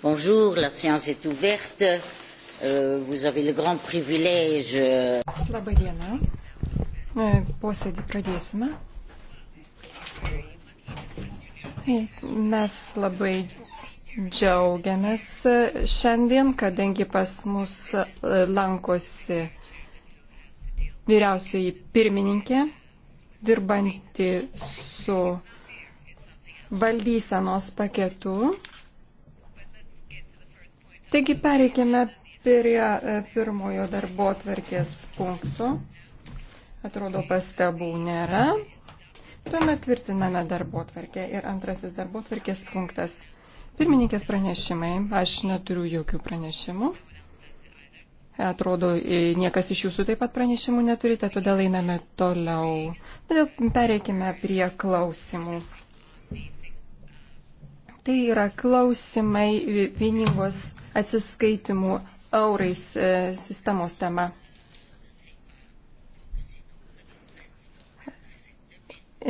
Bonjour, la séance est ouverte. Euh, vous avez le grand privilège. Euh, labai diena. E, posėdį pradėsime. E, mes labai džiaugiamės šiandien, kadangi pas mus e, lankosi vyriausioji pirmininkė, dirbanti su valdysenos paketu Taigi pereikime prie e, pirmojo darbo tvarkės punkto. Atrodo, pastabų nėra. Tuomet tvirtiname darbo tvarkę ir antrasis darbo tvarkės punktas. Pirmininkės pranešimai. Aš neturiu jokių pranešimų. Atrodo, e, niekas iš jūsų taip pat pranešimų neturite, todėl einame toliau. Todėl pereikime prie klausimų. Tai yra klausimai vieningos atsiskaitimų eurais e, sistemos tema.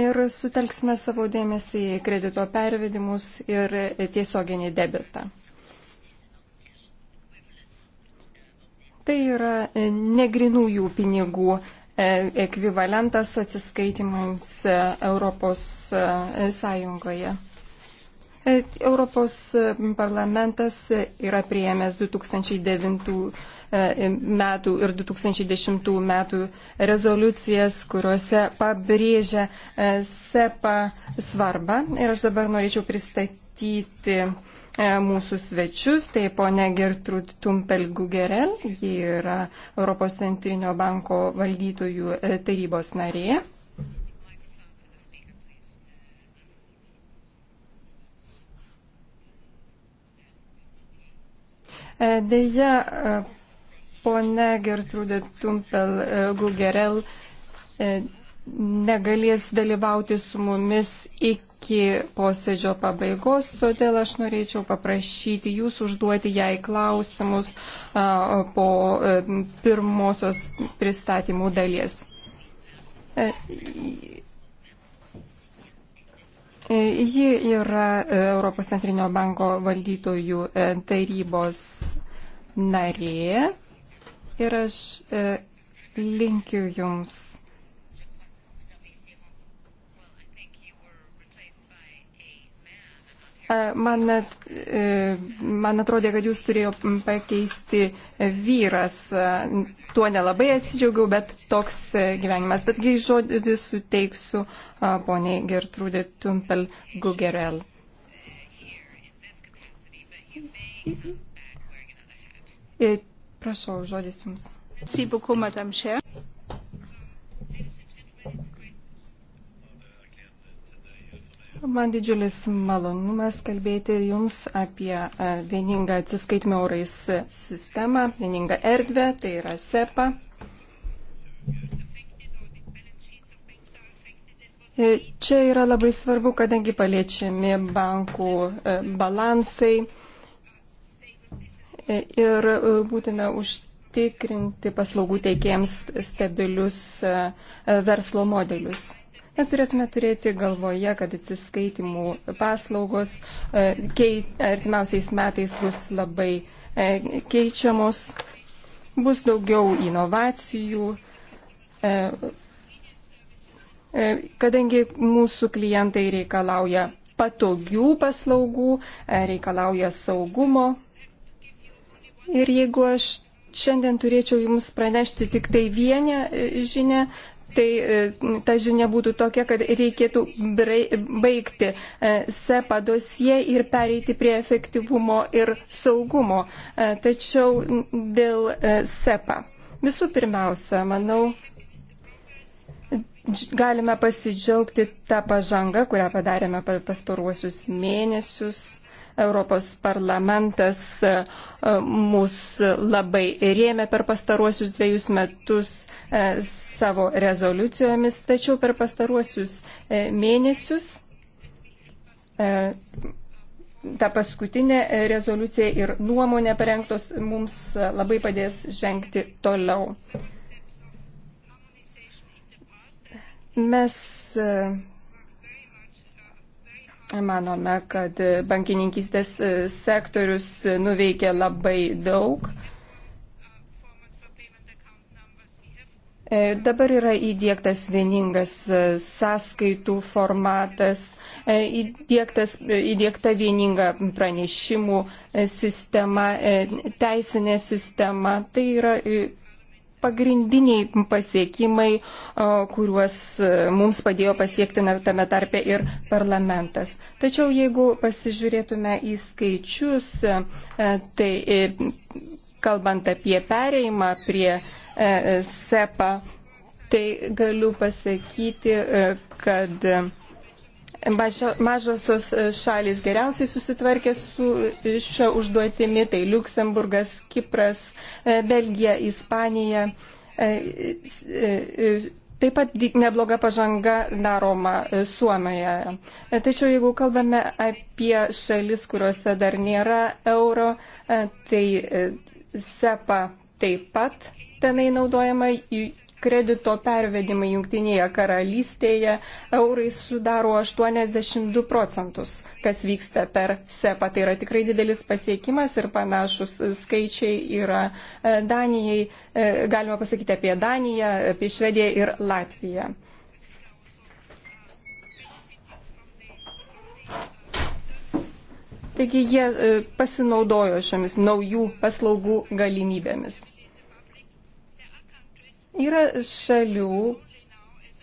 Ir sutelksime savo dėmesį į kredito pervedimus ir tiesioginį debitą. Tai yra e, negrinųjų pinigų e, ekvivalentas atsiskaitimams Europos Sąjungoje. E, Europos e, parlamentas yra prieėmęs 2009 e, metų ir 2010 metų rezoliucijas, kuriuose pabrėžia SEPA svarbą. Ir aš dabar norėčiau pristatyti mūsų svečius. Tai ponia Gertrud Tumpel-Gugerel, ji yra Europos centrinio banko valdytojų tarybos narė. E, deja, e, pone Gertrūdė Tumpel e, Gugerel negalės dalyvauti su mumis iki posėdžio pabaigos, todėl aš norėčiau paprašyti jūs užduoti jai klausimus po pirmosios pristatymų dalies. Ji yra e, Europos centrinio banko valdytojų e, tarybos narė ir aš e, linkiu Jums Man, net, e, man atrodė, kad jūs turėjo pakeisti vyras. Tuo nelabai apsidžiaugiau, bet toks e, gyvenimas. Betgi žodį suteiksiu poniai Gertrūdė Tumpel Gugerel. E, prašau, žodis jums. Merci beaucoup, madame Cher. Man didžiulis malonumas kalbėti Jums apie e, vieningą atsiskaitimo eurais sistemą, vieningą erdvę, tai yra SEPA. E, čia yra labai svarbu, kadangi paliečiami bankų e, balansai ir būtina užtikrinti paslaugų teikėjams stabilius verslo modelius. Mes turėtume turėti galvoje, kad atsiskaitimų paslaugos e, artimiausiais metais bus labai e, keičiamos, bus daugiau inovacijų, e, kadangi mūsų klientai reikalauja patogių paslaugų, reikalauja saugumo. Ir jeigu aš šiandien turėčiau Jums pranešti tik tai vieną žinę, tai e, ta žinia būtų tokia, kad reikėtų baigti e, SEPA dosie ir pereiti prie efektyvumo ir saugumo. E, tačiau dėl SEPA. Visų pirmiausia, manau, galime pasidžiaugti tą pažangą, kurią padarėme pastaruosius mėnesius Europos parlamentas e, e, mus labai rėmė per pastaruosius dviejus metus e, savo rezoliucijomis, tačiau per pastaruosius mėnesius ta paskutinė rezoliucija ir nuomonė parengtos mums labai padės žengti toliau. Mes Manome, kad bankininkystės e, sektorius e, nuveikė labai daug. E, dabar yra įdėktas vieningas sąskaitų formatas, įdėktas, įdėkta vieninga pranešimų sistema, teisinė sistema. Tai yra pagrindiniai pasiekimai, kuriuos mums padėjo pasiekti tame tarpe ir parlamentas. Tačiau jeigu pasižiūrėtume į skaičius, tai kalbant apie pereimą prie e, e, SEPA, tai galiu pasakyti, e, kad Mažosios e, šalis geriausiai susitvarkė su e, šio užduotimi, tai Luksemburgas, Kipras, e, Belgija, Ispanija. Taip pat nebloga pažanga daroma Suomijoje. Tačiau jeigu kalbame apie šalis, kuriuose dar nėra euro, tai SEPA taip pat tenai naudojama, kredito pervedimai Junktinėje karalystėje eurais sudaro 82 procentus, kas vyksta per SEPA. Tai yra tikrai didelis pasiekimas ir panašus skaičiai yra e, Danijai, e, galima pasakyti apie Daniją, apie Švediją ir Latviją. Taigi jie e, pasinaudojo šiomis naujų paslaugų galimybėmis. Yra šalių,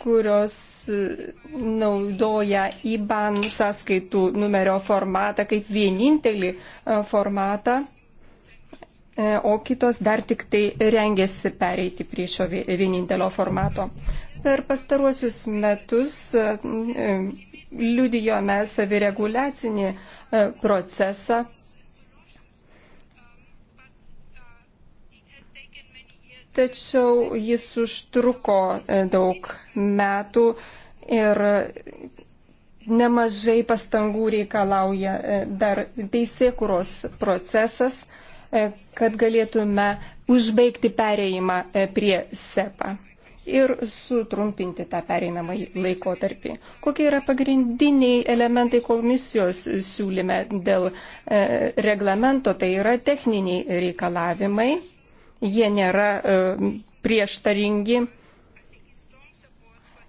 kurios e, naudoja IBAN sąskaitų numerio formatą kaip vienintelį e, formatą, e, o kitos dar tik tai rengėsi pereiti prie šio vienintelio formato. Per pastaruosius metus liudijome savireguliacinį procesą, tačiau jis užtruko e, daug metų ir nemažai pastangų reikalauja e, dar teisėkuros procesas, e, kad galėtume užbaigti pereimą prie SEPA ir sutrumpinti tą pereinamąjį laikotarpį. Kokie yra pagrindiniai elementai komisijos siūlyme dėl e, reglamento, tai yra techniniai reikalavimai jie nėra e, prieštaringi.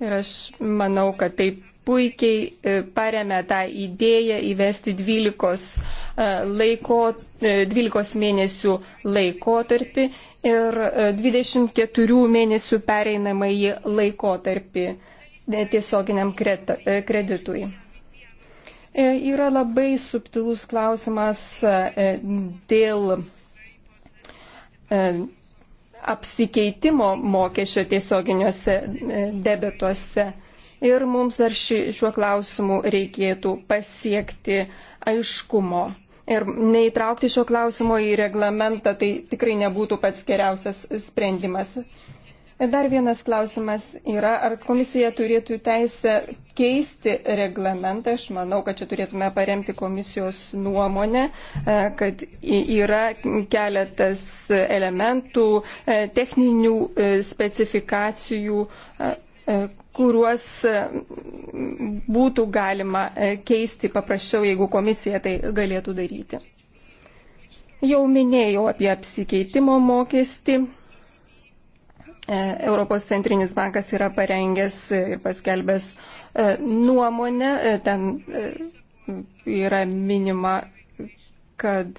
Ir aš manau, kad taip puikiai e, paremė tą idėją įvesti 12, e, laiko, 12 mėnesių laikotarpį ir 24 mėnesių pereinamąjį laikotarpį tiesioginiam kreditui. Yra labai subtilus klausimas dėl E, apsikeitimo mokesčio tiesioginiuose e, debetuose. Ir mums dar ši, šiuo klausimu reikėtų pasiekti aiškumo. Ir neįtraukti šio klausimo į reglamentą tai tikrai nebūtų pats geriausias sprendimas. Dar vienas klausimas yra, ar komisija turėtų teisę keisti reglamentą. Aš manau, kad čia turėtume paremti komisijos nuomonę, e, kad yra keletas elementų, e, techninių e, specifikacijų, kuriuos būtų galima keisti paprasčiau, jeigu komisija tai galėtų daryti. Jau minėjau apie apsikeitimo mokestį E, Europos centrinis bankas yra parengęs ir paskelbęs e, nuomonę. E, ten yra minima, kad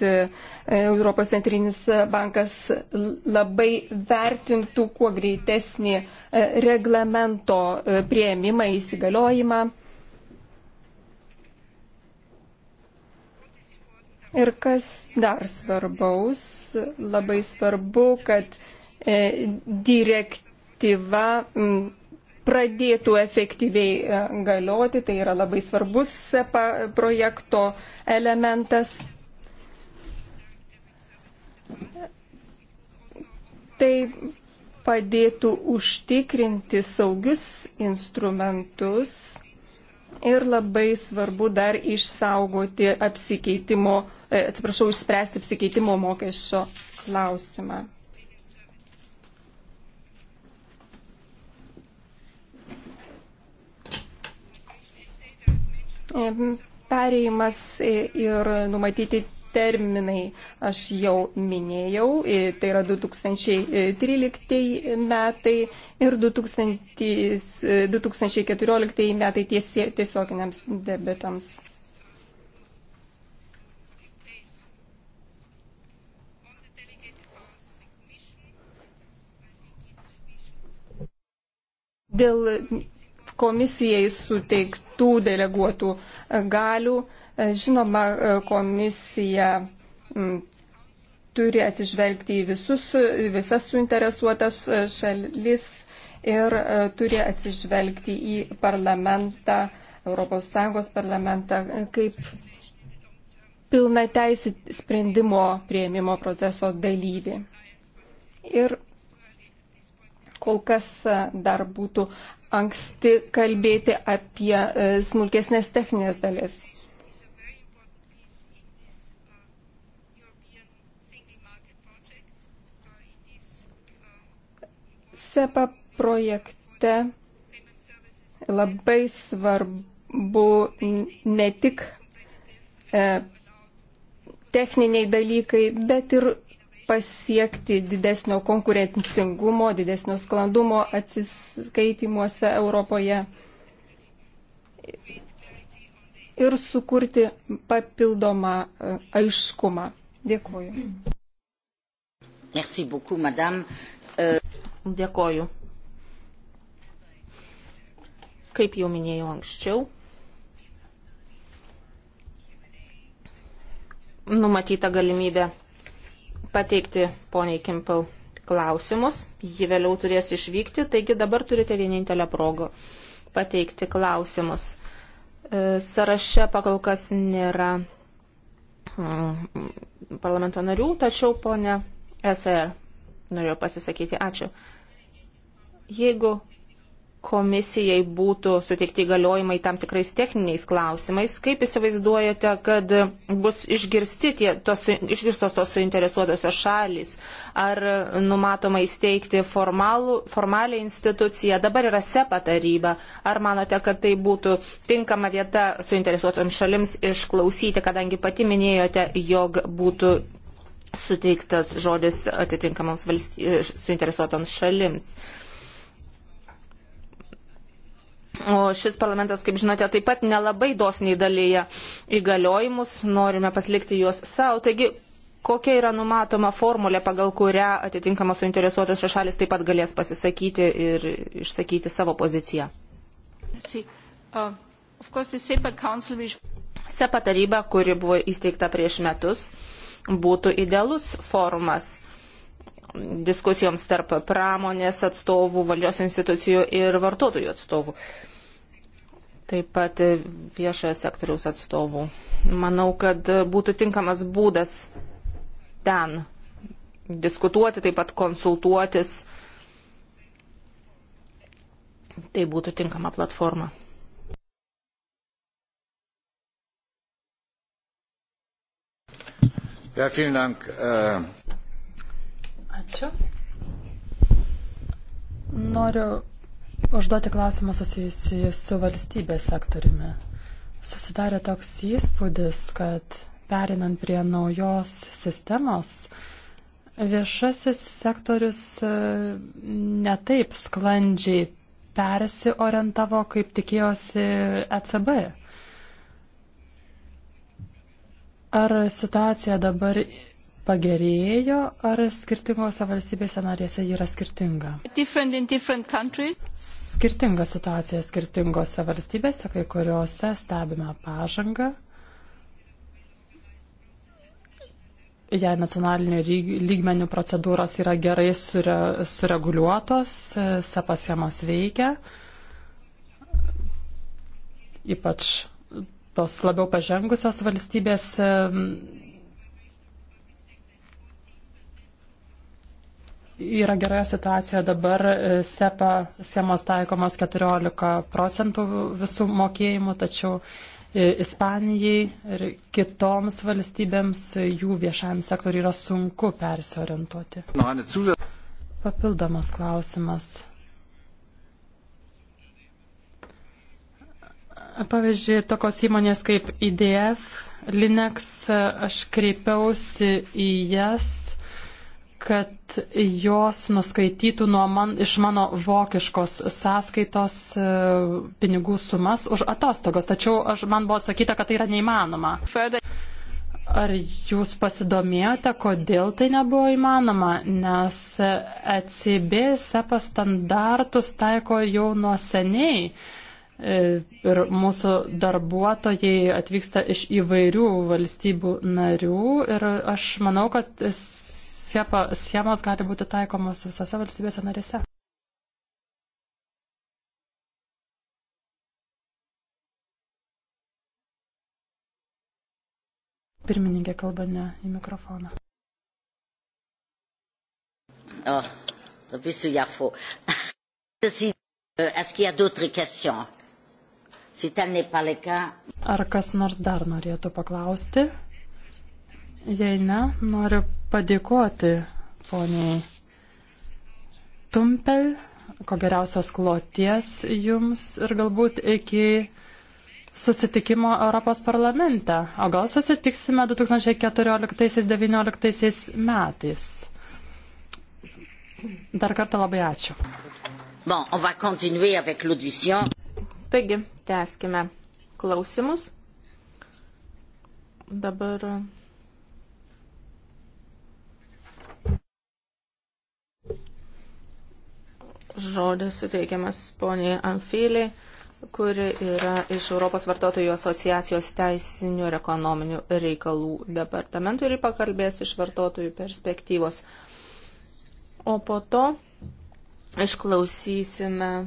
Europos centrinis bankas labai vertintų kuo greitesnį reglamento prieimimą, įsigaliojimą. Ir kas dar svarbaus, labai svarbu, kad E, direktyva pradėtų efektyviai e, galioti, tai yra labai svarbus SEPA projekto elementas. Tai padėtų užtikrinti saugius instrumentus ir labai svarbu dar išsaugoti apsikeitimo, e, atsiprašau, išspręsti apsikeitimo mokesčio klausimą. perėjimas ir numatyti terminai aš jau minėjau, tai yra 2013 metai ir 2014 metai tiesioginiams debitams. Dėl komisijai suteiktų deleguotų galių. Žinoma, komisija mm, turi atsižvelgti į visus, visas suinteresuotas šalis ir e, turi atsižvelgti į parlamentą, ES parlamentą, kaip pilna teisė sprendimo prieimimo proceso dalyvi. Ir kol kas dar būtų anksti kalbėti apie e, smulkesnės techninės dalis. SEPA projekte labai svarbu ne tik e, techniniai dalykai, bet ir pasiekti didesnio konkurencingumo, didesnio sklandumo atsiskaitimuose Europoje ir sukurti papildomą e, aiškumą. Dėkuoju. Merci beaucoup, madame. Euh, Dėkoju. Kaip jau minėjau anksčiau, numatyta galimybė pateikti poniai Kimpel klausimus. Ji vėliau turės išvykti, taigi dabar turite vienintelę progą pateikti klausimus. E, Saraše pakol kas nėra mm, parlamento narių, tačiau ponė SR norėjo pasisakyti. Ačiū. Jeigu komisijai būtų suteikti įgaliojimai tam tikrais techniniais klausimais. Kaip įsivaizduojate, kad bus išgirsti tie, tos, išgirstos tos suinteresuotosios šalys? Ar numatoma įsteigti formalų, formalią instituciją? Dabar yra SEPA taryba. Ar manote, kad tai būtų tinkama vieta suinteresuotoms šalims išklausyti, kadangi pati minėjote, jog būtų suteiktas žodis atitinkamoms valsty... suinteresuotoms šalims? Uh, O šis parlamentas, kaip žinote, taip pat nelabai dosniai dalyja įgaliojimus, norime pasilikti juos savo. Taigi, kokia yra numatoma formulė, pagal kurią atitinkamos suinteresuotos šalis taip pat galės pasisakyti ir išsakyti savo poziciją? Uh, SEPA taryba, kuri buvo įsteigta prieš metus, būtų idealus forumas diskusijoms tarp pramonės atstovų, valdžios institucijų ir vartotojų atstovų. Taip pat viešojo sektoriaus atstovų. Manau, kad būtų tinkamas būdas ten diskutuoti, taip pat konsultuotis. Tai būtų tinkama platforma. Ja, vielen Dank. Äh Ačiū. Noriu užduoti klausimą susijusį su valstybės sektoriumi. Susidarė toks įspūdis, kad perinant prie naujos sistemos, viešasis sektorius e, netaip sklandžiai persiorientavo, kaip tikėjosi ECB. Ar situacija dabar pagerėjo ar skirtingose valstybėse narėse yra skirtinga? Different in different countries. Skirtinga situacija skirtingose valstybėse, kai kuriuose stebime pažangą. Jei nacionalinių lygmenių procedūros yra gerai sure, sureguliuotos, sepas schemas veikia, ypač tos labiau pažengusios valstybės yra geroje situacijoje dabar e, SEPA schemos taikomos 14 procentų visų mokėjimų, tačiau e, Ispanijai ir kitoms valstybėms jų viešajam sektoriui yra sunku persiorientuoti. Papildomas klausimas. Pavyzdžiui, tokios įmonės kaip IDF, Linux, aš kreipiausi į jas kad jos nuskaitytų nuo man, iš mano vokiškos sąskaitos e, pinigų sumas už atostogas. Tačiau aš, man buvo atsakyta, kad tai yra neįmanoma. Ar jūs pasidomėjote, kodėl tai nebuvo įmanoma? Nes ECB SEPA standartus taiko jau nuo seniai. E, ir mūsų darbuotojai atvyksta iš įvairių valstybių narių ir aš manau, kad siepa, schemos gali būti taikomos visose valstybėse narėse. Pirmininkė kalba ne į mikrofoną. Oh, labai su jafu. Ar kas nors dar norėtų paklausti? Jei ne, noriu padėkoti poniai Tumpel, ko geriausios kloties jums ir galbūt iki susitikimo Europos parlamente, o gal susitiksime 2014-2019 metais. Dar kartą labai ačiū. Bon, on va continuer avec l'audition. Taigi, tęskime klausimus. Dabar žodis suteikiamas poniai Amfiliai, kuri yra iš Europos vartotojų asociacijos teisinių ir ekonominių reikalų departamentų ir pakalbės iš vartotojų perspektyvos. O po to išklausysime e,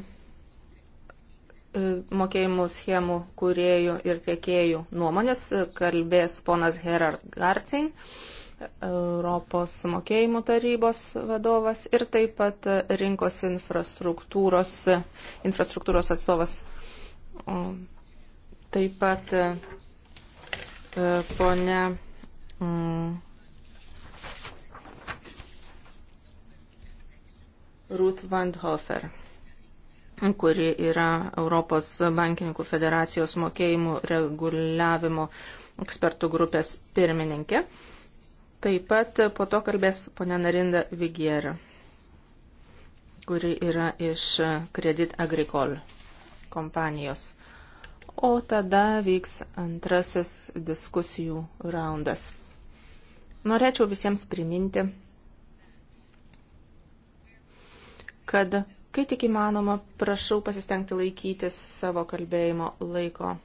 mokėjimų schemų kuriejų ir tiekėjų nuomonės kalbės ponas Herard Garcin, Europos mokėjimų tarybos vadovas ir taip pat rinkos infrastruktūros, infrastruktūros atstovas. Taip pat e, ponia mm, Ruth Vandhofer, kuri yra Europos bankininkų federacijos mokėjimų reguliavimo ekspertų grupės pirmininkė. Taip pat po to kalbės ponia Narinda Vigiera, kuri yra iš Credit Agricole kompanijos. O tada vyks antrasis diskusijų raundas. Norėčiau visiems priminti, kad kai tik įmanoma, prašau pasistengti laikytis savo kalbėjimo laiko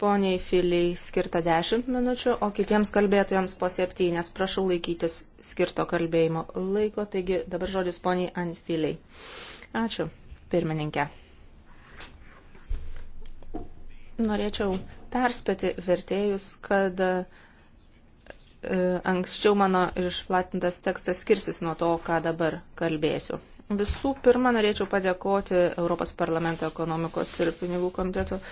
poniai Filiai skirta 10 minučių, o kitiems kalbėtojams po 7. Prašau laikytis skirto kalbėjimo laiko, taigi dabar žodis poniai Anfiliai. Ačiū, pirmininkė. Norėčiau perspėti vertėjus, kad e, anksčiau mano išplatintas tekstas skirsis nuo to, ką dabar kalbėsiu. Visų pirma, norėčiau padėkoti Europos parlamento ekonomikos ir pinigų komiteto uh,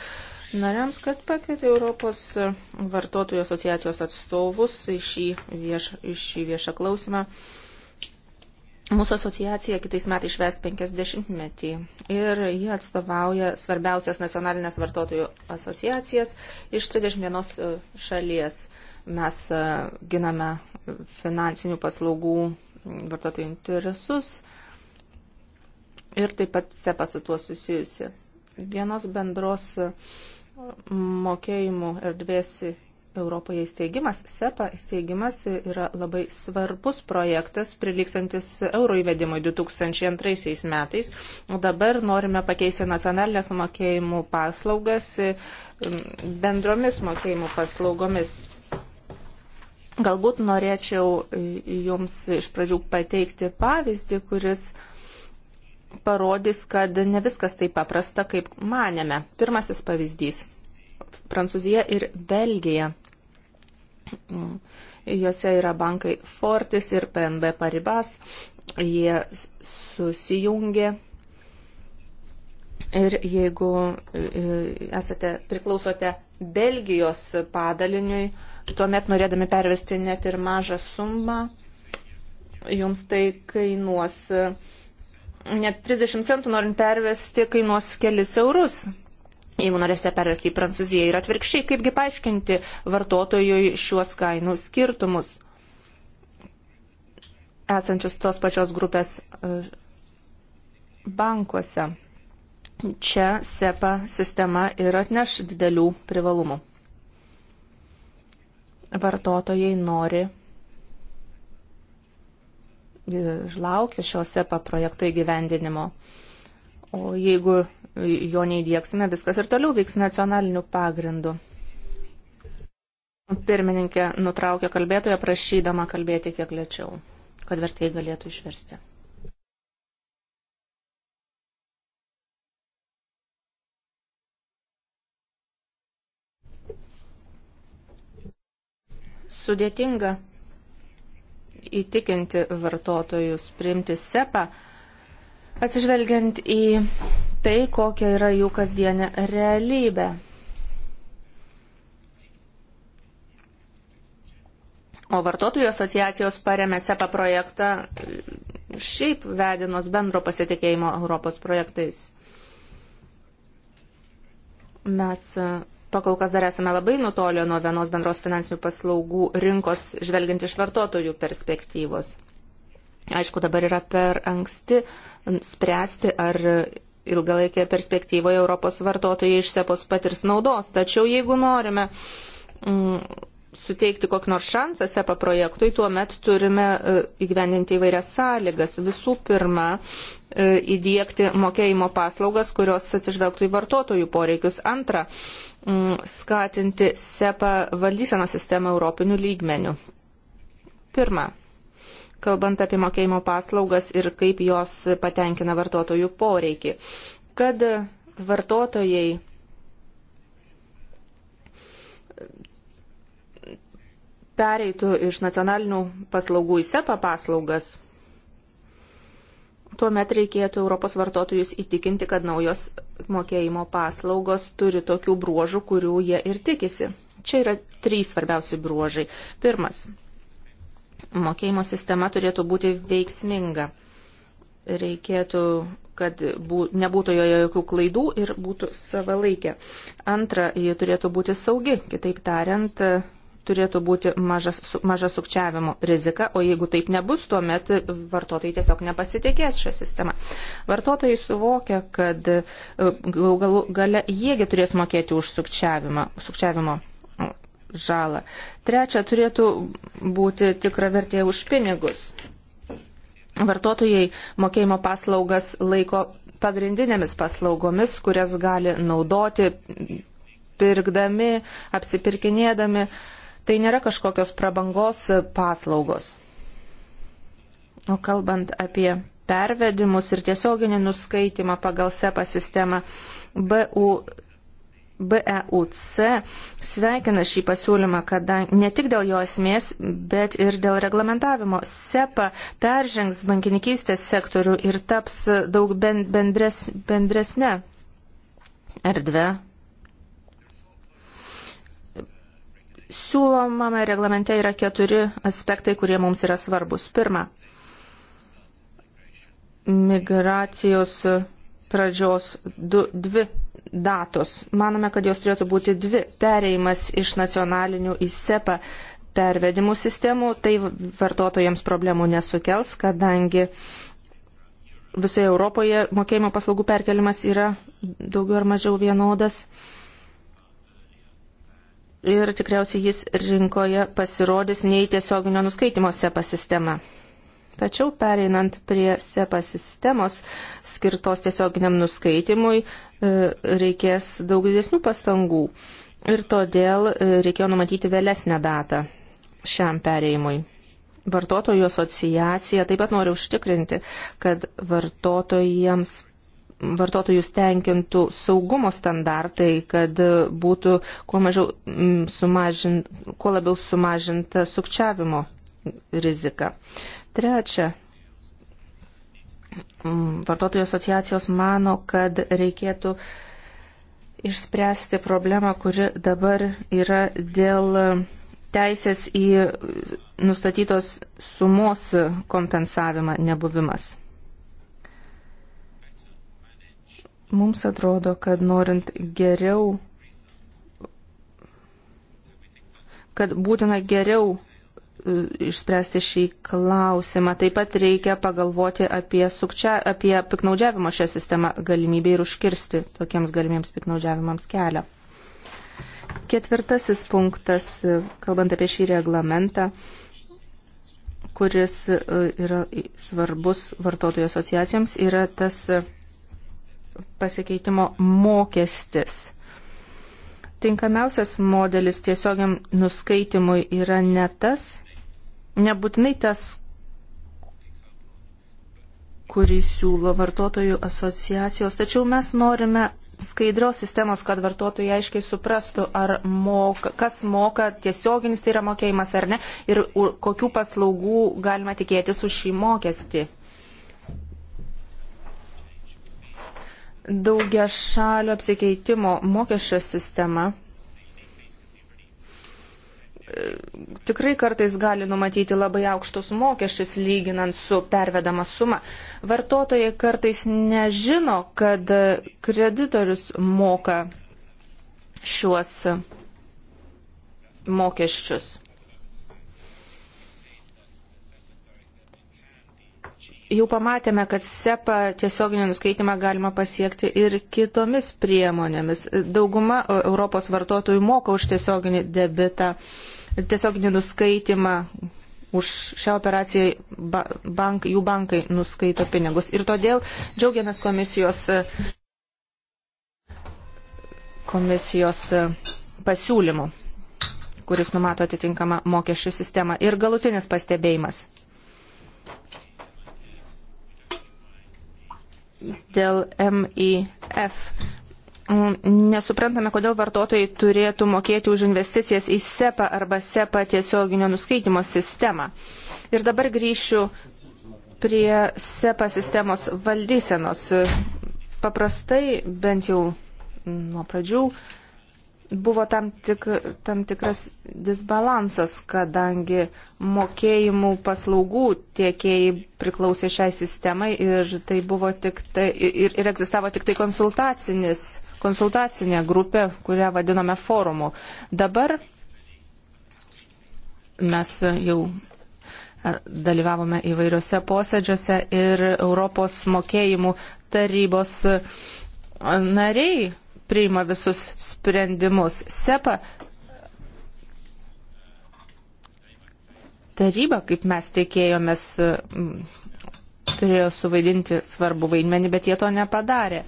nariams, kad pakvietė Europos vartotojų asociacijos atstovus į šį, vieš, į šį viešą klausimą. Mūsų asociacija kitais metais šves 50-metį ir jie atstovauja svarbiausias nacionalinės vartotojų asociacijas iš 31 e, šalies. Mes e, giname finansinių paslaugų vartotojų interesus ir taip pat CEPA su tuo susijusi. Vienos bendros mokėjimų erdvės Europoje įsteigimas, SEPA įsteigimas yra labai svarbus projektas, priliksantis euro įvedimui 2002 metais. O dabar norime pakeisti nacionalinės mokėjimų paslaugas bendromis mokėjimų paslaugomis. Galbūt norėčiau Jums iš pradžių pateikti pavyzdį, kuris parodys, kad ne viskas taip paprasta, kaip manėme. Pirmasis pavyzdys - Prancūzija ir Belgija. Jose yra bankai Fortis ir PNB Paribas. Jie susijungė Ir jeigu e, esate, priklausote Belgijos padaliniui, tuomet norėdami pervesti net ir mažą sumą, jums tai kainuos net 30 centų norint pervesti kainuos kelis eurus. Jeigu norėsite pervesti į Prancūziją ir atvirkščiai, kaipgi paaiškinti vartotojui šiuos kainų skirtumus esančius tos pačios grupės e, bankuose. Čia SEPA sistema ir atneš didelių privalumų. Vartotojai nori E, laukia šios EPA projekto įgyvendinimo. O jeigu jo neįdėksime, viskas ir toliau vyks nacionaliniu pagrindu. Pirmininkė nutraukė kalbėtoją prašydama kalbėti kiek lėčiau, kad vertėjai galėtų išversti. Sudėtinga įtikinti vartotojus priimti SEPA, atsižvelgiant į tai, kokia yra jų kasdienė realybė. O vartotojų asociacijos paremė SEPA projektą šiaip vedinos bendro pasitikėjimo Europos projektais. Mes pakol kas dar esame labai nutolę nuo vienos bendros finansinių paslaugų rinkos, žvelgiant iš vartotojų perspektyvos. Aišku, dabar yra per anksti spręsti, ar ilgalaikėje perspektyvoje Europos vartotojai iš sepos patirs naudos. Tačiau jeigu norime mm, suteikti kokį nors šansą SEPA projektui, tuomet turime e, įgyvendinti įvairias sąlygas. Visų pirma, e, įdėkti mokėjimo paslaugas, kurios atsižvelgtų į vartotojų poreikius. Antra, Mm, skatinti SEPA valdysenos sistemą europinių lygmenių. Pirma, kalbant apie mokėjimo paslaugas ir kaip jos patenkina vartotojų poreikį, kad vartotojai pereitų iš nacionalinių paslaugų į SEPA paslaugas Tuomet reikėtų Europos vartotojus įtikinti, kad naujos mokėjimo paslaugos turi tokių bruožų, kurių jie ir tikisi. Čia yra trys svarbiausi bruožai. Pirmas. Mokėjimo sistema turėtų būti veiksminga. Reikėtų, kad bū, nebūtų joje jokių klaidų ir būtų savalaikė. Antra, ji turėtų būti saugi. Kitaip tariant, turėtų būti mažas, maža sukčiavimo rizika, o jeigu taip nebus, tuomet vartotojai tiesiog nepasitikės šią sistemą. Vartotojai suvokia, kad e, gal, gale jiegi turės mokėti už sukčiavimą, sukčiavimo žalą. Trečia, turėtų būti tikra vertė už pinigus. Vartotojai mokėjimo paslaugas laiko pagrindinėmis paslaugomis, kurias gali naudoti pirkdami, apsipirkinėdami. Uh, Tai nėra kažkokios prabangos paslaugos. O kalbant apie pervedimus ir tiesioginį nuskaitimą pagal SEPA sistemą, BU BEUC sveikina šį pasiūlymą, kadangi ne tik dėl jo esmės, bet ir dėl reglamentavimo. SEPA peržengs bankininkystės sektorių ir taps daug bendres, bendresnė erdvė siūlomame reglamente yra keturi aspektai, kurie mums yra svarbus. Pirma, migracijos pradžios du, dvi datos. Manome, kad jos turėtų būti dvi. Pereimas iš nacionalinių į SEPA pervedimų sistemų, tai vartotojams problemų nesukels, kadangi visoje Europoje mokėjimo paslaugų perkelimas yra daugiau ar mažiau vienodas ir tikriausiai jis rinkoje pasirodys nei tiesioginio nuskaitimo SEPA sistema. Tačiau pereinant prie SEPA sistemos skirtos tiesioginiam nuskaitimui, e, reikės daug didesnių pastangų ir todėl e, reikėjo numatyti vėlesnę datą šiam perėjimui. Vartotojų asociacija taip pat nori užtikrinti, kad vartotojams vartotojus tenkintų saugumo standartai, kad būtų kuo, mažiau, mm, sumažint, kuo labiau sumažinta sukčiavimo rizika. Trečia, mm, vartotojų asociacijos mano, kad reikėtų išspręsti problemą, kuri dabar yra dėl teisės į nustatytos sumos kompensavimą nebuvimas. Mums atrodo, kad norint geriau, kad būtina geriau e, išspręsti šį klausimą. Taip pat reikia pagalvoti apie, sukčia, apie piknaudžiavimo šią sistemą galimybę ir užkirsti tokiems galimiems piknaudžiavimams kelią. Ketvirtasis punktas, e, kalbant apie šį reglamentą, kuris e, yra svarbus vartotojų asociacijoms, yra tas pasikeitimo mokestis. Tinkamiausias modelis tiesiogiam nuskaitimui yra ne tas, nebūtinai tas, kurį siūlo vartotojų asociacijos, tačiau mes norime skaidrios sistemos, kad vartotojai aiškiai suprastų, moka, kas moka, tiesioginis tai yra mokėjimas ar ne, ir kokių paslaugų galima tikėtis už šį mokestį. daugia šalio apsikeitimo mokesčio sistema tikrai kartais gali numatyti labai aukštus mokesčius lyginant su pervedama suma. Vartotojai kartais nežino, kad kreditorius moka šiuos mokesčius. Jau pamatėme, kad SEPA tiesioginį nuskaitimą galima pasiekti ir kitomis priemonėmis. Dauguma Europos vartotojų moka už tiesioginį debitą, tiesioginį nuskaitimą, už šią operaciją bank, jų bankai nuskaito pinigus. Ir todėl džiaugiamės komisijos, komisijos pasiūlymu, kuris numato atitinkamą mokesčių sistemą. Ir galutinis pastebėjimas dėl MIF. Mm, nesuprantame, kodėl vartotojai turėtų mokėti už investicijas į SEPA arba SEPA tiesioginio nuskaitimo sistemą. Ir dabar grįšiu prie SEPA sistemos valdysenos. Paprastai, bent jau nuo pradžių, buvo tam, tik, tam tikras disbalansas, kadangi mokėjimų paslaugų tiekėjai priklausė šiai sistemai ir tai buvo tik tai, ir, ir egzistavo tik tai konsultacinis, konsultacinė grupė, kurią vadiname forumu. Dabar mes jau e, dalyvavome įvairiuose posėdžiuose ir Europos mokėjimų tarybos e, nariai priima visus sprendimus. SEPA taryba, kaip mes tikėjomės, turėjo suvaidinti svarbu vaidmenį, bet jie to nepadarė.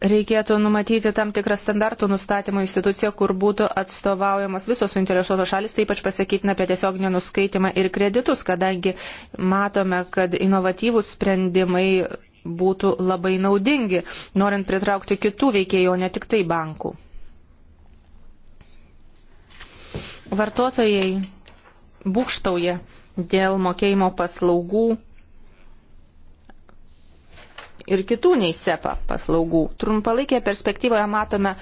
reikėtų numatyti tam tikrą standartų nustatymo instituciją, kur būtų atstovaujamos visos suinteresuotos šalis, taip pat pasakytina apie tiesioginį nuskaitimą ir kreditus, kadangi matome, kad inovatyvūs sprendimai būtų labai naudingi, norint pritraukti kitų veikėjų, o ne tik tai bankų. Vartotojai būkštauja dėl mokėjimo paslaugų ir kitų nei SEPA paslaugų. Trumpalaikėje perspektyvoje matome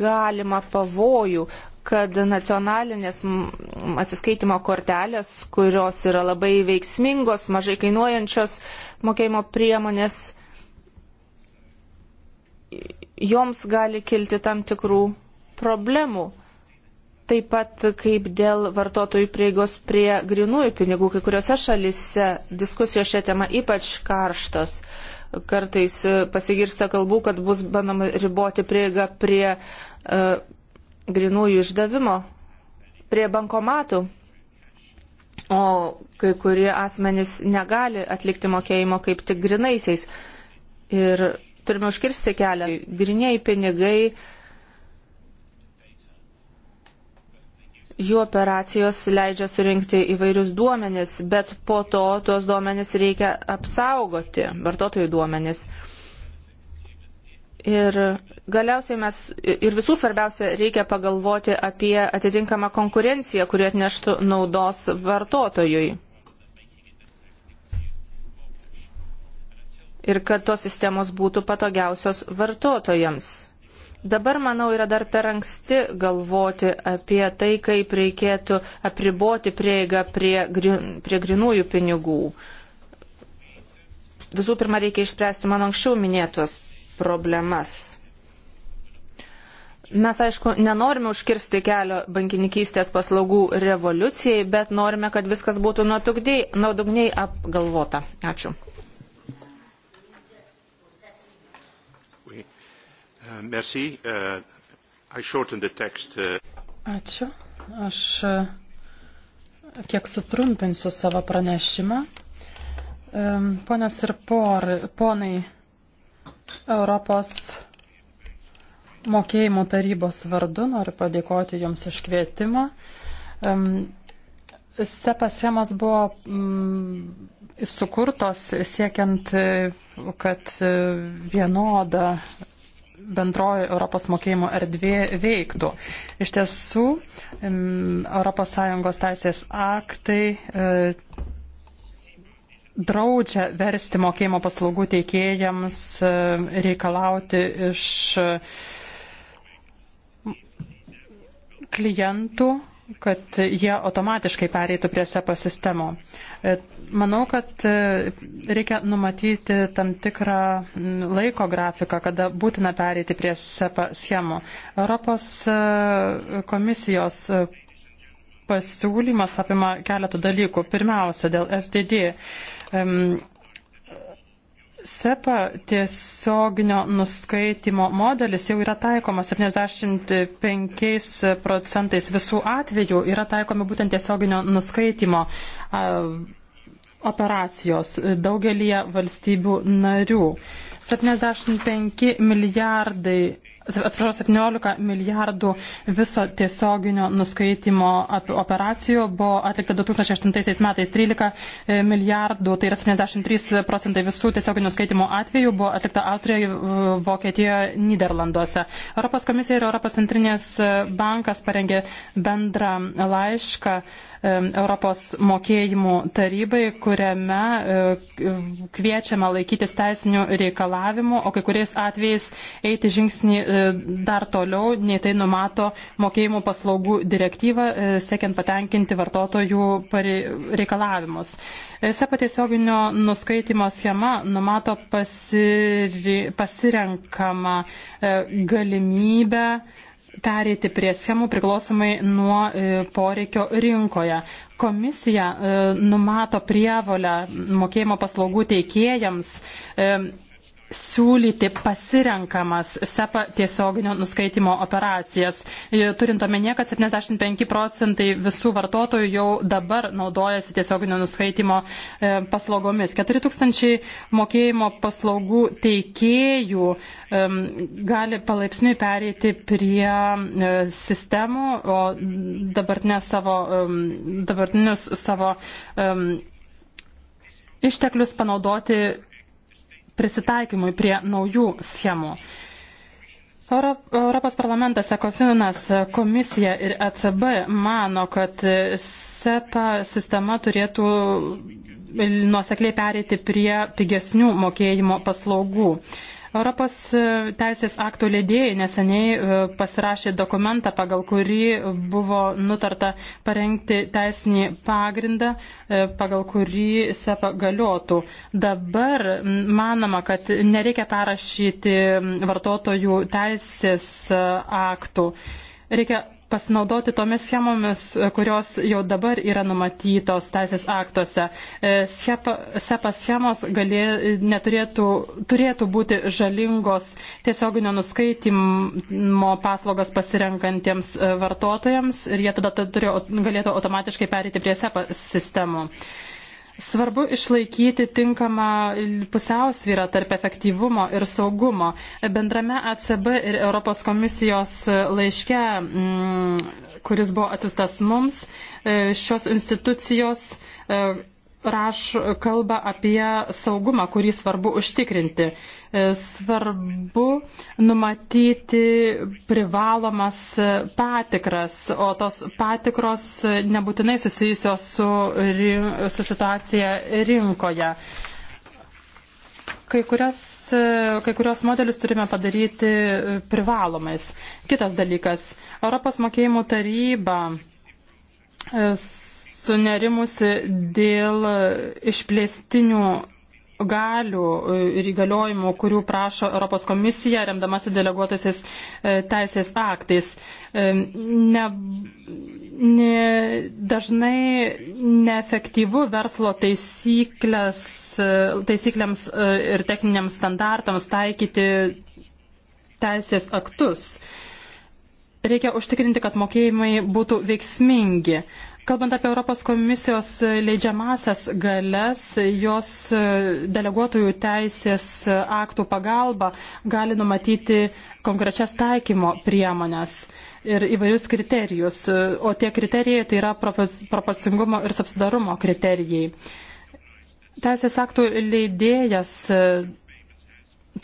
galimą pavojų, kad nacionalinės atsiskaitimo kortelės, kurios yra labai veiksmingos, mažai kainuojančios mokėjimo priemonės, joms gali kilti tam tikrų problemų taip pat kaip dėl vartotojų prieigos prie grinųjų pinigų, kai kuriuose šalise diskusijos šią temą ypač karštos kartais e, pasigirsta kalbų, kad bus bandoma riboti prieigą prie uh, grinųjų išdavimo, prie bankomatų. O kai kurie asmenys negali atlikti mokėjimo kaip tik grinaisiais. Ir turime užkirsti kelią. Griniai pinigai uh, Jų operacijos leidžia surinkti įvairius duomenis, bet po to tuos duomenis reikia apsaugoti, vartotojų duomenis. Ir galiausiai mes ir visų svarbiausia reikia pagalvoti apie atitinkamą konkurenciją, kuri atneštų naudos vartotojui. Ir kad tos sistemos būtų patogiausios vartotojams. Dabar, manau, yra dar per anksti galvoti apie tai, kaip reikėtų apriboti prieigą prie, grin, prie grinųjų pinigų. Visų pirma, reikia išspręsti mano anksčiau minėtos problemas. Mes, aišku, nenorime užkirsti kelio bankininkystės paslaugų revoliucijai, bet norime, kad viskas būtų nuodugniai apgalvota. Ačiū. Uh, merci. Uh, I shortened the text. Uh, Ačiū. Aš kiek sutrumpinsiu savo pranešimą. Um, Ponas ir por, ponai, Europos mokėjimų tarybos vardu noriu padėkoti Jums už kvietimą. Um, SEPAS schemos buvo mm, sukurtos siekiant, kad vienoda bendroji Europos mokėjimo erdvė veiktų. Iš tiesų, ES teisės aktai e, draudžia versti mokėjimo paslaugų teikėjams e, reikalauti iš klientų kad jie automatiškai pereitų prie SEPA sistemo. E, manau, kad e, reikia numatyti tam tikrą laiko grafiką, kada būtina pereiti prie SEPA schemų. Europos e, komisijos pasiūlymas apima keletą dalykų. Pirmiausia, dėl SDD SEPA tiesioginio nuskaitimo modelis jau yra taikomas 75 procentais visų atvejų yra taikomi būtent tiesioginio nuskaitimo operacijos daugelie valstybių narių. 75 milijardai atsiprašau, 17 milijardų viso tiesioginio nuskaitimo operacijų buvo atlikta 2008 metais 13 e, milijardų, tai yra 73 procentai visų tiesioginio nuskaitimo atvejų buvo atlikta Austrijoje, Vokietijoje, Niderlanduose. Europos komisija ir Europos centrinės e, bankas parengė bendrą laišką Europos mokėjimų tarybai, kuriame e, kviečiama laikytis teisinių reikalavimų, o kai kuriais atvejais eiti žingsnį e, dar toliau, nei tai numato mokėjimų paslaugų direktyva, e, siekiant patenkinti vartotojų reikalavimus. SEPA tiesioginio nuskaitimo schema numato pasiri, pasirenkamą galimybę pereiti prie schemų priklausomai nuo e, poreikio rinkoje. Komisija e, numato prievolę mokėjimo paslaugų teikėjams e, siūlyti pasirenkamas SEPA tiesioginio nuskaitimo operacijas, e, turint omenyje, kad 75 procentai visų vartotojų jau dabar naudojasi tiesioginio nuskaitimo e, paslaugomis. 4000 mokėjimo paslaugų teikėjų e, gali palaipsniui pereiti prie sistemų, o dabartinę savo, dabartinius savo išteklius panaudoti prisitaikymui prie naujų schemų. Europos parlamentas, Ekofinas, komisija ir ECB mano, kad SEPA sistema turėtų nuosekliai pereiti prie pigesnių mokėjimo paslaugų. Europos e, teisės aktų leidėjai neseniai e, pasirašė dokumentą, pagal kurį buvo nutarta parengti teisinį pagrindą, e, pagal kurį SEPA galiotų. Dabar manoma, kad nereikia parašyti vartotojų teisės aktų. Reikia pasinaudoti tomis schemomis, kurios jau dabar yra numatytos teisės aktuose. E, sepa, sepa schemos galė, neturėtų, turėtų būti žalingos tiesioginio nuskaitimo paslaugas pasirenkantiems e, vartotojams ir jie tada turėjo, galėtų automatiškai perėti prie sepa sistemų. Uh, Svarbu išlaikyti tinkamą pusiausvyrą tarp efektyvumo ir saugumo. Bendrame ACB ir Europos komisijos laiške, mm, kuris buvo atsiustas mums, e, šios institucijos e, raš, kalba apie saugumą, kurį svarbu užtikrinti. E, svarbu numatyti privalomas patikras, o tos patikros nebūtinai susijusios su, su situacija rinkoje. Kai, kurias, kai kurios modelius turime padaryti privalomais. Kitas dalykas. Europos mokėjimų taryba e, sunerimusi dėl išplėstinių galių ir įgaliojimų, kurių prašo Europos komisija, remdamasi deleguotasis e, teisės aktais. E, ne, ne, dažnai neefektyvu verslo e, taisyklėms ir techniniams standartams taikyti teisės aktus. Reikia užtikrinti, kad mokėjimai būtų veiksmingi. Kalbant apie Europos komisijos leidžiamasias galės, jos deleguotojų teisės aktų pagalba gali numatyti konkrečias taikymo priemonės ir įvairius kriterijus, o tie kriterijai tai yra proporcingumo ir subsidarumo kriterijai. Teisės aktų leidėjas e,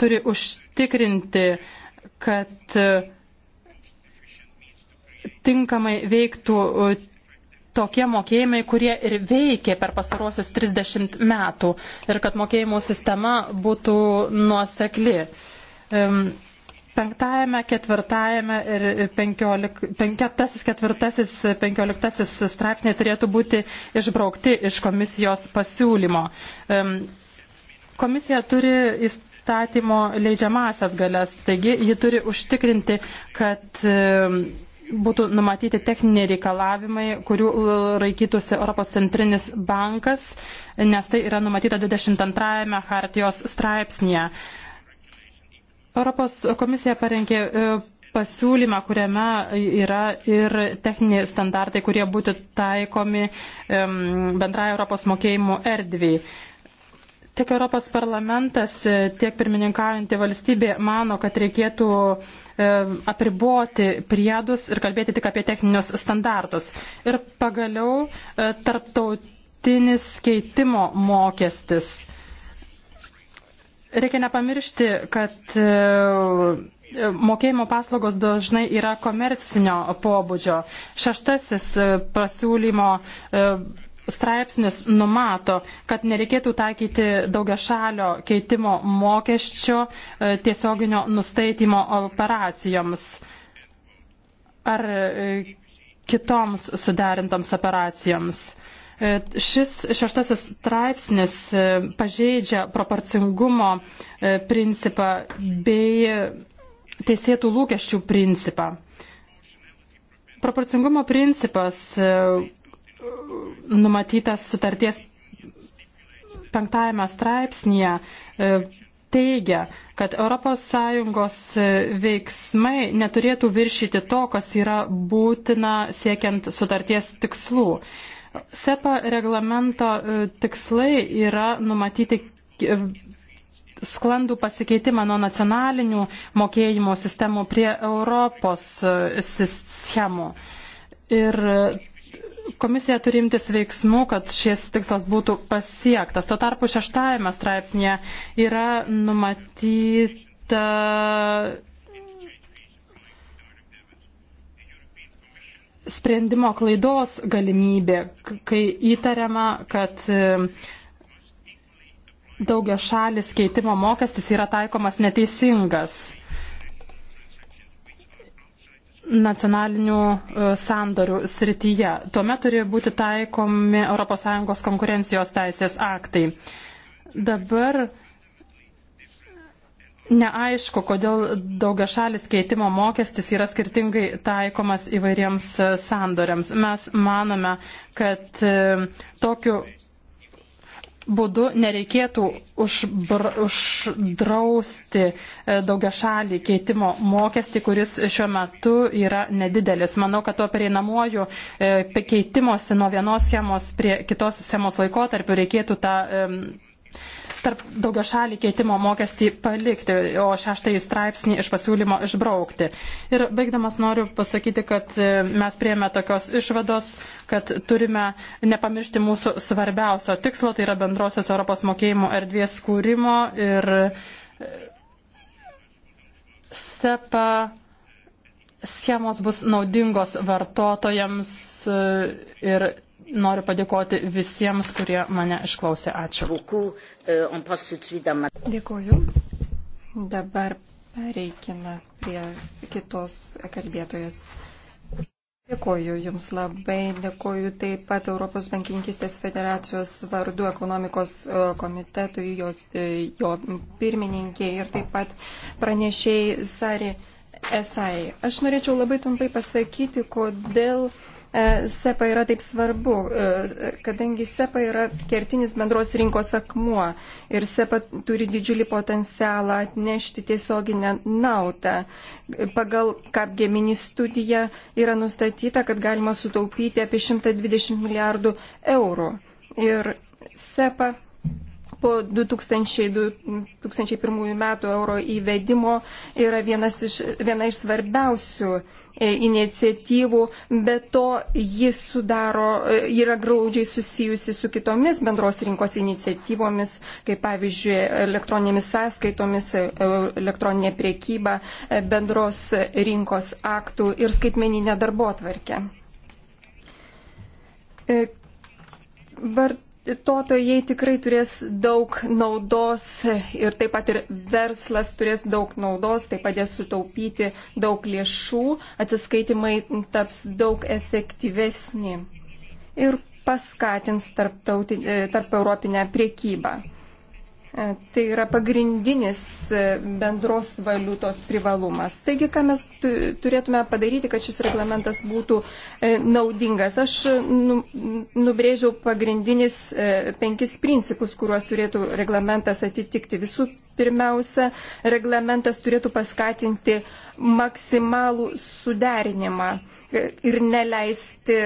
turi užtikrinti, kad e, tinkamai veiktų e, tokie mokėjimai, kurie ir veikė per pastarosius 30 metų ir kad mokėjimų sistema būtų nuosekli. Penktajame, ketvirtajame ir penkiolik, penktasis, ketvirtasis, penkioliktasis straipsniai turėtų būti išbraukti iš komisijos pasiūlymo. Komisija turi įstatymo leidžiamasias galias, taigi ji turi užtikrinti, kad būtų numatyti techniniai reikalavimai, kurių laikytųsi Europos centrinis bankas, nes tai yra numatyta 22-ame Hartijos straipsnėje. Europos komisija parengė e, pasiūlymą, kuriame yra ir techniniai standartai, kurie būtų taikomi bendrai Europos mokėjimų erdviai. Tiek Europos parlamentas, e, tiek pirmininkaujanti valstybė mano, kad reikėtų e, apriboti priedus ir kalbėti tik apie techninius standartus. Ir pagaliau e, tarptautinis keitimo mokestis. Reikia nepamiršti, kad mokėjimo paslaugos dažnai yra komercinio pobūdžio. Šeštasis pasiūlymo straipsnis numato, kad nereikėtų taikyti daugiašalio keitimo mokesčio e, tiesioginio nustatymo operacijoms ar e, kitoms suderintoms operacijoms. E, šis šeštasis straipsnis pažeidžia proporcingumo principą bei teisėtų lūkesčių principą. Proporcingumo principas numatytas sutarties penktajame straipsnėje e, teigia, kad ES veiksmai neturėtų viršyti to, kas yra būtina siekiant sutarties tikslų. SEPA reglamento e, tikslai yra numatyti e, sklandų pasikeitimą nuo nacionalinių mokėjimo sistemų prie Europos schemų. Ir Komisija turi imtis veiksmų, kad šis tikslas būtų pasiektas. Tuo tarpu šeštajame straipsnėje yra numatyta sprendimo klaidos galimybė, kai įtariama, kad e, daugia šalis keitimo mokestis yra taikomas neteisingas nacionalinių e, sandorių srityje. Tuomet turi būti taikomi ES konkurencijos teisės aktai. Dabar neaišku, kodėl daugia šalis keitimo mokestis yra skirtingai taikomas įvairiems e, sandoriams. Mes manome, kad e, tokiu būdu nereikėtų užbr, uždrausti e, daugia šalį keitimo mokestį, kuris šiuo metu yra nedidelis. Manau, kad tuo pereinamuoju e, keitimosi nuo vienos schemos prie kitos schemos laikotarpiu reikėtų tą tarp daugia šalį keitimo mokestį palikti, o šeštąjį straipsnį iš pasiūlymo išbraukti. Ir baigdamas noriu pasakyti, kad e, mes prieėmė tokios išvados, kad turime nepamiršti mūsų svarbiausio tikslo, tai yra bendrosios Europos mokėjimų erdvės kūrimo ir e, SEPA schemos bus naudingos vartotojams e, ir noriu padėkoti visiems, kurie mane išklausė. Ačiū. Dėkuoju. Dabar pereikime prie kitos kalbėtojas. Dėkoju Jums labai, dėkoju taip pat Europos bankininkistės federacijos vardu ekonomikos e, komitetui, jos, e, jo pirmininkiai ir taip pat pranešėjai Sari Esai. Aš norėčiau labai trumpai pasakyti, kodėl uh, E, SEPA yra taip svarbu, e, kadangi SEPA yra kertinis bendros rinkos akmuo ir SEPA turi didžiulį potencialą atnešti tiesioginę naudą. Pagal Kapgemini studiją yra nustatyta, kad galima sutaupyti apie 120 milijardų eurų. Ir SEPA po 2001 metų euro įvedimo yra vienas iš, viena iš svarbiausių E, iniciatyvų, bet to jis sudaro, e, yra glaudžiai susijusi su kitomis bendros rinkos iniciatyvomis, kaip pavyzdžiui elektroninėmis sąskaitomis, e, elektroninė priekyba, bendros rinkos aktų ir skaitmeninė darbo atvarkė. Vart vartotojai tikrai turės daug naudos ir taip pat ir verslas turės daug naudos, tai padės sutaupyti daug lėšų, atsiskaitimai taps daug efektyvesni ir paskatins tarp, tauti, e, tarp europinę priekybą. E, tai yra pagrindinis e, bendros valiutos privalumas. Taigi, ką mes turėtume padaryti, kad šis reglamentas būtų e, naudingas? Aš nu, nubrėžiau pagrindinis penkis principus, kuriuos turėtų reglamentas atitikti. Visų pirmiausia, reglamentas turėtų paskatinti maksimalų suderinimą ir neleisti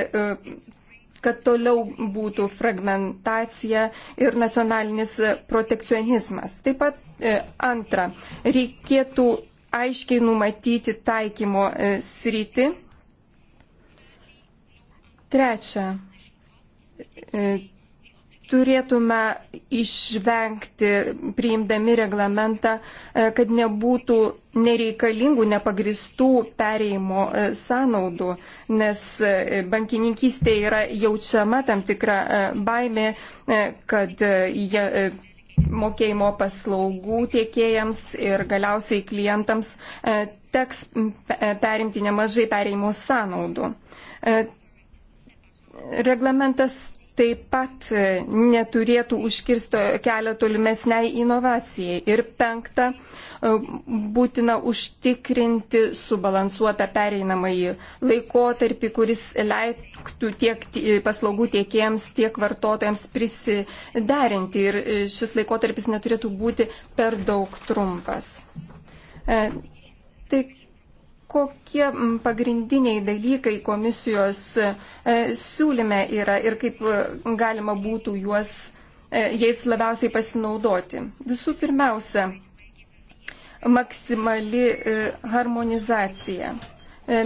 kad toliau būtų fragmentacija ir nacionalinis protekcionizmas. Taip pat e, antra, reikėtų aiškiai numatyti taikymo e, sritį. Trečia, e, turėtume išvengti priimdami reglamentą, kad nebūtų nereikalingų, nepagristų pereimo e, sąnaudų, nes e, bankininkystė yra jaučiama tam tikra e, baimė, kad jie mokėjimo paslaugų tiekėjams ir galiausiai klientams teks perimti nemažai pereimų sąnaudų. Reglamentas taip pat e, neturėtų užkirsto kelio tolimesniai inovacijai. Ir penkta, e, būtina užtikrinti subalansuotą pereinamąjį laikotarpį, kuris leiktų tiek paslaugų tiekėjams, tiek vartotojams prisiderinti. Ir e, šis laikotarpis neturėtų būti per daug trumpas. Tai kokie pagrindiniai dalykai komisijos e, siūlyme yra ir kaip e, galima būtų juos, e, jais labiausiai pasinaudoti. Visų pirmiausia, maksimali harmonizacija.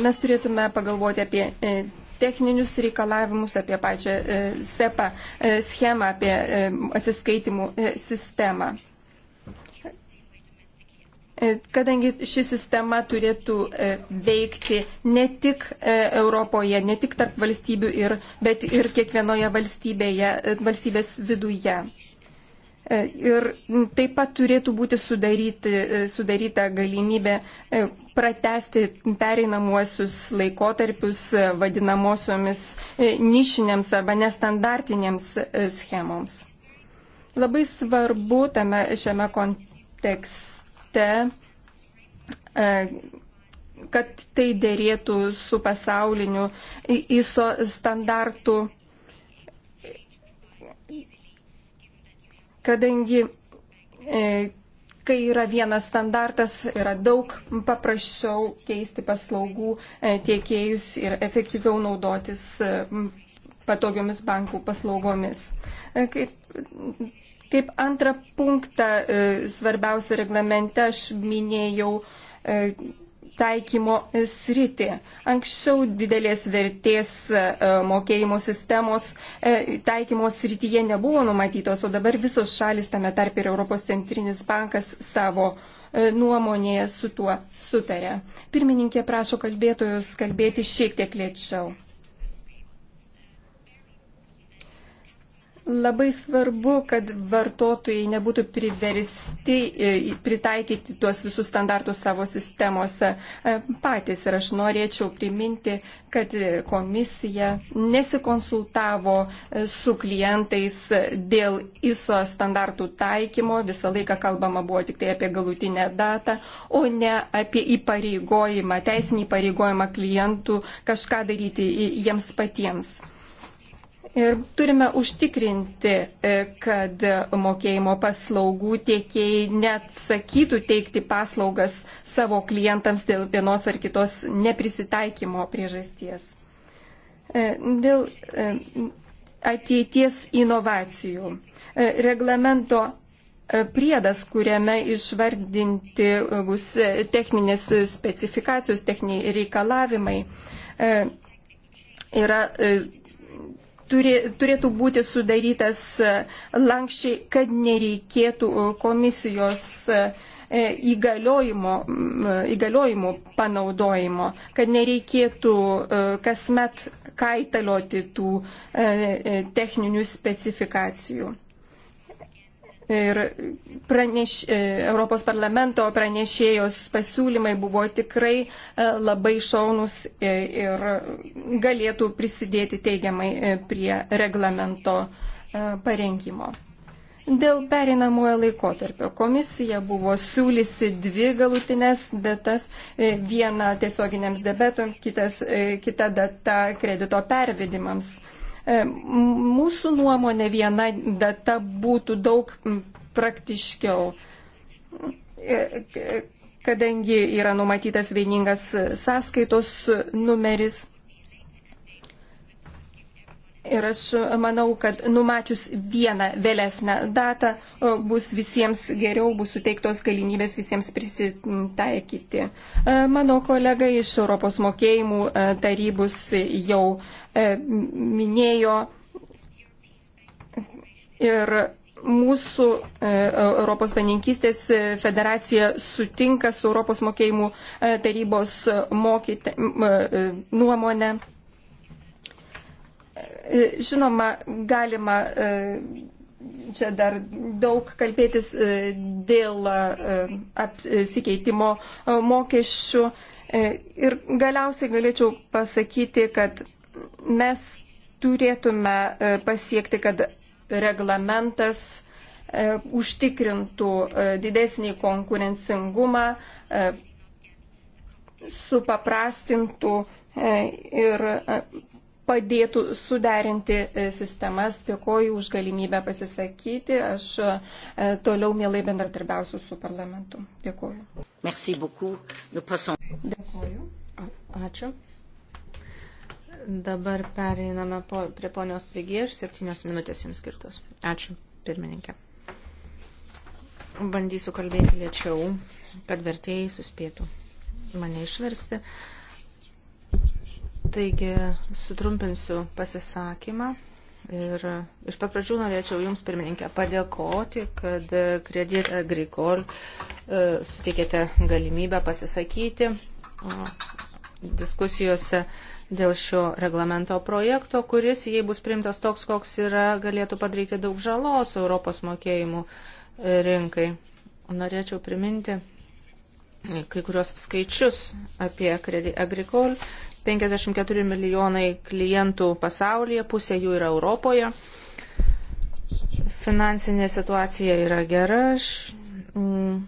Mes turėtume pagalvoti apie techninius reikalavimus, apie pačią SEPA schemą, apie atsiskaitimų sistemą. E, kadangi ši sistema turėtų e, veikti ne tik e, Europoje, ne tik tarp valstybių, ir, bet ir kiekvienoje valstybėje, valstybės viduje. Ir taip pat turėtų būti sudaryti, sudaryta galimybė pratesti pereinamuosius laikotarpius vadinamosiomis nišinėms arba nestandartinėms schemoms. Labai svarbu tame šiame kontekste parlamente, e, kad tai dėrėtų su pasauliniu ISO standartu, kadangi e, kai yra vienas standartas, yra daug paprasčiau keisti paslaugų e, tiekėjus ir efektyviau naudotis patogiomis bankų paslaugomis. Kaip Kaip antrą punktą e, svarbiausia reglamente aš minėjau e, taikymo sritį. Anksčiau didelės vertės e, mokėjimo sistemos taikymo srityje nebuvo numatytos, o dabar visos šalis, tame tarp ir Europos centrinis bankas savo nuomonėje su tuo sutarė. Pirmininkė prašo kalbėtojus kalbėti šiek tiek lėčiau. Labai svarbu, kad vartotojai nebūtų priversti e, pritaikyti tuos visus standartus savo sistemose e, patys. Ir aš norėčiau priminti, kad e, komisija nesikonsultavo su klientais dėl ISO standartų taikymo. Visą laiką kalbama buvo tik tai apie galutinę datą, o ne apie įpareigojimą, teisinį įpareigojimą klientų kažką daryti jiems patiems. Ir turime užtikrinti, e, kad mokėjimo paslaugų tiekėjai neatsakytų teikti paslaugas savo klientams dėl vienos ar kitos neprisitaikymo priežasties. E, dėl e, ateities inovacijų. Reglamento priedas, kuriame išvardinti bus techninės specifikacijos, techniniai reikalavimai, yra turė, turėtų būti sudarytas e, lankščiai, kad nereikėtų e, komisijos e, įgaliojimo, įgaliojimo panaudojimo, kad nereikėtų kasmet kaitalioti tų techninių specifikacijų. Ir praneš, e, Europos parlamento pranešėjos pasiūlymai buvo tikrai e, labai šaunus e, ir galėtų prisidėti teigiamai prie reglamento parengimo. Dėl pereinamojo laikotarpio komisija buvo siūlysi dvi galutinės datas, viena tiesioginiams debetams, kita data kredito pervedimams. E, mūsų nuomonė viena data būtų daug praktiškiau, e, kadangi yra numatytas vieningas e, sąskaitos numeris. Ir aš e, manau, kad numačius vieną vėlesnę datą e, bus visiems geriau, bus suteiktos galimybės visiems prisitaikyti. E, mano kolega iš Europos mokėjimų tarybus jau minėjo ir mūsų Europos paninkystės federacija sutinka su Europos mokėjimų tarybos mokyti, nuomonę. E, žinoma, galima e, čia dar daug kalbėtis e, dėl apsikeitimo mokesčių. Ir galiausiai galėčiau pasakyti, kad mes turėtume pasiekti, kad reglamentas užtikrintų didesnį konkurencingumą, supaprastintų ir padėtų suderinti e, sistemas. Dėkoju už galimybę pasisakyti. Aš e, toliau mielai bendradarbiausiu su parlamentu. Dėkoju. Dėkoju. Ačiū. Dabar pereiname po, prie ponios Vigė ir septynios minutės jums skirtos. Ačiū, pirmininkė. Bandysiu kalbėti lėčiau, kad vertėjai suspėtų mane išversti. Uh, Taigi, sutrumpinsiu pasisakymą. Ir iš pat pradžių norėčiau Jums, pirmininkė, padėkoti, kad Credit Agricole e, sutikėte galimybę pasisakyti e, diskusijose dėl šio reglamento projekto, kuris, jei bus primtas toks, koks yra, galėtų padaryti daug žalos Europos mokėjimų e, rinkai. Norėčiau priminti kai kurios skaičius apie Credit Agricole 54 milijonai klientų pasaulyje, pusė jų yra Europoje. Finansinė situacija yra gera. Mm,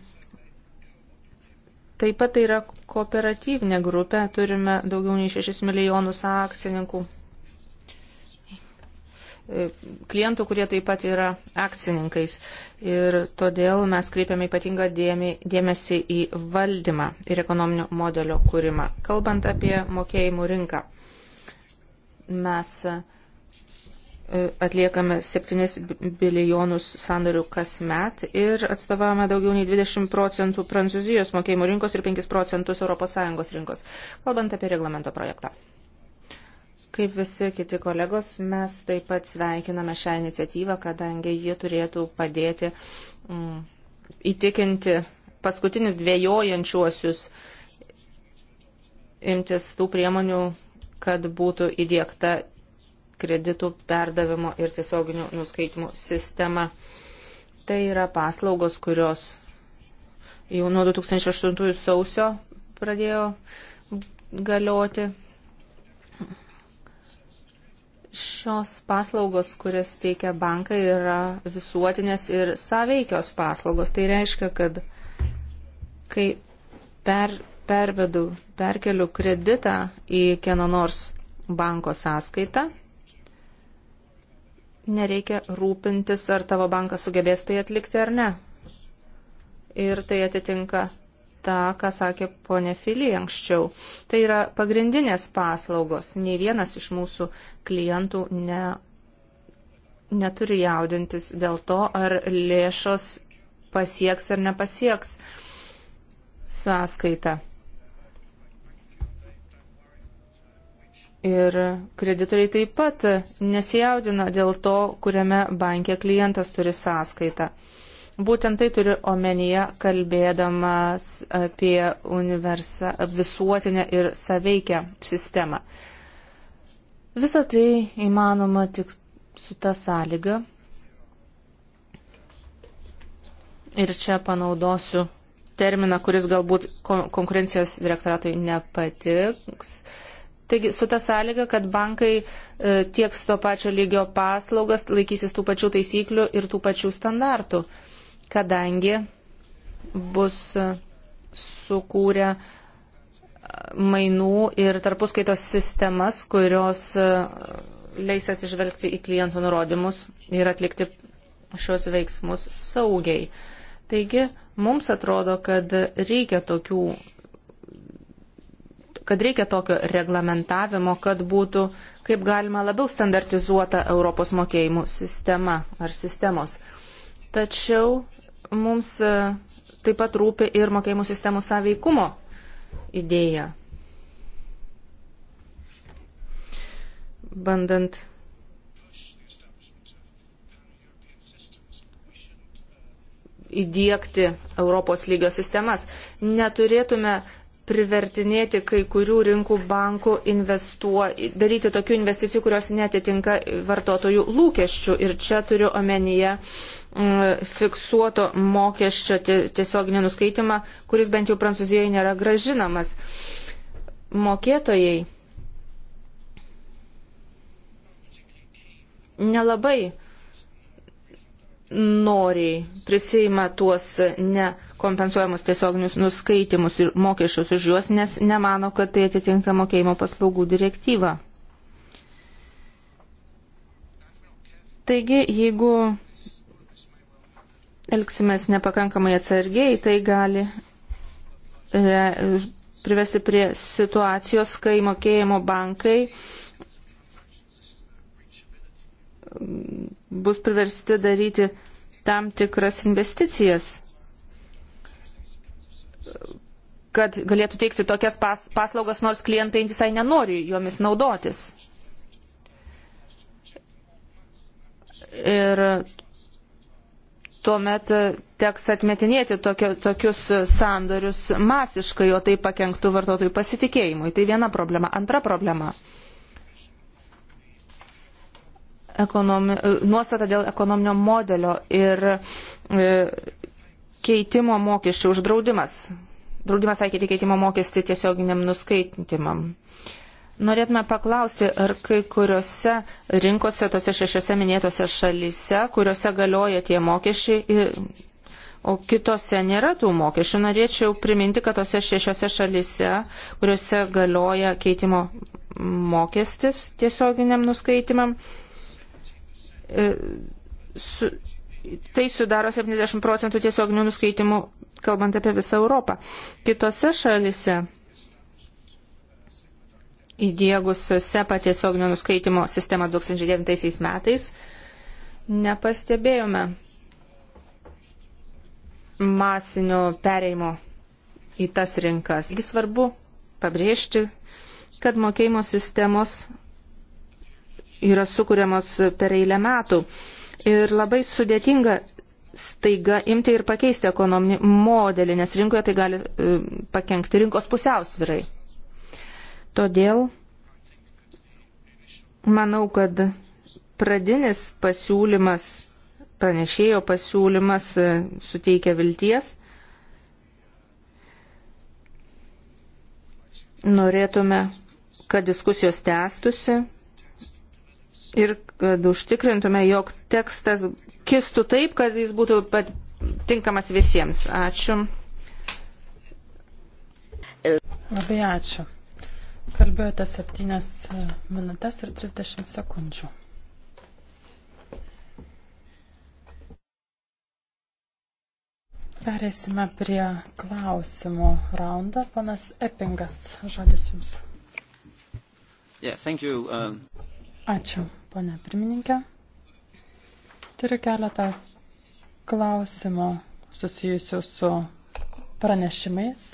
taip pat tai yra kooperatyvinė grupė, turime daugiau nei 6 milijonus akcininkų. E, klientų, kurie taip pat yra akcininkais. Ir todėl mes kreipiame ypatingą dėmesį į valdymą ir ekonominio modelio kūrimą. Kalbant apie mokėjimų rinką, mes e, atliekame 7 bilijonus sandorių kasmet ir atstovavome daugiau nei 20 procentų Prancūzijos mokėjimų rinkos ir 5 procentus ES rinkos, kalbant apie reglamento projektą. Kaip visi kiti kolegos, mes taip pat sveikiname šią iniciatyvą, kadangi ji turėtų padėti mm, įtikinti paskutinius dvėjojančiuosius imtis tų priemonių, kad būtų įdėkta kreditų perdavimo ir tiesioginių nuskaitimų sistema. Tai yra paslaugos, kurios jau nuo 2008 sausio pradėjo galioti Šios paslaugos, kurias teikia bankai, yra visuotinės ir saveikios paslaugos. Tai reiškia, kad kai per, pervedu, perkeliu kreditą į kieno nors banko sąskaitą, nereikia rūpintis, ar tavo bankas sugebės tai atlikti ar ne. Ir tai atitinka tą, ką sakė ponė Filį anksčiau. Tai yra pagrindinės paslaugos. Nei vienas iš mūsų klientų ne, neturi jaudintis dėl to, ar lėšos pasieks ar nepasieks sąskaitą. Ir kreditoriai taip pat nesijaudina dėl to, kuriame banke klientas turi sąskaitą. Būtent tai turiu omenyje, kalbėdamas apie universa, visuotinę ir saveikę sistemą. Visą tai įmanoma tik su ta sąlyga. Ir čia panaudosiu terminą, kuris galbūt konkurencijos direktoratui nepatiks. Taigi su ta sąlyga, kad bankai e, tieks to pačio lygio paslaugas, laikysis tų pačių taisyklių ir tų pačių standartų. E, kadangi bus sukūrę mainų ir tarpuskaitos sistemas, kurios leis atsižvelgti į klientų nurodymus ir atlikti šios veiksmus saugiai. Taigi, mums atrodo, kad reikia tokių kad reikia tokio reglamentavimo, kad būtų kaip galima labiau standartizuota Europos mokėjimų sistema ar sistemos. Tačiau mums e, taip pat rūpi ir mokėjimų sistemų sąveikumo idėja. Bandant įdėkti Europos lygio sistemas. Neturėtume privertinėti kai kurių rinkų bankų investuo, daryti tokių investicijų, kurios netitinka vartotojų lūkesčių. Ir čia turiu omenyje mm, fiksuoto mokesčio tiesioginį nuskaitimą, kuris bent jau Prancūzijoje nėra gražinamas. Mokėtojai nelabai noriai prisima tuos nekompensuojamus tiesioginius nuskaitimus ir mokesčius už juos, nes nemano, kad tai atitinka mokėjimo paslaugų direktyvą. Taigi, jeigu elgsimės nepakankamai atsargiai, tai gali re, privesti prie situacijos, kai mokėjimo bankai bus priversti daryti tam tikras investicijas, kad galėtų teikti tokias pas, paslaugas, nors klientai visai nenori jomis naudotis. Ir tuomet teks atmetinėti tokio, tokius sandorius masiškai, o tai pakenktų vartotojų pasitikėjimui. Tai viena problema. Antra problema ekonomi, e, nuostata dėl ekonominio modelio ir e, keitimo mokesčių uždraudimas. Draudimas taikyti keitimo mokestį tiesioginiam nuskaitimam. Norėtume paklausti, ar kai kuriuose rinkose, tose šešiose minėtose šalyse, kuriuose galioja tie mokesčiai, o kitose nėra tų mokesčių. Norėčiau priminti, kad tose šešiose šalyse, kuriuose galioja keitimo mokestis tiesioginiam nuskaitimam, E, su, tai sudaro 70 procentų tiesioginių nuskaitimų, kalbant apie visą Europą. Kitose šalise įdėgus SEPA tiesioginio nuskaitimo sistemą 2009 metais nepastebėjome masinio pereimo į tas rinkas. Taigi svarbu pabrėžti, kad mokėjimo sistemos yra sukūriamos per eilę metų. Ir labai sudėtinga staiga imti ir pakeisti ekonominį modelį, nes rinkoje tai gali e, pakengti rinkos pusiausvirai. Todėl manau, kad pradinis pasiūlymas, pranešėjo pasiūlymas e, suteikia vilties. Norėtume, kad diskusijos tęstusi, ir kad užtikrintume, jog tekstas kistų taip, kad jis būtų tinkamas visiems. Ačiū. Labai ačiū. Kalbėjote 7 e, minutės ir 30 sekundžių. Pereisime prie klausimų raundą. Panas Eppingas, žodis jums. Yeah, thank you. Um... Ačiū, ponia pirmininkė. Turiu keletą klausimų susijusių su pranešimais.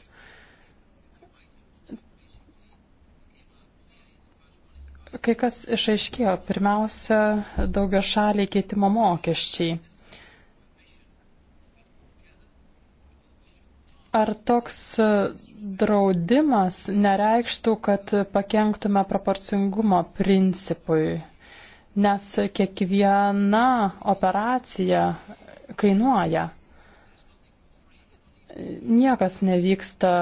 Kai kas išaiškėjo, pirmiausia, daugio šaliai keitimo mokesčiai. Ar toks draudimas nereikštų, kad pakenktume proporcingumo principui, nes kiekviena operacija kainuoja. Niekas nevyksta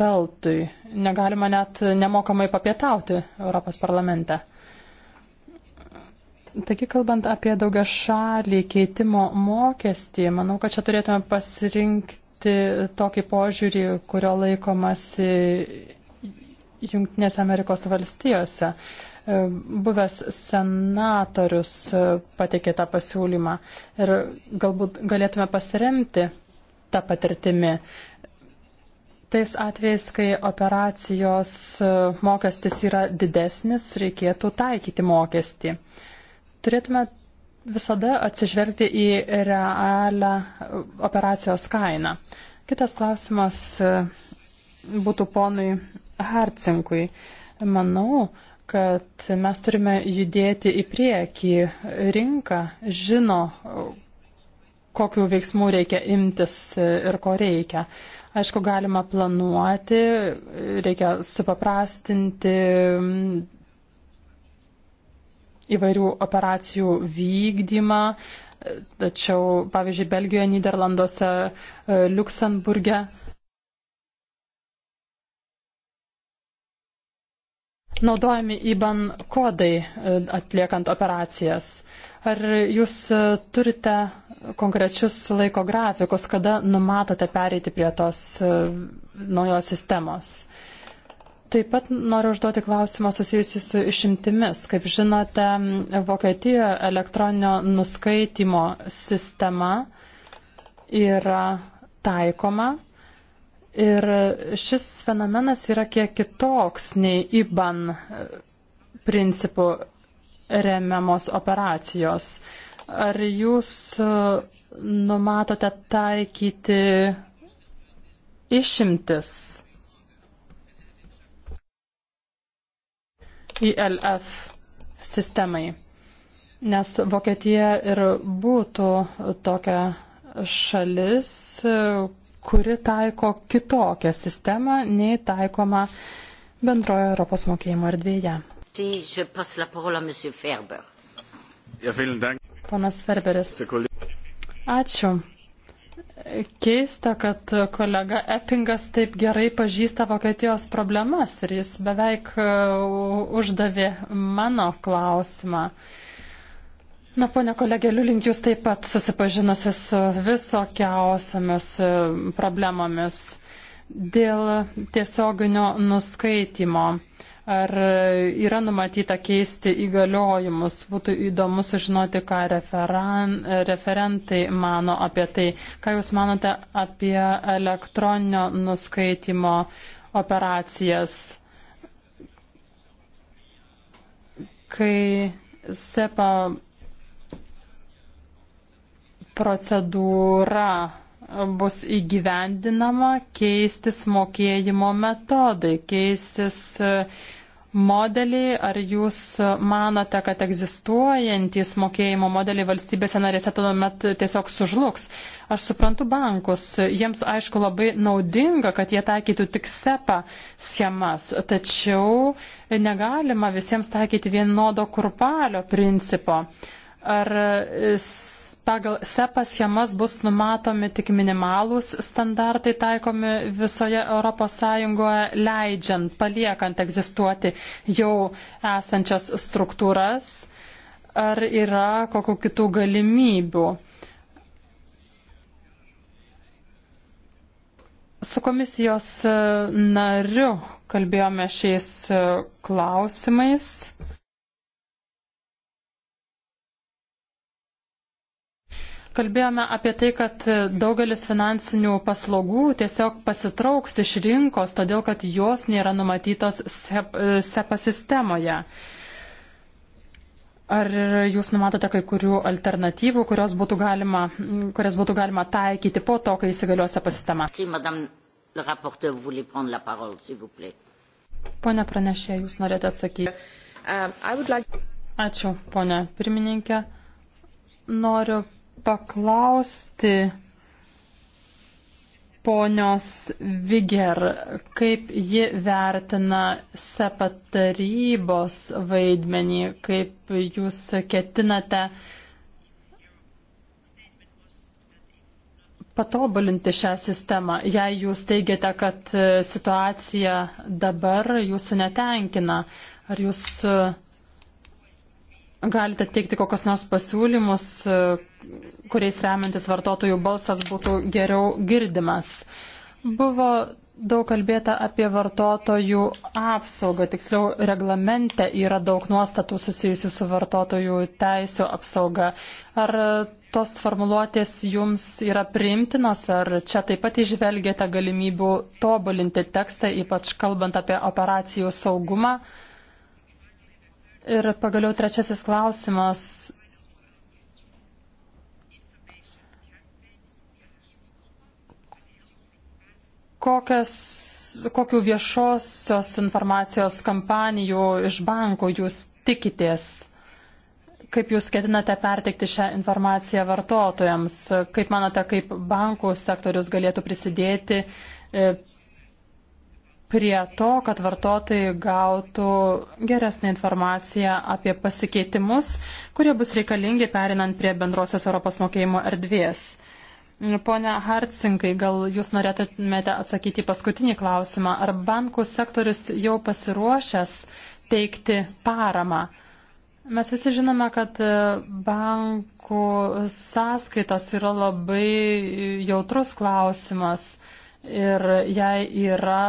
veltui. Negalima net nemokamai papietauti Europos parlamente. Taigi, kalbant apie daugia šalį keitimo mokestį, manau, kad čia turėtume pasirinkti paremti tokį požiūrį, kurio laikomasi Junktinėse Amerikos valstijose. Buvęs senatorius pateikė tą pasiūlymą ir galbūt galėtume pasiremti tą patirtimi. Tais atvejais, kai operacijos mokestis yra didesnis, reikėtų taikyti mokestį. Turėtume visada atsižvelgti į realią operacijos kainą. Kitas klausimas e, būtų ponui Harcinkui. Manau, kad mes turime judėti į priekį. Rinka žino, kokiu veiksmu reikia imtis ir ko reikia. Aišku, galima planuoti, reikia supaprastinti įvairių operacijų vykdymą, tačiau, pavyzdžiui, Belgijoje, Niderlanduose, e, Luksemburge. Naudojami IBAN kodai e, atliekant operacijas. Ar jūs e, turite konkrečius laiko grafikus, kada numatote pereiti prie tos naujos sistemos? Taip pat noriu užduoti klausimą susijusiu su išimtimis. Kaip žinote, Vokietijoje elektroninio nuskaitimo sistema yra taikoma ir šis fenomenas yra kiek kitoks nei IBAN principų remiamos operacijos. Ar jūs numatote taikyti išimtis? ILF sistemai, nes Vokietija ir būtų tokia šalis, kuri taiko kitokią sistemą nei taikoma bendrojo Europos mokėjimo erdvėje. Ponas Ferberis. Ačiū. Keista, kad kolega Eppingas taip gerai pažįsta Vokietijos problemas ir jis beveik e, uždavė mano klausimą. Na, ponia kolegė Liulink, jūs taip pat susipažinusi su visokiausiamis e, problemomis. Dėl tiesioginio nuskaitimo. Ar yra numatyta keisti įgaliojimus? Būtų įdomu sužinoti, ką referan, referentai mano apie tai. Ką Jūs manote apie elektroninio nuskaitimo operacijas? Kai SEPA procedūra bus įgyvendinama, keistis mokėjimo metodai, keisis e, modeliai, ar jūs manote, kad egzistuojantys mokėjimo modeliai valstybėse narėse tuomet tiesiog sužlugs? Aš suprantu bankus, jiems aišku labai naudinga, kad jie taikytų tik SEPA schemas, tačiau negalima visiems taikyti vienodo kurpalio principo. Ar pagal SEPA schemas bus numatomi tik minimalūs standartai taikomi visoje ES, leidžiant, paliekant egzistuoti jau esančias struktūras, ar yra kokių kitų galimybių. Su komisijos e, nariu kalbėjome šiais e, klausimais. Kalbėjome apie tai, kad daugelis finansinių paslaugų tiesiog pasitrauks iš rinkos, todėl kad jos nėra numatytos SEPA sistemoje. Ar jūs numatote kai kurių alternatyvų, kurios būtų galima, kurias būtų galima taikyti po to, kai įsigaliuos SEPA sistema? Pone pranešė, jūs norėte atsakyti. Uh, Ačiū, pone pirmininkė. Noriu paklausti ponios Viger, kaip ji vertina SEPA tarybos vaidmenį, kaip jūs ketinate patobulinti šią sistemą, jei jūs teigiate, kad situacija dabar jūsų netenkina. Ar jūs galite teikti kokios nors pasiūlymus, e, kuriais remiantis vartotojų balsas būtų geriau girdimas. Buvo daug kalbėta apie vartotojų apsaugą, tiksliau reglamente yra daug nuostatų susijusių su vartotojų teisų apsauga. Ar tos formuluotės jums yra priimtinos, ar čia taip pat išvelgėte galimybių tobulinti tekstą, ypač kalbant apie operacijų saugumą? Ir pagaliau trečiasis klausimas. Kokias, kokių viešosios informacijos kampanijų iš bankų jūs tikitės? Kaip jūs ketinate perteikti šią informaciją vartotojams? Kaip manote, kaip bankų sektorius galėtų prisidėti e, prie to, kad vartotojai gautų geresnį informaciją apie pasikeitimus, kurie bus reikalingi perinant prie bendrosios Europos mokėjimo erdvės. Pone Hartsinkai, gal jūs norėtumėte atsakyti paskutinį klausimą. Ar bankų sektorius jau pasiruošęs teikti paramą? Mes visi žinome, kad bankų sąskaitas yra labai jautrus klausimas ir jei yra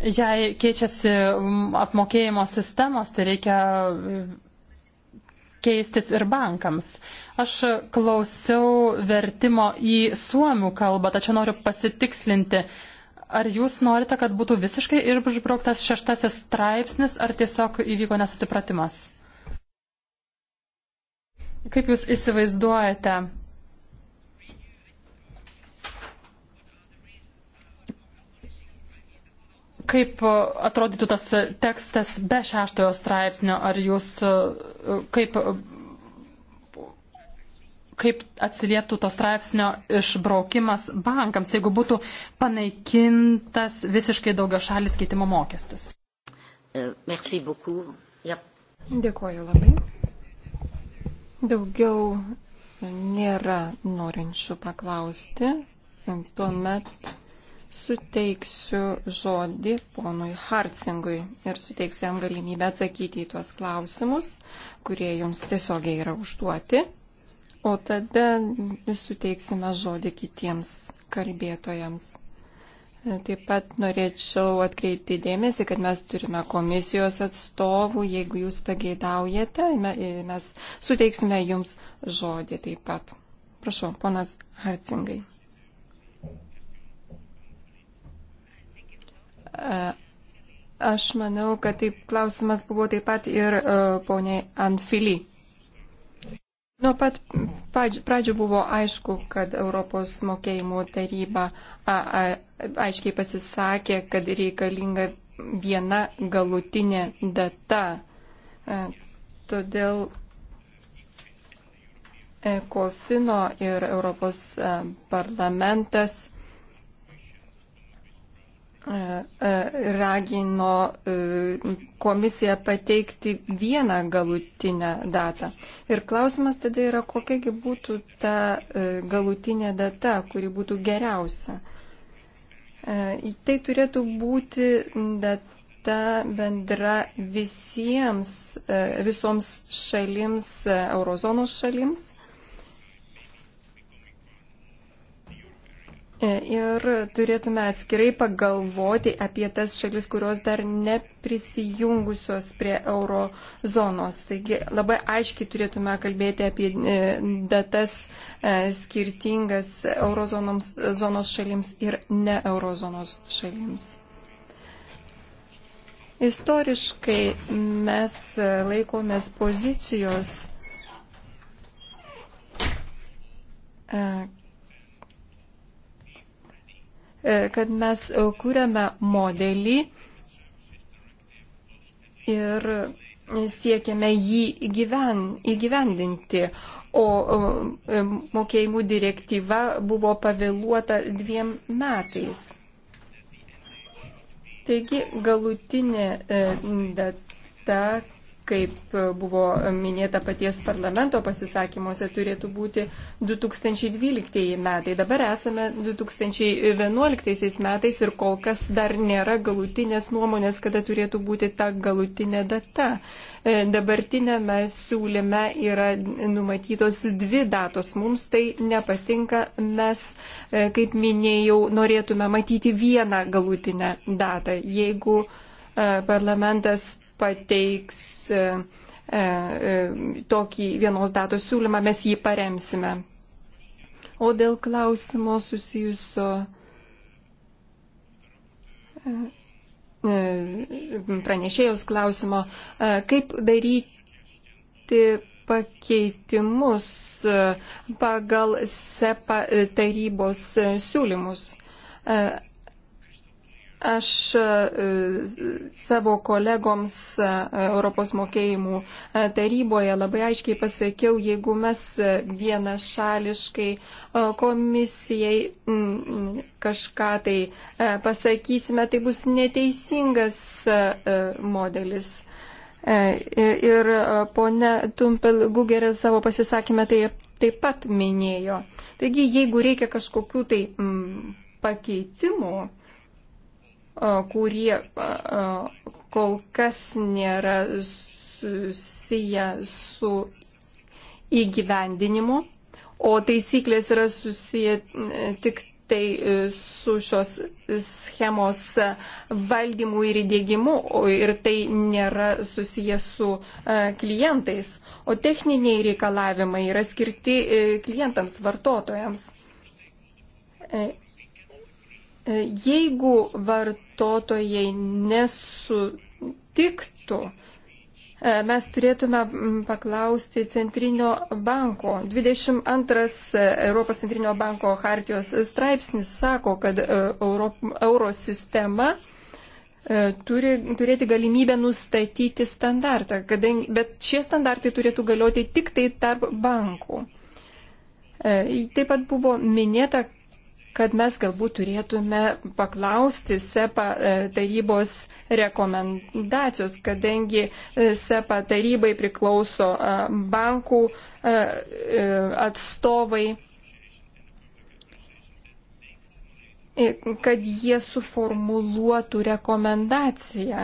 Jei keičiasi apmokėjimo sistemos, tai reikia e, keistis ir bankams. Aš klausiau vertimo į suomių kalbą, tačiau noriu pasitikslinti, ar jūs norite, kad būtų visiškai ir užbrauktas šeštasis straipsnis, ar tiesiog įvyko nesusipratimas? Kaip jūs įsivaizduojate, kaip atrodytų tas tekstas be šeštojo straipsnio, ar jūs kaip, kaip atsilieptų to straipsnio išbraukimas bankams, jeigu būtų panaikintas visiškai daugia šalis keitimo mokestis? E, merci beaucoup. Yep. Dėkuoju labai. Daugiau nėra norinčių paklausti. Tuomet suteiksiu žodį ponui Hartsingui ir suteiksiu jam galimybę atsakyti į tuos klausimus, kurie jums tiesiogiai yra užduoti. O tada suteiksime žodį kitiems kalbėtojams. Taip pat norėčiau atkreipti dėmesį, kad mes turime komisijos atstovų. Jeigu jūs pageidaujate, e, mes suteiksime jums žodį taip pat. Prašau, ponas Harcingai. Aš manau, kad taip klausimas buvo taip pat ir uh, poniai Anfili. Nuo pat pradžių buvo aišku, kad Europos mokėjimų taryba a, a, aiškiai pasisakė, kad reikalinga viena galutinė data. A, e, todėl Ekofino ir Europos e, parlamentas E, e, ragino e, komisiją pateikti vieną galutinę datą. Ir klausimas tada yra, kokiagi būtų ta galutinė data, kuri būtų geriausia. Tai turėtų būti data bendra visiems, visoms šalims, eurozonos šalims E, ir turėtume atskirai pagalvoti apie tas šalis, kurios dar neprisijungusios prie euro zonos. Taigi labai aiškiai turėtume kalbėti apie e, datas e, skirtingas euro zonos šalims ir ne euro zonos šalims. Istoriškai mes laikomės pozicijos E, kad mes e, kūrėme modelį ir siekiame jį gyven, įgyvendinti. O e, mokėjimų direktyva buvo pavėluota dviem metais. Taigi galutinė data, kaip buvo minėta paties parlamento pasisakymuose, turėtų būti 2012 metai. Dabar esame 2011 metais ir kol kas dar nėra galutinės nuomonės, kada turėtų būti ta galutinė data. E, Dabartinėme siūlyme yra numatytos dvi datos. Mums tai nepatinka. Mes, e, kaip minėjau, norėtume matyti vieną galutinę datą. Jeigu e, parlamentas pateiks e, e, tokį vienos datos siūlymą, mes jį paremsime. O dėl klausimo susijusio e, pranešėjos klausimo, kaip daryti pakeitimus pagal SEPA tarybos siūlymus. Aš e, savo kolegoms e, Europos mokėjimų e, taryboje labai aiškiai pasakiau, jeigu mes vienašališkai komisijai kažką tai pasakysime, tai bus neteisingas modelis. Ir ponia Tumpel Gugerė savo pasisakymę tai taip pat minėjo. Taigi, jeigu reikia kažkokių tai mm, pakeitimų, kurie kol kas nėra susiję su įgyvendinimu, o taisyklės yra susiję e, tik tai e, su šios schemos valdymu ir įdėgymu ir tai nėra susiję su e, klientais, o techniniai reikalavimai yra skirti klientams, vartotojams E, jeigu vartotojai nesutiktų, e, mes turėtume paklausti Centrinio banko. 22 Europos Centrinio banko hartijos straipsnis sako, kad e, euro sistema turi turėti galimybę nustatyti standartą, kadangi, bet šie standartai turėtų galioti tik tai tarp bankų. Taip pat buvo minėta, kad mes galbūt turėtume paklausti SEPA e, tarybos rekomendacijos, kadangi e, SEPA tarybai priklauso e, bankų atstovai, kad jie suformuluotų rekomendaciją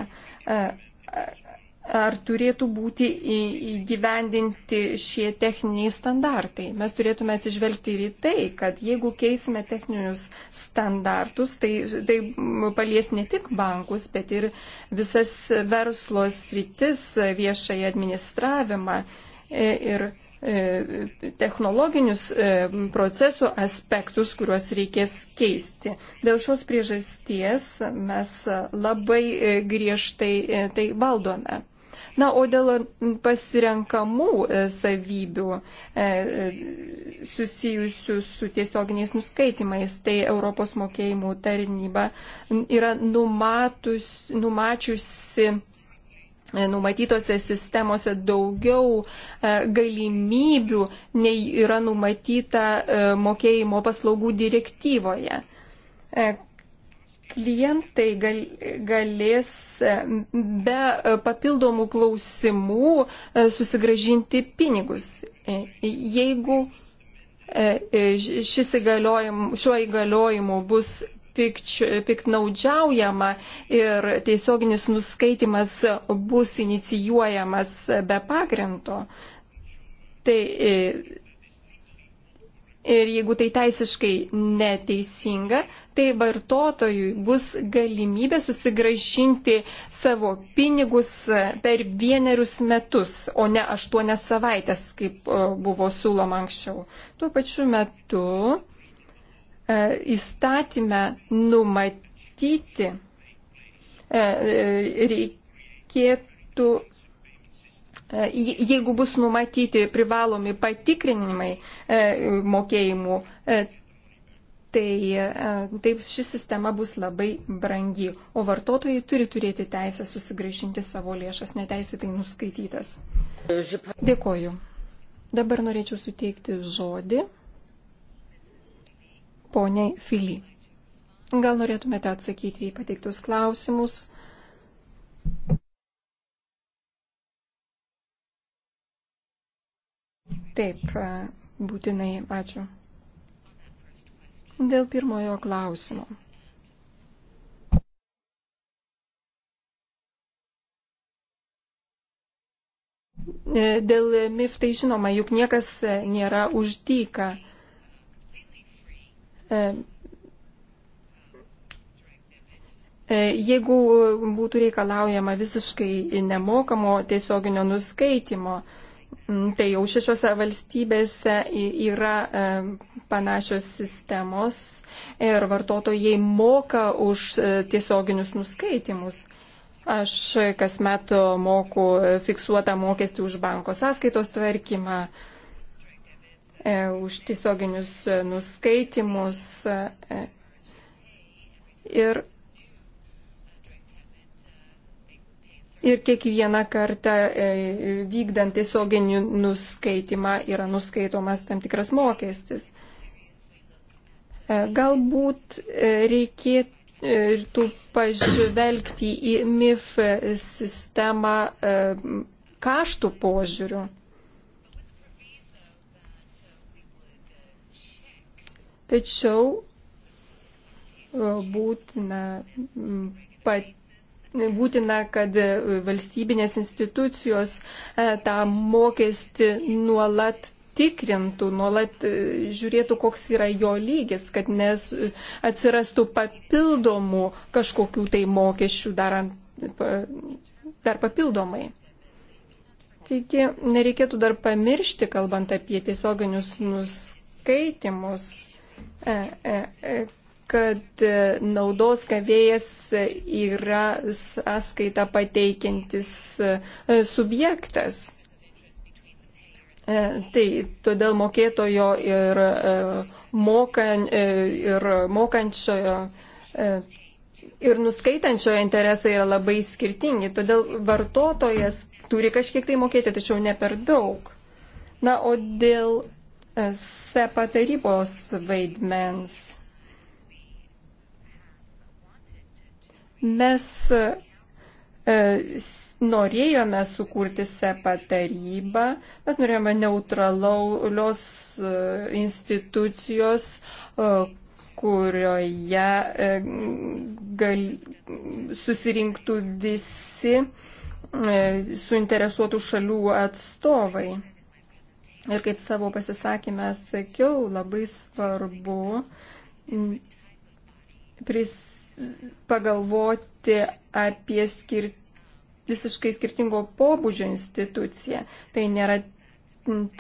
ar turėtų būti įgyvendinti šie techniniai standartai. Mes turėtume atsižvelgti ir į tai, kad jeigu keisime techninius standartus, tai, tai palies ne tik bankus, bet ir visas verslo sritis, viešai administravimą e, ir e, technologinius e, procesų aspektus, kuriuos reikės keisti. Dėl šios priežasties mes labai griežtai tai valdome. Na, o dėl e, pasirenkamų e, savybių e, susijusių su tiesioginiais nuskaitimais, tai Europos mokėjimų tarnyba yra numatus, numačiusi numatytose sistemose daugiau galimybių nei yra numatyta mokėjimo paslaugų direktyvoje klientai gal, galės e, be papildomų klausimų e, susigražinti pinigus. E, jeigu šis įgaliojim, šiuo įgaliojimu bus piknaudžiaujama ir tiesioginis nuskaitimas bus inicijuojamas be pagrindo, tai Ir jeigu tai teisiškai neteisinga, tai vartotojui bus galimybė susigražinti savo pinigus per vienerius metus, o ne aštuonias savaitės, kaip e, buvo siūloma anksčiau. Tuo pačiu metu e, įstatymę numatyti e, reikėtų E, jeigu bus numatyti privalomi patikrinimai e, mokėjimų, e, tai taip ši sistema bus labai brangi, o vartotojai turi turėti teisę susigražinti savo lėšas neteisėtai nuskaitytas. Dėkoju. Dabar norėčiau suteikti žodį poniai Fili. Gal norėtumėte atsakyti į pateiktus klausimus? Taip, būtinai, ačiū. Dėl pirmojo klausimo. E, dėl MIF tai žinoma, juk niekas e, nėra uždyka. E, jeigu būtų reikalaujama visiškai nemokamo tiesioginio nuskaitimo, Mm, tai jau šešiose valstybėse yra e, panašios sistemos ir vartotojai moka už e, tiesioginius nuskaitimus. Aš kasmet moku fiksuotą mokestį už banko sąskaitos tvarkymą, e, už tiesioginius nuskaitimus ir ir kiekvieną kartą e, vykdant tiesioginį nuskaitimą yra nuskaitomas tam tikras mokestis. E, galbūt e, reikėtų pažvelgti į MIF sistemą kaštų požiūrių. Tačiau būtina pat būtina, kad e, valstybinės institucijos e, tą mokestį nuolat tikrintų, nuolat e, žiūrėtų, koks yra jo lygis, kad nes atsirastų papildomų kažkokių tai mokesčių darant, dar papildomai. Taigi nereikėtų dar pamiršti, kalbant apie tiesioginius nuskaitimus, kad e, naudos gavėjas yra sąskaita pateikiantis e, subjektas. E, tai todėl mokėtojo ir, mokan, ir mokančiojo ir nuskaitančiojo interesai yra labai skirtingi. Todėl vartotojas turi kažkiek tai mokėti, tačiau ne per daug. Na, o dėl SEPA tarybos vaidmens Mes e, norėjome sukurti SEPA tarybą, mes norėjome neutralaus e, institucijos, e, kurioje gal, susirinktų visi suinteresuotų šalių atstovai. Ir kaip savo pasisakymę sakiau, labai svarbu pris pagalvoti apie skir... visiškai skirtingo pobūdžio instituciją. Tai nėra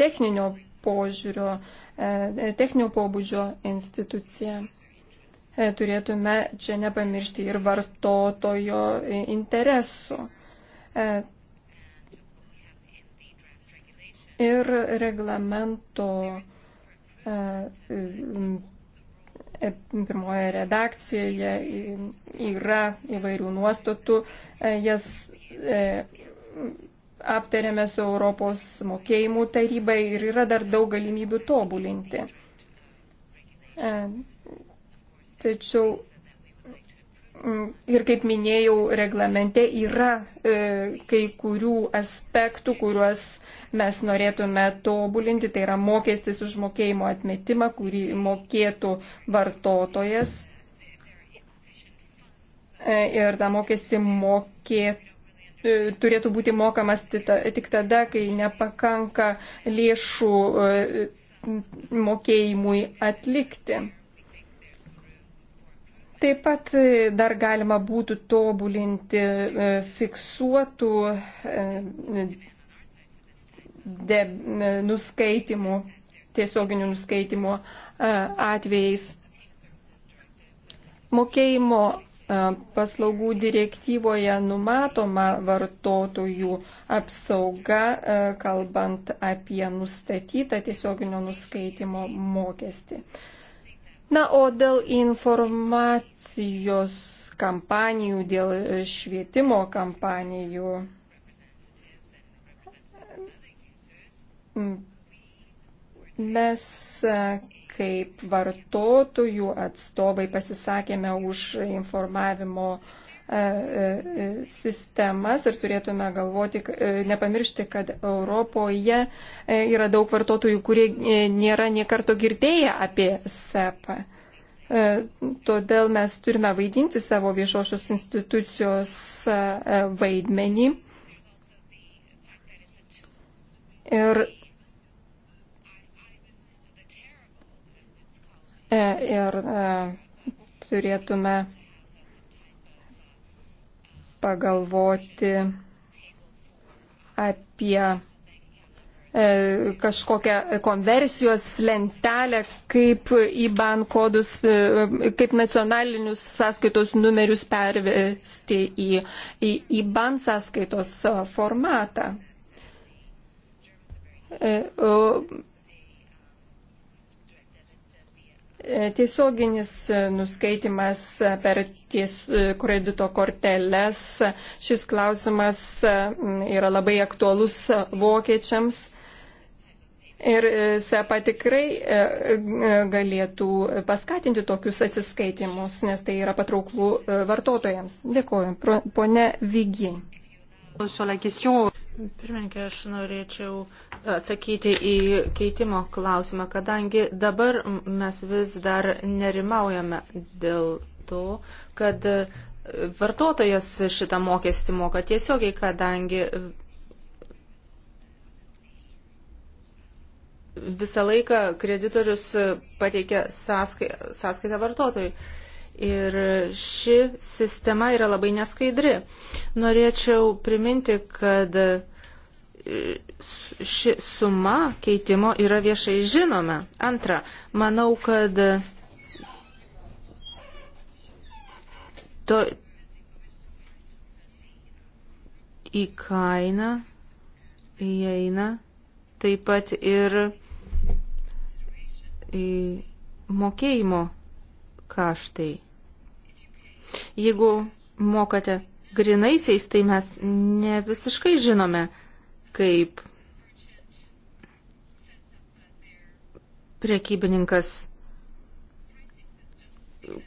techninio požiūrio, e, e, techninio pobūdžio institucija. E, turėtume čia nepamiršti ir vartotojo interesų. Ir reglamento E, pirmoje redakcijoje yra įvairių nuostatų. E, jas e, aptarėme su Europos mokėjimų tarybai ir yra dar daug galimybių tobulinti. Tačiau Mm, ir kaip minėjau, reglamente yra e, kai kurių aspektų, kuriuos mes norėtume tobulinti. Tai yra mokestis už mokėjimo atmetimą, kurį mokėtų vartotojas. E, ir tą mokestį mokėtų e, turėtų būti mokamas tik tada, kai nepakanka lėšų e, mokėjimui atlikti. Taip pat e, dar galima būtų tobulinti e, fiksuotų e, de, nuskaitimų, tiesioginių nuskaitimų atvejais. Mokėjimo paslaugų direktyvoje numatoma vartotojų apsauga, kalbant apie nustatytą tiesioginio nuskaitimo mokestį. Na, o dėl informacijos kampanijų, dėl švietimo kampanijų. Mes kaip vartotojų atstovai pasisakėme už informavimo uh, E, e, sistemas ir turėtume galvoti, e, nepamiršti, kad Europoje yra daug vartotojų, kurie nėra niekarto girdėję apie SEPA. Todėl mes turime vaidinti savo viešosios institucijos vaidmenį. Ir ir turėtume pagalvoti apie e, kažkokią konversijos lentelę, kaip į ban kodus, e, kaip nacionalinius sąskaitos numerius pervesti į, į, į ban sąskaitos e, formatą. E, tiesioginis e, nuskaitimas e, per ties kredito korteles. Šis klausimas yra labai aktuolus vokiečiams. Ir SEPA tikrai galėtų paskatinti tokius atsiskaitimus, nes tai yra patrauklų vartotojams. Dėkuoju. Pone Vygi. Pirmininkė, aš norėčiau atsakyti į keitimo klausimą, kadangi dabar mes vis dar nerimaujame dėl to, kad vartotojas šitą mokestį moka tiesiogiai, kadangi visą laiką kreditorius pateikia sąskaitą vartotojui. Ir ši sistema yra labai neskaidri. Norėčiau priminti, kad ši suma keitimo yra viešai žinoma. Antra, manau, kad to į kainą įeina taip pat ir mokėjimo kaštai. Jeigu mokate grinaisiais, tai mes ne visiškai žinome, kaip prekybininkas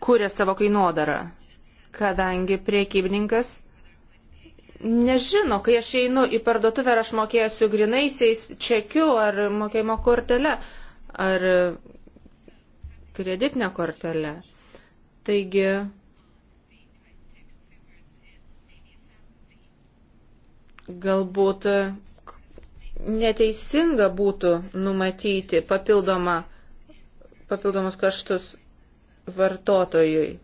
kūrė savo kainodarą, kadangi prekybininkas nežino, kai aš einu į parduotuvę, ar aš mokėsiu grinaisiais čekiu ar mokėjimo kortelę ar kreditinę kortelę. Taigi, galbūt neteisinga būtų numatyti papildomą, papildomus kaštus vartotojui,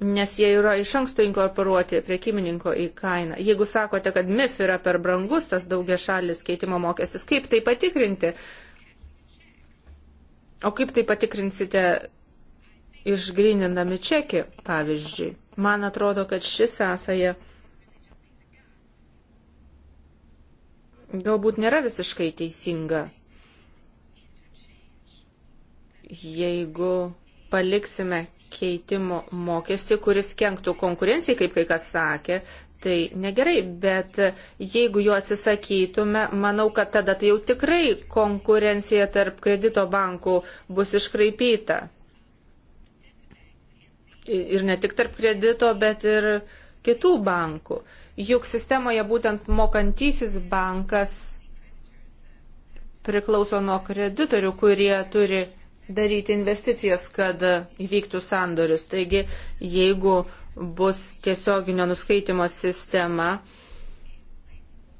nes jie yra iš anksto inkorporuoti priekybininko į kainą. Jeigu sakote, kad MIF yra per brangus tas daugia šalis keitimo mokestis, kaip tai patikrinti? O kaip tai patikrinsite išgrinindami čekį, pavyzdžiui? Man atrodo, kad ši sąsaja. Sąsaja galbūt nėra visiškai teisinga, jeigu paliksime keitimo mokestį, kuris kenktų konkurencijai, kaip kai kas sakė, tai negerai, bet jeigu jo atsisakytume, manau, kad tada tai jau tikrai konkurencija tarp kredito bankų bus iškraipyta. Ir ne tik tarp kredito, bet ir kitų bankų juk sistemoje būtent mokantysis bankas priklauso nuo kreditorių, kurie turi daryti investicijas, kad įvyktų sandorius. Taigi, jeigu bus tiesioginio nuskaitimo sistema,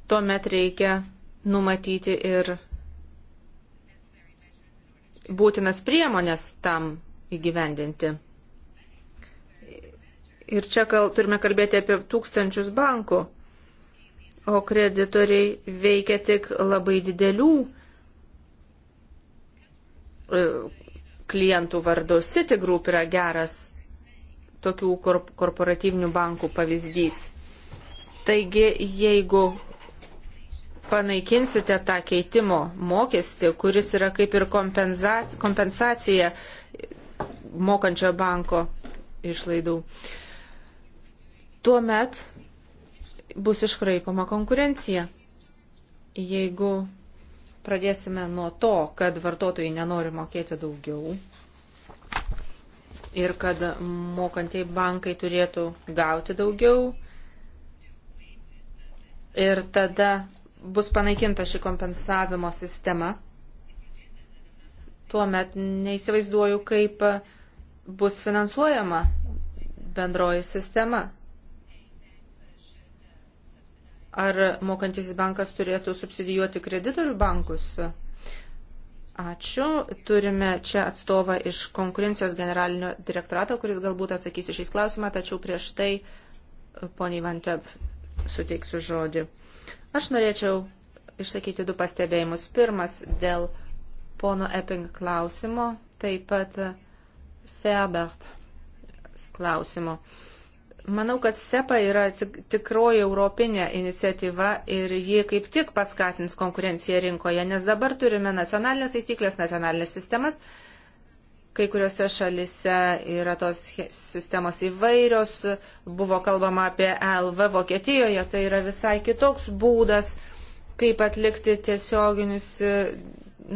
tuomet reikia numatyti ir būtinas priemonės tam įgyvendinti. Ir čia kal, turime kalbėti apie tūkstančius bankų, o kreditoriai veikia tik labai didelių e, klientų vardu. Citigroup yra geras tokių korporatyvinių bankų pavyzdys. Taigi, jeigu panaikinsite tą keitimo mokestį, kuris yra kaip ir kompensacija mokančio banko išlaidų, tuomet bus iškraipama konkurencija. Jeigu pradėsime nuo to, kad vartotojai nenori mokėti daugiau ir kad mokantieji bankai turėtų gauti daugiau ir tada bus panaikinta ši kompensavimo sistema, tuomet neįsivaizduoju, kaip bus finansuojama bendroji sistema. Ar mokantisis bankas turėtų subsidijuoti kreditorių bankus? Ačiū. Turime čia atstovą iš konkurencijos generalinio direktorato, kuris galbūt atsakys iš šį klausimą, tačiau prieš tai e, poniai Vantep suteiksiu žodį. Aš norėčiau išsakyti du pastebėjimus. Pirmas dėl pono Epping klausimo, taip pat Feabert klausimo. Manau, kad SEPA yra tik, tikroji europinė iniciatyva ir ji kaip tik paskatins konkurenciją rinkoje, nes dabar turime nacionalinės taisyklės, nacionalinės sistemas. Kai kuriuose šalise yra tos sistemos įvairios, buvo kalbama apie e LV Vokietijoje, tai yra visai kitoks būdas, kaip atlikti tiesioginius e,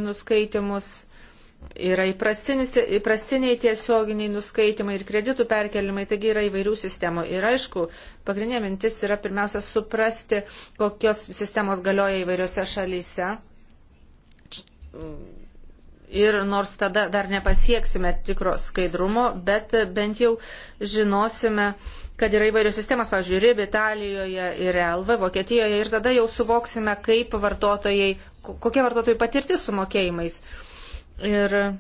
nuskaitimus Yra įprastiniai tiesioginiai nuskaitimai ir kreditų perkelimai, taigi yra įvairių sistemų. Ir aišku, pagrindinė mintis yra pirmiausia suprasti, kokios sistemos galioja įvairiose šalyse. Ir nors tada dar nepasieksime tikro skaidrumo, bet bent jau žinosime, kad yra įvairios sistemas, pavyzdžiui, RIB Italijoje ir LV Vokietijoje, ir tada jau suvoksime, kaip vartotojai, kokia vartotojų patirtis su mokėjimais. Uh, Ir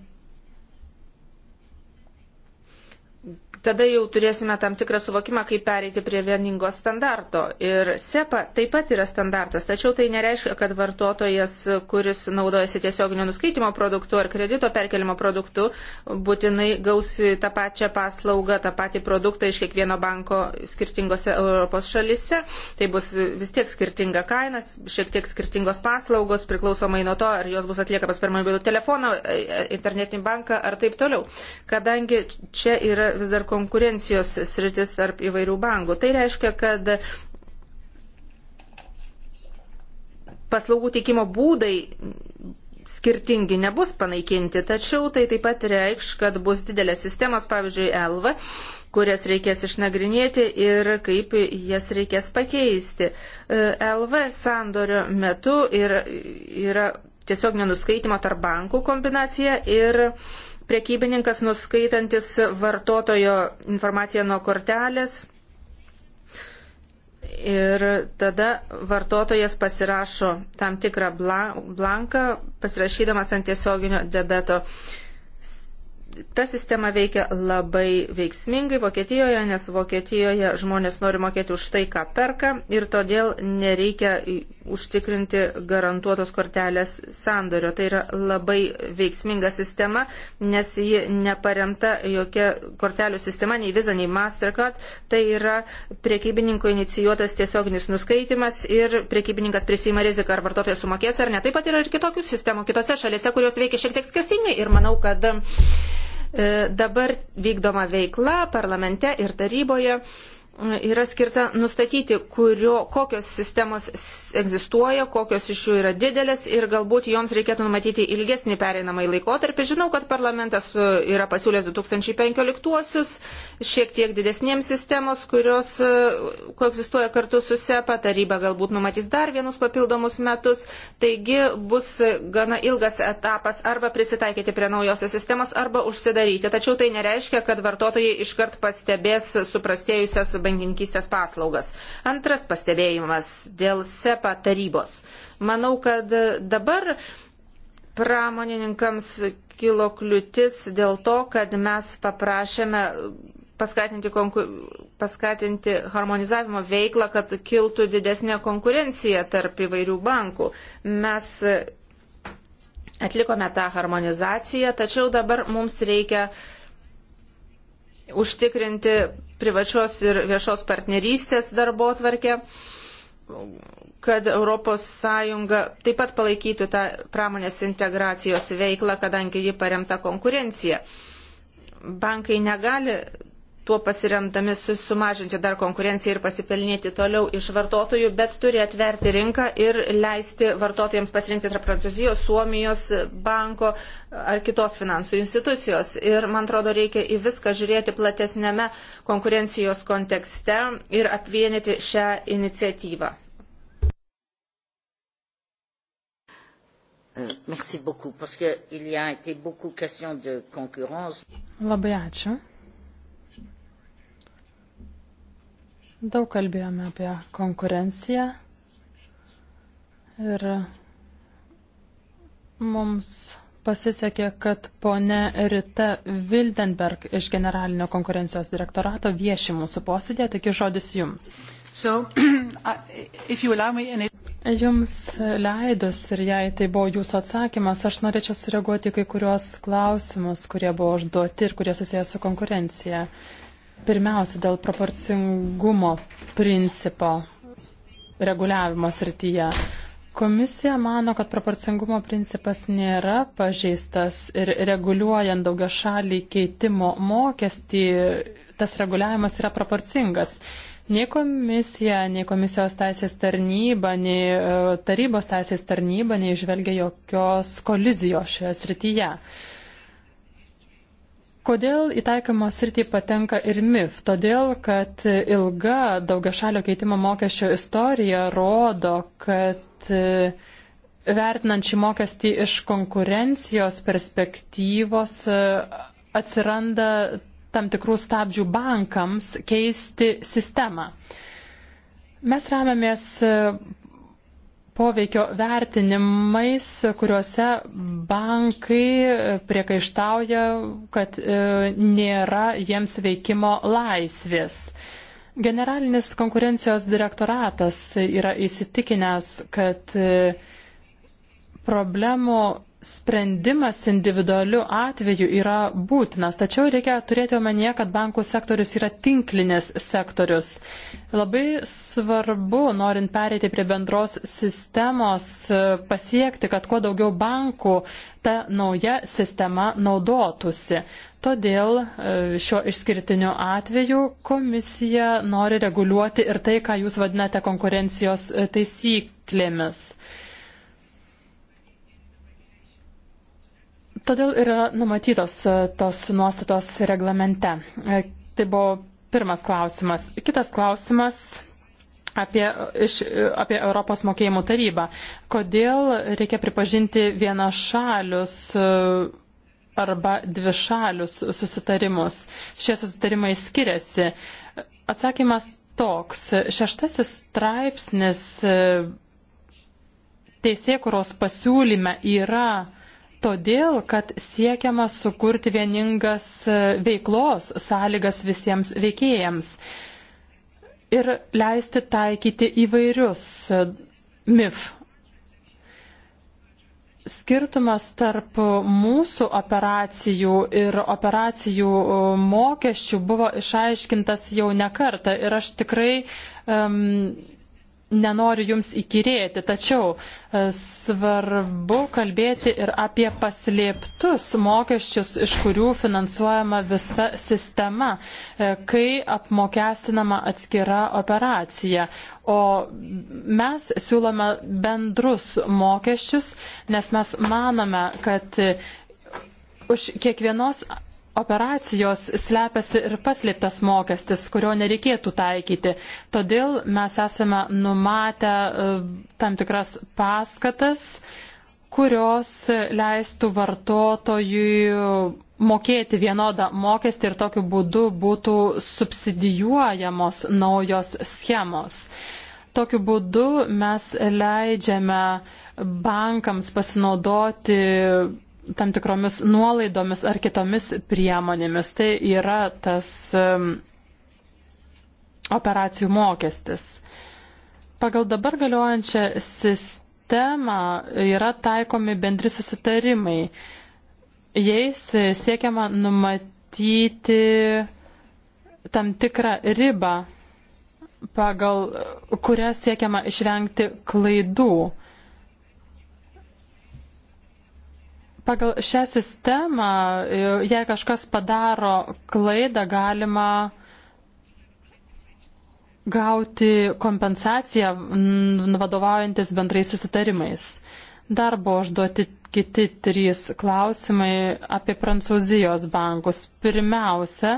tada jau turėsime tam tikrą suvokimą, kaip pereiti prie vieningo standarto. Ir SEPA taip pat yra standartas, tačiau tai nereiškia, kad vartotojas, kuris naudojasi tiesioginio nuskaitimo produktu ar kredito perkelimo produktu, būtinai gaus tą pačią paslaugą, tą patį produktą iš kiekvieno banko skirtingose Europos šalise. Tai bus vis tiek skirtinga kaina, šiek tiek skirtingos paslaugos, priklausomai nuo to, ar jos bus atliekamas per mobilų telefoną, internetinį banką ar taip toliau. Kadangi čia yra vis dar konkurencijos sritis tarp įvairių bankų. Tai reiškia, kad paslaugų teikimo būdai skirtingi nebus panaikinti, tačiau tai taip pat reikš, kad bus didelės sistemos, pavyzdžiui, ELVA, kurias reikės išnagrinėti ir kaip jas reikės pakeisti. E, ELVA sandorio metu yra, yra tiesiog nenuskaitimo tarp bankų kombinacija ir prekybininkas nuskaitantis vartotojo informaciją nuo kortelės ir tada vartotojas pasirašo tam tikrą blanką, pasirašydamas ant tiesioginio debeto. Ta sistema veikia labai veiksmingai Vokietijoje, nes Vokietijoje žmonės nori mokėti už tai, ką perka ir todėl nereikia užtikrinti garantuotos kortelės sandorio. Tai yra labai veiksminga sistema, nes ji neparemta jokia kortelių sistema, nei Visa, nei Mastercard. Tai yra priekybininko inicijuotas tiesioginis nuskaitimas ir priekybininkas prisima riziką, ar vartotojas sumokės ar ne. Taip pat yra ir kitokių sistemų kitose šalise, kurios veikia šiek tiek skirtingai ir manau, kad e, dabar vykdoma veikla parlamente ir taryboje yra skirta nustatyti, kurio, kokios sistemos egzistuoja, kokios iš jų yra didelės ir galbūt joms reikėtų numatyti ilgesnį pereinamąjį laikotarpį. Žinau, kad parlamentas e, yra pasiūlęs 2015-uosius šiek tiek didesniems sistemos, kurios e, koegzistuoja kartu su SEPA, taryba galbūt numatys dar vienus papildomus metus, taigi bus gana ilgas etapas arba prisitaikyti prie naujosios sistemos arba užsidaryti. Tačiau tai nereiškia, kad vartotojai iškart pastebės suprastėjusias bankininkystės paslaugas. Antras pastebėjimas dėl SEPA tarybos. Manau, kad dabar pramonininkams kilo kliūtis dėl to, kad mes paprašėme paskatinti, konku, paskatinti harmonizavimo veiklą, kad kiltų didesnė konkurencija tarp įvairių bankų. Mes atlikome tą harmonizaciją, tačiau dabar mums reikia uh, užtikrinti privačios ir viešos partnerystės darbo tvarkę, kad ES taip pat palaikytų tą pramonės integracijos veiklą, kadangi ji paremta konkurencija. Bankai negali tuo pasiremdami sumažinti dar konkurenciją ir pasipelnėti toliau iš vartotojų, bet turi atverti rinką ir leisti vartotojams pasirinkti tarp Prancūzijos, Suomijos, banko ar kitos finansų institucijos. Ir man atrodo, reikia į viską žiūrėti platesnėme konkurencijos kontekste ir apvienyti šią iniciatyvą. Euh, merci beaucoup, parce qu'il y a été beaucoup question de concurrence. Labai ačiū. Daug kalbėjome apie konkurenciją ir mums pasisekė, kad ponė Rita Wildenberg iš generalinio konkurencijos direktorato vieši mūsų posėdė, taigi žodis jums. So, me, and... Jums leidus ir jei tai buvo jūsų atsakymas, aš norėčiau sureaguoti kai kuriuos klausimus, kurie buvo užduoti ir kurie susijęs su konkurencija. Uh, Pirmiausia, dėl proporcingumo principo reguliavimo srityje. Komisija mano, kad proporcingumo principas nėra pažeistas ir reguliuojant daugia šalį keitimo mokestį, tas reguliavimas yra proporcingas. Nei komisija, nei komisijos teisės tarnyba, nei e, tarybos teisės tarnyba neižvelgia jokios kolizijos šioje srityje. Kodėl į taikymo sritį patenka ir MIF? Todėl, kad ilga daugiašalio keitimo mokesčio istorija rodo, kad e, vertinant šį mokestį iš konkurencijos perspektyvos e, atsiranda tam tikrų stabdžių bankams keisti sistemą. Mes remiamės e, poveikio vertinimais, kuriuose bankai priekaištauja, kad e, nėra jiems veikimo laisvės. Generalinis konkurencijos direktoratas yra įsitikinęs, kad e, problemų sprendimas individualiu atveju yra būtinas, tačiau reikia turėti omenyje, kad bankų sektorius yra tinklinis sektorius. Labai svarbu, norint pereiti prie bendros sistemos, pasiekti, kad kuo daugiau bankų ta nauja sistema naudotųsi. Todėl e, šiuo išskirtiniu atveju komisija nori reguliuoti ir tai, ką jūs vadinate konkurencijos e, taisyklėmis. Todėl ir yra numatytos e, tos nuostatos reglamente. E, tai buvo pirmas klausimas. Kitas klausimas apie, iš, apie Europos mokėjimų tarybą. Kodėl reikia pripažinti vienašalius e, arba dvišalius susitarimus? Šie susitarimai skiriasi. Atsakymas toks. Šeštasis straipsnis teisėkuros pasiūlyme yra Todėl, kad siekiama sukurti vieningas e, veiklos sąlygas visiems veikėjams ir leisti taikyti įvairius e, MIF. Skirtumas tarp mūsų operacijų ir operacijų e, mokesčių buvo išaiškintas jau ne kartą ir aš tikrai um, nenoriu jums įkyrėti, tačiau e, svarbu kalbėti ir apie paslėptus mokesčius, iš kurių finansuojama visa sistema, e, kai apmokestinama atskira operacija. O mes siūlome bendrus mokesčius, nes mes manome, kad už kiekvienos operacijos slepiasi ir paslėptas mokestis, kurio nereikėtų taikyti. Todėl mes esame numatę e, tam tikras paskatas, kurios leistų vartotojui mokėti vienodą mokestį ir tokiu būdu būtų subsidijuojamos naujos schemos. Tokiu būdu mes leidžiame bankams pasinaudoti tam tikromis nuolaidomis ar kitomis priemonėmis. Tai yra tas operacijų mokestis. Pagal dabar galiojančią sistemą yra taikomi bendri susitarimai. Jais siekiama numatyti tam tikrą ribą, pagal kurią siekiama išvengti klaidų. Pagal šią sistemą, e, jei kažkas padaro klaidą, galima gauti kompensaciją vadovaujantis bendrais susitarimais. Dar buvo užduoti kiti trys klausimai apie Prancūzijos bankus. Pirmiausia,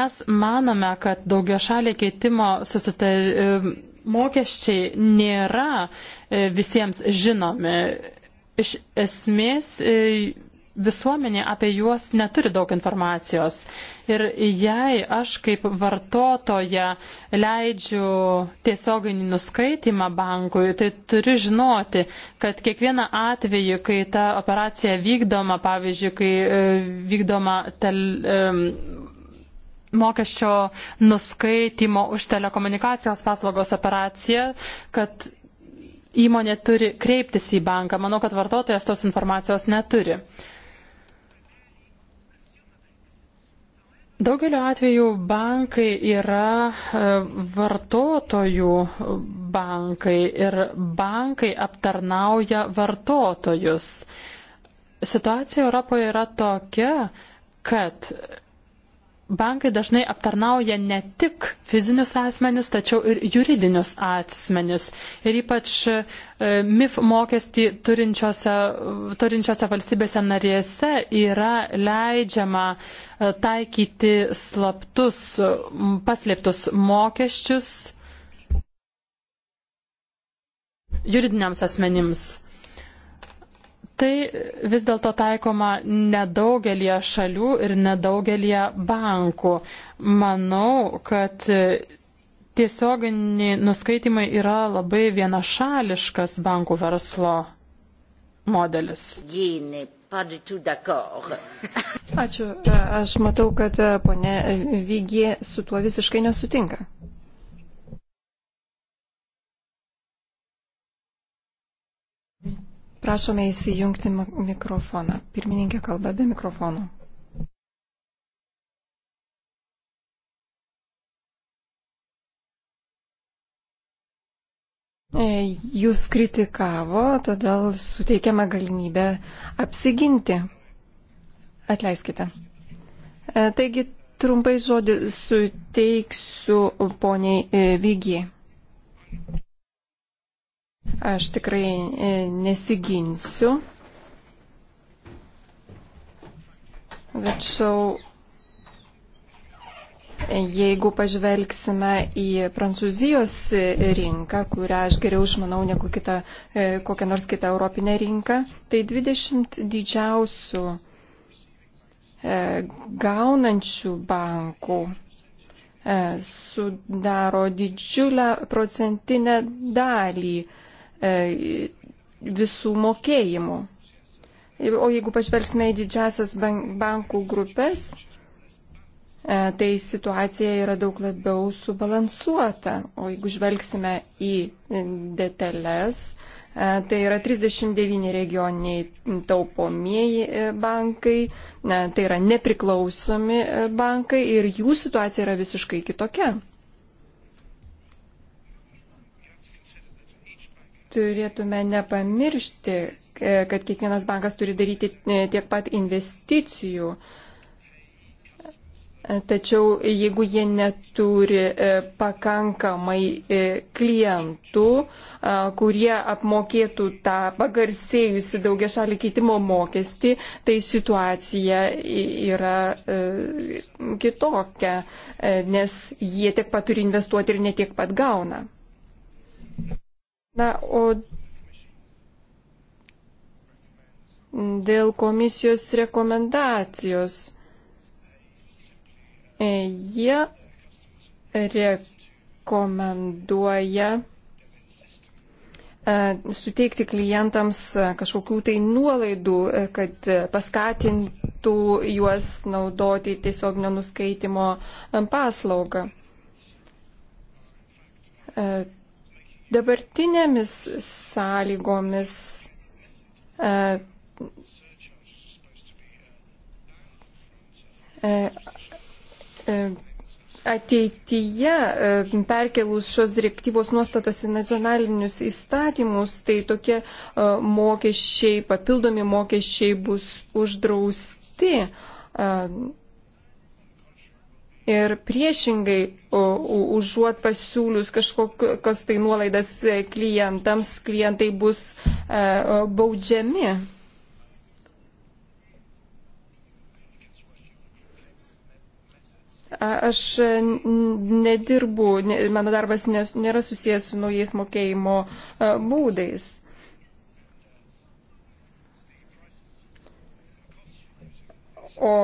mes manome, kad daugiašaliai keitimo susitarimai mokesčiai nėra e, visiems žinomi iš esmės e, visuomenė apie juos neturi daug informacijos. Ir jei aš kaip vartotoja leidžiu tiesioginį nuskaitimą bankui, tai turiu žinoti, kad kiekvieną atvejį, kai ta operacija vykdoma, pavyzdžiui, kai e, vykdoma tel, e, mokesčio nuskaitimo už telekomunikacijos paslaugos operacija, kad įmonė turi kreiptis į banką. Manau, kad vartotojas tos informacijos neturi. Daugeliu atveju bankai yra e, vartotojų bankai ir bankai aptarnauja vartotojus. Situacija Europoje yra tokia, kad bankai dažnai aptarnauja ne tik fizinius asmenis, tačiau ir juridinius asmenis. Ir ypač e, MIF mokestį turinčiose, turinčiose valstybėse narėse yra leidžiama e, taikyti slaptus, paslėptus mokesčius juridiniams asmenims. Tai vis dėlto taikoma nedaugelie šalių ir nedaugelie bankų. Manau, kad tiesioginiai nuskaitimai yra labai vienašališkas bankų verslo modelis. Gynė pas du tout d'accord. Ačiū. Aš matau, kad e, ponė Vygė su tuo visiškai nesutinka. Prašome įsijungti mikrofoną. Pirmininkė kalba be mikrofono. E, jūs kritikavo, todėl suteikiama galimybė apsiginti. Atleiskite. E, taigi trumpai žodį suteiksiu poniai e, Vygiai. Aš tikrai e, nesiginsiu. Tačiau e, jeigu pažvelgsime į Prancūzijos e, rinką, kurią aš geriau išmanau negu kita, kokią nors kitą europinę rinką, tai 20 didžiausių gaunančių bankų sudaro didžiulę procentinę dalį E, visų mokėjimų. O jeigu pažvelgsime į didžiasias bankų grupės, e, tai situacija yra daug labiau subalansuota. O jeigu žvelgsime į detalės, e, tai yra 39 regioniniai taupomieji bankai, tai yra nepriklausomi bankai ir jų situacija yra visiškai kitokia. turėtume nepamiršti, kad kiekvienas bankas turi daryti e, tiek pat investicijų. Tačiau jeigu jie neturi e, pakankamai e, klientų, kurie apmokėtų tą pagarsėjusi daugia šalį keitimo mokestį, tai situacija yra kitokia, nes jie tiek pat turi investuoti ir netiek pat gauna. Na, o dėl komisijos rekomendacijos e, jie rekomenduoja e, suteikti klientams kažkokių tai nuolaidų, e, kad paskatintų juos naudoti tiesiog nenuskaitimo paslaugą. Dabartinėmis sąlygomis e, e, e, ateityje perkelus šios direktyvos nuostatas į nacionalinius įstatymus, tai tokie mokesčiai, papildomi mokesčiai bus uždrausti Ir priešingai, užuot pasiūlius kažkokios tai nuolaidas e, klientams, klientai bus e, baudžiami. Aš e, nedirbu, mano darbas nėra susijęs su naujais mokėjimo būdais. O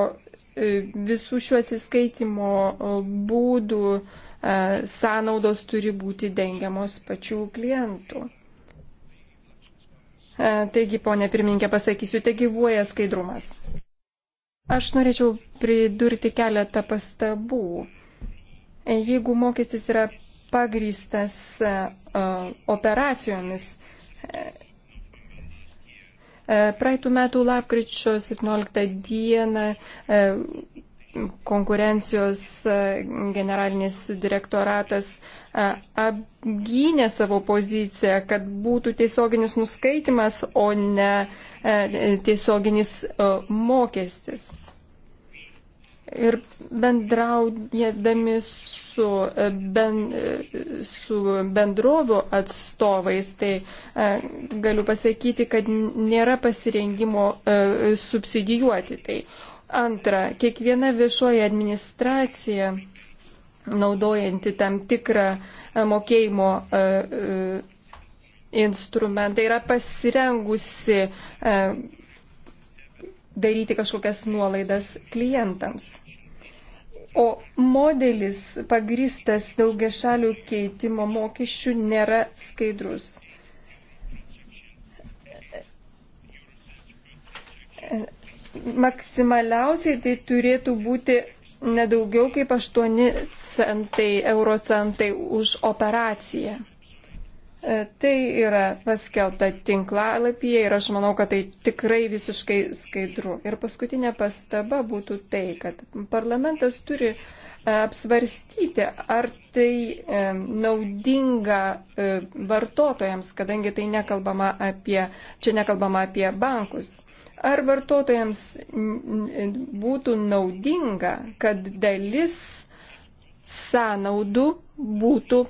E, visų šių atsiskaitimo e, būdų e, sąnaudos turi būti dengiamos pačių klientų. Taigi, ponė pirmininkė, pasakysiu, te gyvuoja skaidrumas. Aš norėčiau pridurti keletą pastabų. Jeigu mokestis yra pagrystas operacijomis, E, praeitų metų lapkričio 17 dieną e, konkurencijos e, generalinis direktoratas apgynė savo poziciją, kad būtų tiesioginis nuskaitimas, o ne tiesioginis mokestis. Ir bendraudėdami su su, e, ben, e, su bendrovų atstovais, tai e, galiu pasakyti, kad nėra pasirengimo subsidijuoti tai. Antra, kiekviena viešoji administracija, naudojanti tam tikrą mokėjimo instrumentą, yra pasirengusi daryti kažkokias nuolaidas klientams. O modelis pagristas daugia šalių keitimo mokesčių nėra skaidrus. Maksimaliausiai tai turėtų būti nedaugiau kaip 8 centai, euro centai už operaciją. E, tai yra paskelbta tinklalapyje ir aš manau, kad tai tikrai visiškai skaidru. Ir paskutinė pastaba būtų tai, kad parlamentas turi e, apsvarstyti, ar tai e, naudinga vartotojams, kadangi tai nekalbama apie, čia nekalbama apie bankus. Ar vartotojams būtų naudinga, kad dalis sąnaudų būtų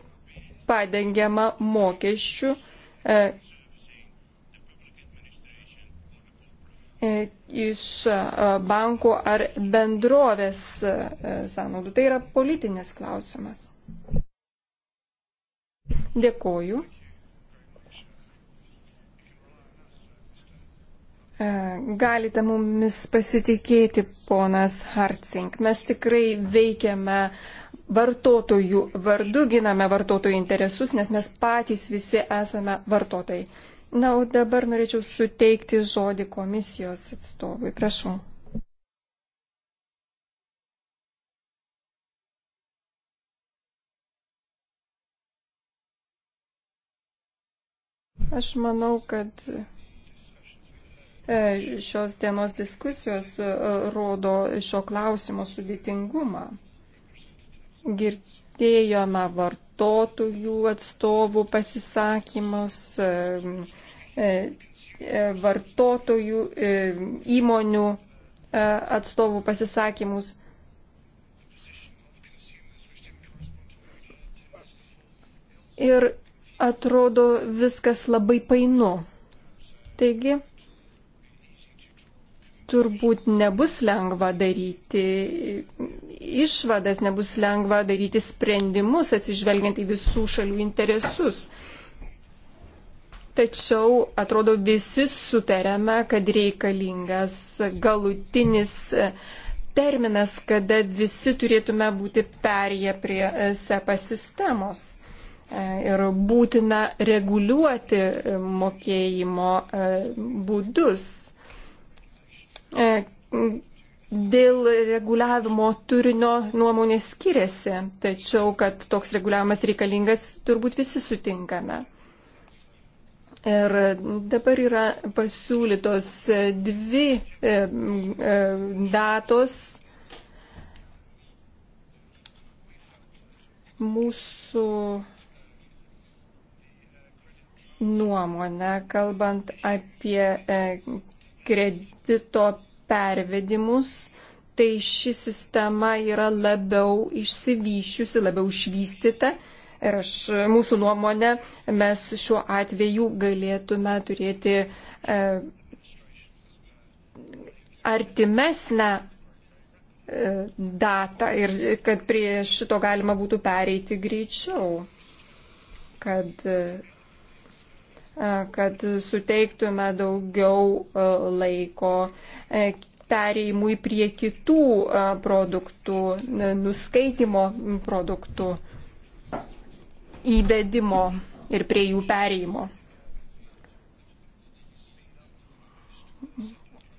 padengiama mokesčių e, e, iš e, bankų ar bendrovės sąnaudų. Tai yra politinis klausimas. Dėkoju. Galite mumis pasitikėti, ponas Hartsink. Mes tikrai veikiame uh, vartotojų vardu giname vartotojų interesus, nes mes patys visi esame vartotojai. Na, o dabar norėčiau suteikti žodį komisijos atstovui. Prašau. Aš manau, kad e, šios dienos diskusijos e, rodo šio klausimo sudėtingumą girdėjome vartotojų atstovų pasisakymus, e, e, e, vartotojų įmonių atstovų pasisakymus. Ir atrodo viskas labai painu. Taigi, turbūt nebus lengva daryti išvadas, nebus lengva daryti sprendimus atsižvelgiant į visų šalių interesus. Tačiau atrodo visi sutarėme, kad reikalingas galutinis e, terminas, kada visi turėtume būti perėję prie e, SEPA sistemos e, ir būtina reguliuoti mokėjimo būdus E, dėl reguliavimo turinio nuomonės skiriasi, tačiau kad toks reguliavimas reikalingas turbūt visi sutinkame. Ir dabar yra pasiūlytos dvi e, e, datos mūsų nuomonę, kalbant apie kredito pervedimus, tai ši sistema yra labiau išsivyščiusi, labiau išvystyta. Ir aš, mūsų nuomonė, mes šiuo atveju galėtume turėti e, artimesnę e, datą ir kad prie šito galima būtų pereiti greičiau, kad e, kad suteiktume daugiau e, laiko e, pereimui prie kitų e, produktų, nuskaitimo produktų įvedimo ir prie jų pereimo.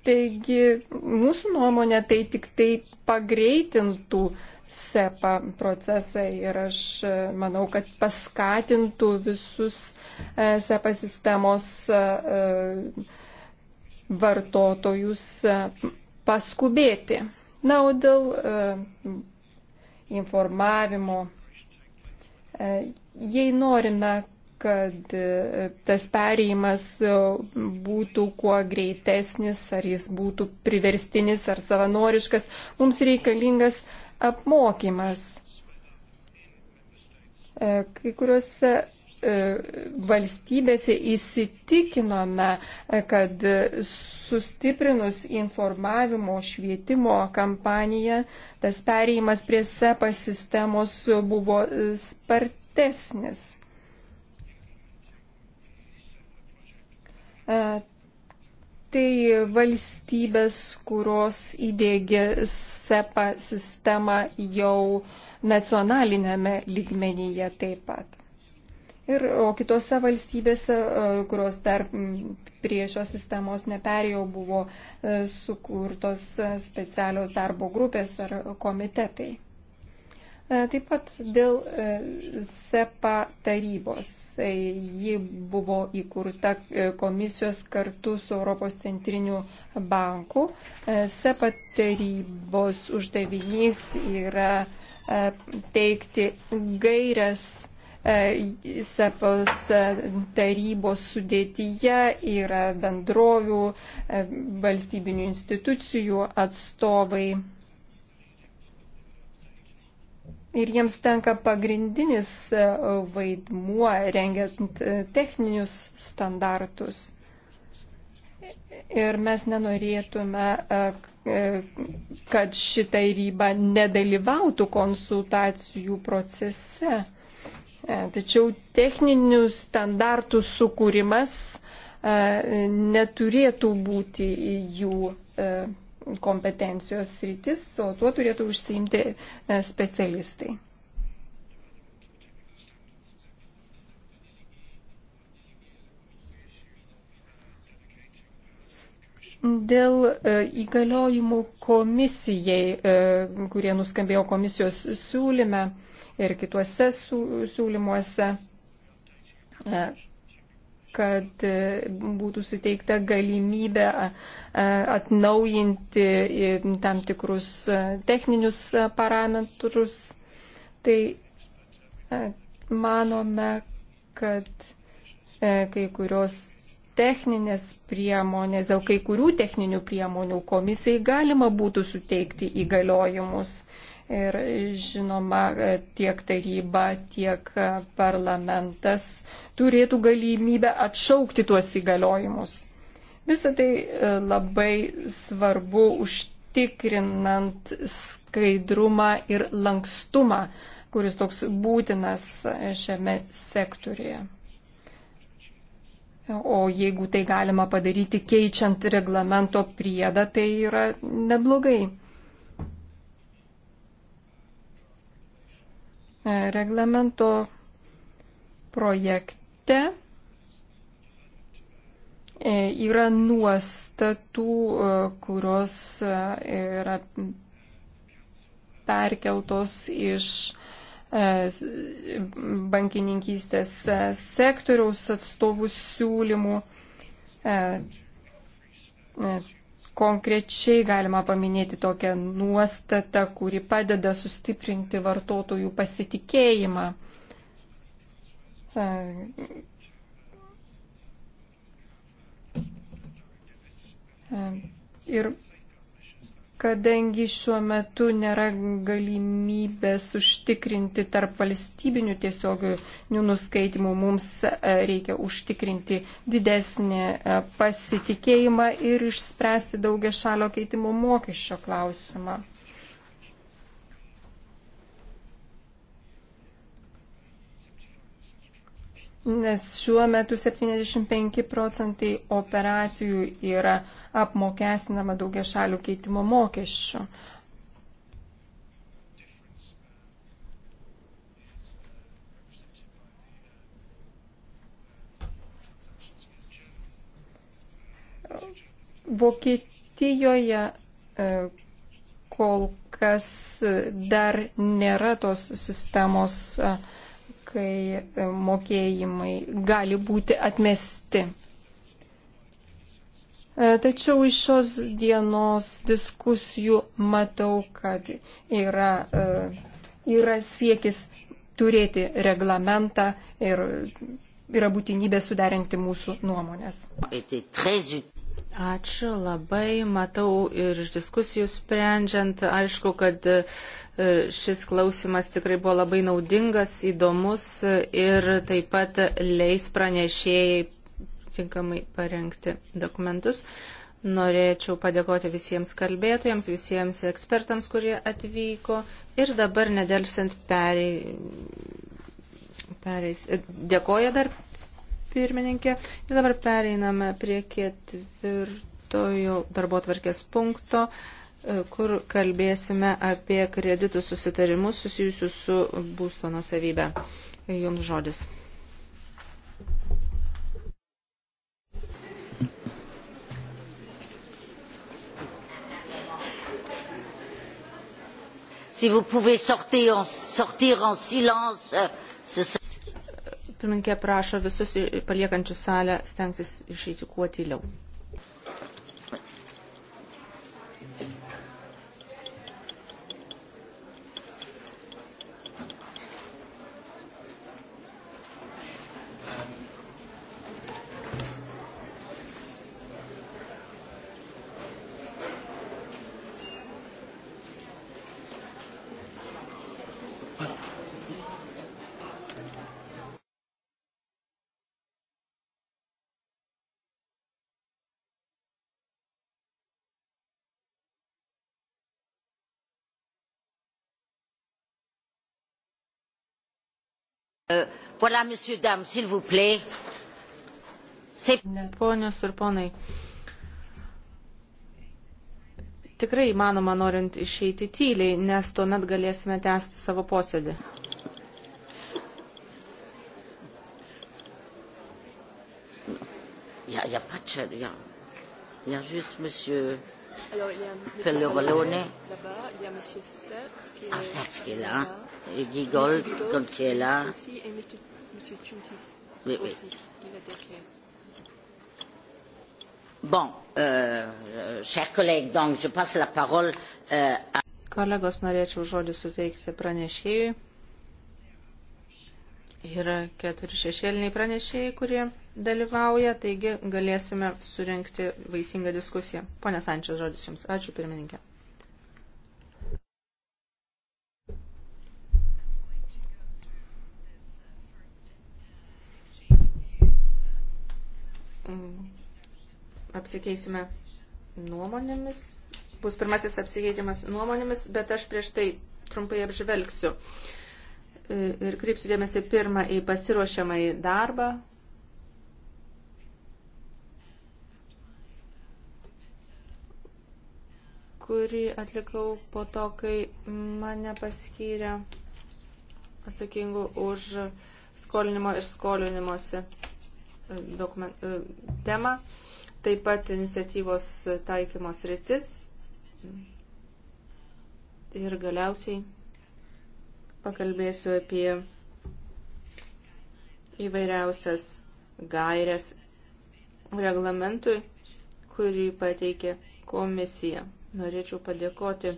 Taigi, mūsų nuomonė tai tik tai pagreitintų uh, SEPA procesą ir aš e, manau, kad paskatintų visus e, SEPA sistemos e, vartotojus paskubėti. Na, o dėl informavimo, jei norime, kad tas perėjimas būtų kuo greitesnis, ar jis būtų priverstinis ar savanoriškas, mums reikalingas apmokymas. E, kai kuriuose e, valstybėse įsitikinome, e, kad sustiprinus informavimo švietimo kampaniją, tas perėjimas prie SEPA sistemos buvo spartesnis tai valstybės, kurios įdėgė SEPA sistemą jau nacionalinėme lygmenyje taip pat. Ir, o kitose valstybėse, e, kurios dar prie šios sistemos neperėjo, buvo e, sukurtos e, specialios darbo grupės ar komitetai. E, taip pat dėl e, SEPA tarybos. E, ji buvo įkurta komisijos kartu su Europos centriniu banku. SEPA tarybos uždavinys yra teikti gairias SEPOS tarybos sudėtyje yra bendrovių, valstybinių institucijų atstovai ir jiems tenka pagrindinis e, vaidmuo rengiant e, techninius standartus. Ir mes nenorėtume, e, kad šitą rybą nedalyvautų konsultacijų procese. Tačiau techninių standartų sukūrimas neturėtų būti jų kompetencijos rytis, o tuo turėtų užsiimti e, specialistai. Dėl e, įgaliojimų komisijai, e, kurie nuskambėjo komisijos siūlyme ir kituose siūlymuose, kad e, būtų suteikta galimybė atnaujinti e, tam tikrus e, techninius parametrus. Tai manome, kad kai kurios techninės priemonės, dėl kai kurių techninių priemonių komisijai galima būtų suteikti įgaliojimus. Ir žinoma, tiek taryba, tiek parlamentas turėtų galimybę atšaukti tuos įgaliojimus. Visą tai e, labai svarbu užtikrinant skaidrumą ir lankstumą, kuris toks būtinas šiame sektorėje. O jeigu tai galima padaryti keičiant reglamento priedą, tai yra neblogai. E, reglamento projekte e, yra nuostatų, e, kurios yra perkeltos iš bankininkystės sektoriaus atstovų siūlymų. Konkrečiai galima paminėti tokią nuostatą, kuri padeda sustiprinti vartotojų pasitikėjimą. E, e, ir kadangi šiuo metu nėra galimybės užtikrinti tarp valstybinių tiesioginių nuskaitimų, mums e, reikia užtikrinti didesnį e, pasitikėjimą ir išspręsti daugia šalio keitimo mokesčio klausimą. nes šiuo metu 75 procentai operacijų yra apmokestinama daugia šalių keitimo mokesčiu. Vokietijoje e, kol kas dar nėra tos sistemos uh, kai e, mokėjimai gali būti atmesti. E, tačiau iš šios dienos diskusijų matau, kad yra, e, yra siekis turėti reglamentą ir yra būtinybė suderinti mūsų nuomonės. Ačiū labai. Matau ir iš diskusijų sprendžiant, aišku, kad e, šis klausimas tikrai buvo labai naudingas, įdomus ir taip pat leis pranešėjai tinkamai parengti dokumentus. Norėčiau padėkoti visiems kalbėtojams, visiems ekspertams, kurie atvyko ir dabar nedelsiant perei. Pereis. Dėkoja dar pirmininkė. Ir dabar pereiname prie ketvirtojo darbo tvarkės punkto, e, kur kalbėsime apie kreditų susitarimus susijusius su būsto nusavybė. E, Jums žodis. Si vous pouvez sortir en, sortir en silence, ce serait. Pirminkė prašo visus paliekančius salę stengtis išeiti kuo tyliau. Euh, voilà, monsieur, dame, s'il vous plaît. Ponios ir ponai, tikrai įmanoma norint išeiti tyliai, nes tuomet galėsime tęsti savo posėdį. Il n'y a, y a pas de... Il y, a, y a juste monsieur... Alors, il y a Monsieur Fellorolone. Là-bas, il y a Monsieur Sturks qui est, ah, Sturks qui est là. là. Gigol, Gigol qui est là. Aussi, et Monsieur, Monsieur Chuntis oui, aussi. Oui. Il est derrière. Bon, euh, chers collègues, donc je passe la parole euh, à. Kolegos, norėčiau žodį suteikti pranešėjui. Yra keturi šešėliniai pranešėjai, kurie dalyvauja, taigi galėsime surinkti vaisingą diskusiją. Pone Sančias, žodis Jums. Ačiū, pirmininkė. Mm. Apsikeisime nuomonėmis. Bus pirmasis apsikeitimas nuomonėmis, bet aš prieš tai trumpai apžvelgsiu. Uh, ir kreipsiu dėmesį pirmą į pasiruošiamą į darbą. kurį atlikau po to, kai mane paskyrė atsakingų už skolinimo ir skolinimuose dokument, e, temą, taip pat iniciatyvos taikymos rytis ir galiausiai pakalbėsiu apie įvairiausias gairias reglamentui, kurį pateikė komisija. Norėčiau padėkoti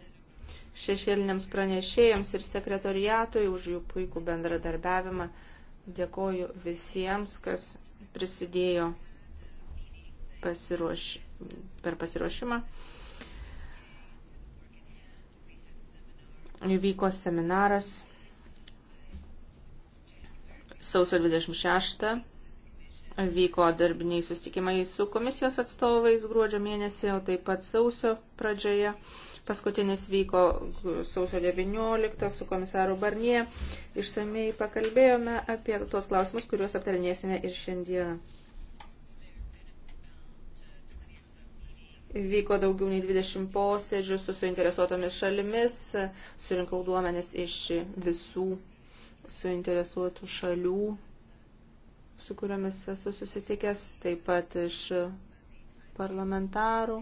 šešėliniams pranešėjams ir sekretoriatui už jų puikų bendradarbiavimą. Dėkoju visiems, kas prisidėjo pasiruoš... per pasiruošimą. Vyko seminaras sausio 26 vyko darbiniai sustikimai su komisijos atstovais gruodžio mėnesį, o taip pat sausio pradžioje. Paskutinis vyko sausio 19 su komisaru Barnie. Išsamei pakalbėjome apie tuos klausimus, kuriuos aptarinėsime ir šiandieną. Vyko daugiau nei 20 posėdžių su suinteresuotomis šalimis, surinkau duomenis iš visų suinteresuotų šalių, su kuriomis esu susitikęs, taip pat iš parlamentarų.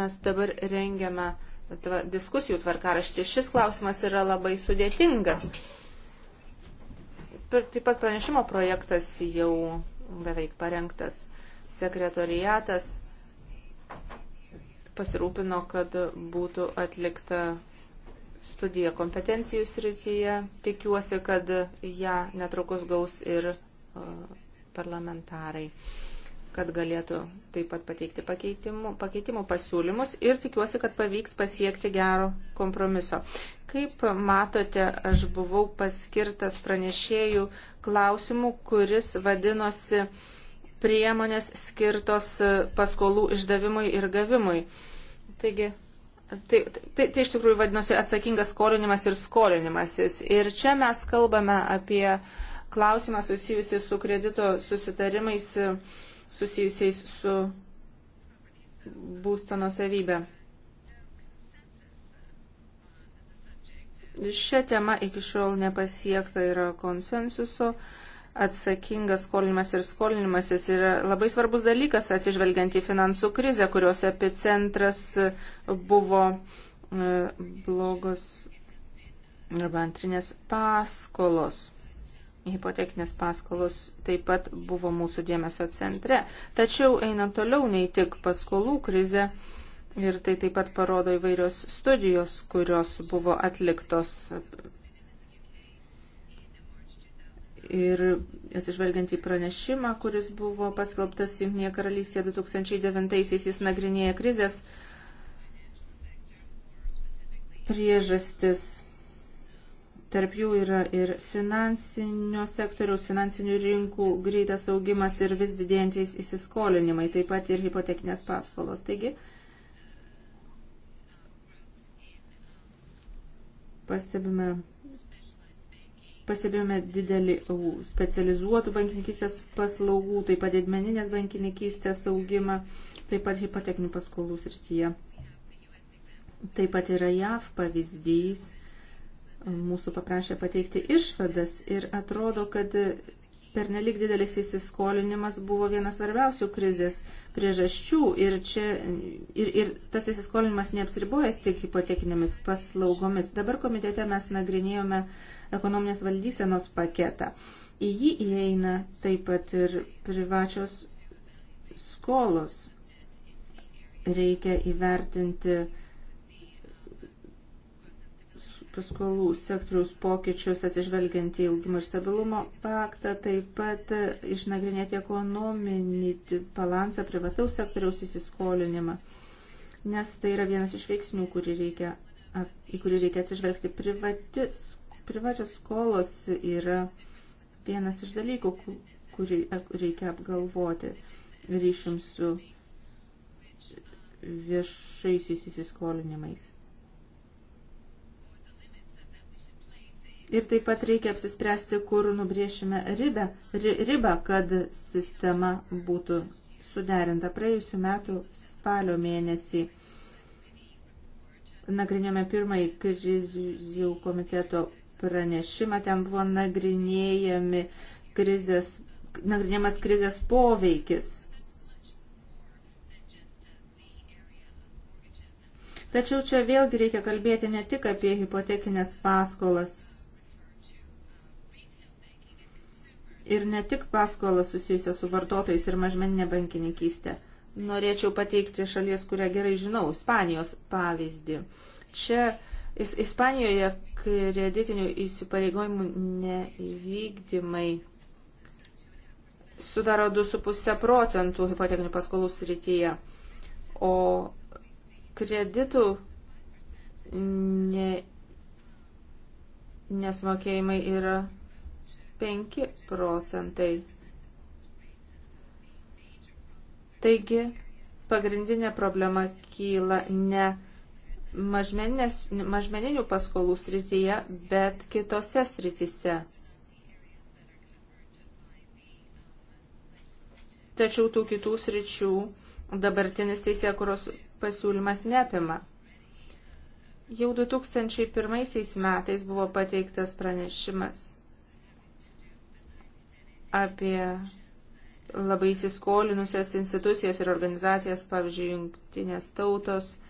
Mes dabar rengiame tva, diskusijų tvarkaraštį. Šis klausimas yra labai sudėtingas. Taip pat pranešimo projektas jau beveik parengtas. Sekretoriatas pasirūpino, kad būtų atlikta studiją kompetencijų srityje. Tikiuosi, kad ją netrukus gaus ir e, parlamentarai kad galėtų taip pat pateikti pakeitimų, pakeitimų pasiūlymus ir tikiuosi, kad pavyks pasiekti gero kompromiso. Kaip matote, aš buvau paskirtas pranešėjų klausimų, kuris vadinosi priemonės skirtos paskolų išdavimui ir gavimui. Taigi Tai, tai, tai iš tikrųjų vadinosi atsakingas skolinimas ir skolinimasis. Ir čia mes kalbame apie klausimą susijusi su kredito susitarimais, susijusiais su būsto nusavybė. Šią temą iki šiol nepasiekta yra konsensuso. Uh, atsakingas skolinimas ir skolinimasis yra labai svarbus dalykas atsižvelgiant į finansų krizę, kurios epicentras e, buvo e, blogos arba antrinės paskolos. Hipotekinės paskolos taip pat buvo mūsų dėmesio centre. Tačiau einant toliau nei tik paskolų krizė, ir tai taip pat parodo įvairios studijos, kurios buvo atliktos Ir atsižvelgiant į pranešimą, kuris buvo paskelbtas Junktinėje karalystėje 2009-aisiais, jis nagrinėja krizės priežastis. Tarp jų yra ir finansinio sektoriaus, finansinių rinkų greitas augimas ir vis didėjantys įsiskolinimai, taip pat ir hipotekinės paskolos. Taigi, pastebime Pastebėjome didelį specializuotų bankininkystės paslaugų, taip pat didmeninės bankininkystės augimą, taip pat hipotekinių paskolų srityje. Taip pat yra JAV pavyzdys, mūsų paprašė pateikti išvadas ir atrodo, kad pernelik didelis įsiskolinimas buvo vienas svarbiausių krizės priežasčių ir, čia, ir, ir tas įsiskolinimas neapsiriboja tik hipotekinėmis paslaugomis. Dabar komitete mes nagrinėjome ekonominės valdysenos paketą. Į jį įeina taip pat ir privačios skolos. Reikia įvertinti paskolų sektoriaus pokyčius atsižvelgiant į augimo ir stabilumo paktą, taip pat išnagrinėti ekonominį disbalansą privataus sektoriaus įsiskolinimą, nes tai yra vienas iš veiksnių, kurį reikia, į kurį reikia atsižvelgti privati privačios skolos yra vienas iš dalykų, kurį e, reikia apgalvoti ryšim su viešaisiais įsiskolinimais. Ir taip pat reikia apsispręsti, kur nubriešime ribę, ribą, kad sistema būtų suderinta. Praėjusiu metu spalio mėnesį nagrinėjome pirmąjį krizių komiteto pranešimą, ten buvo nagrinėjami krizės, nagrinėjamas krizės poveikis. Tačiau čia vėlgi reikia kalbėti ne tik apie hipotekinės paskolas ir ne tik paskolas susijusios su vartotojais ir mažmeninė bankininkystė. Norėčiau pateikti šalies, kurią gerai žinau, Ispanijos pavyzdį. Čia Ispanijoje kreditinių įsipareigojimų neįvykdymai sudaro 2,5 procentų hipotekinių paskolų srityje, o kreditų ne, nesmokėjimai yra 5 procentai. Taigi, pagrindinė problema kyla ne mažmeninių paskolų srityje, bet kitose srityse. Tačiau tų kitų sričių dabartinis teisėkuros pasiūlymas neapima. Jau 2001 metais buvo pateiktas pranešimas apie labai įsiskolinusias institucijas ir organizacijas, pavyzdžiui, jungtinės tautos –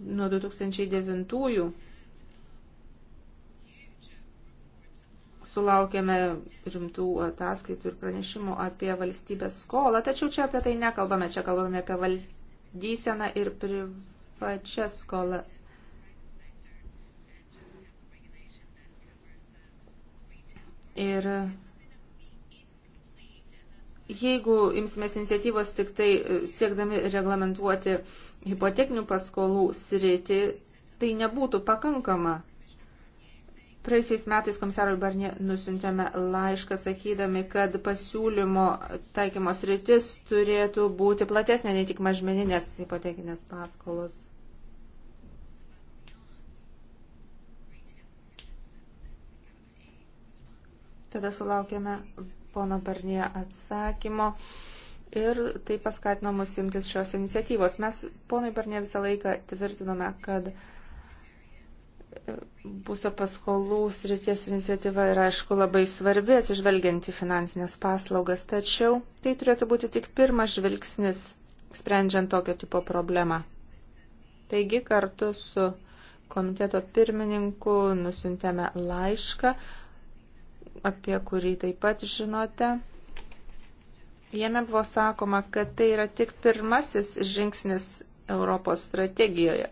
nuo 2009 sulaukėme rimtų ataskaitų ir pranešimų apie valstybės skolą, tačiau čia apie tai nekalbame, čia kalbame apie valdyseną ir privačias skolas. Ir jeigu imsimės iniciatyvos tik tai e, siekdami reglamentuoti hipotekinių paskolų sritį, tai nebūtų pakankama. Praėjusiais metais komisarui Barnė nusintėme laišką sakydami, kad pasiūlymo taikymos rytis turėtų būti platesnė, ne tik mažmeninės hipotekinės paskolos. Tada sulaukėme pono Barnė atsakymo ir tai paskatino mus imtis šios iniciatyvos. Mes ponai per ne visą laiką tvirtinome, kad e, būsto paskolų srities iniciatyva yra aišku labai svarbi atsižvelgiant į finansinės paslaugas, tačiau tai turėtų būti tik pirmas žvilgsnis sprendžiant tokio tipo problemą. Taigi kartu su komiteto pirmininku nusintėme laišką, apie kurį taip pat žinote. Jame buvo sakoma, kad tai yra tik pirmasis žingsnis Europos strategijoje.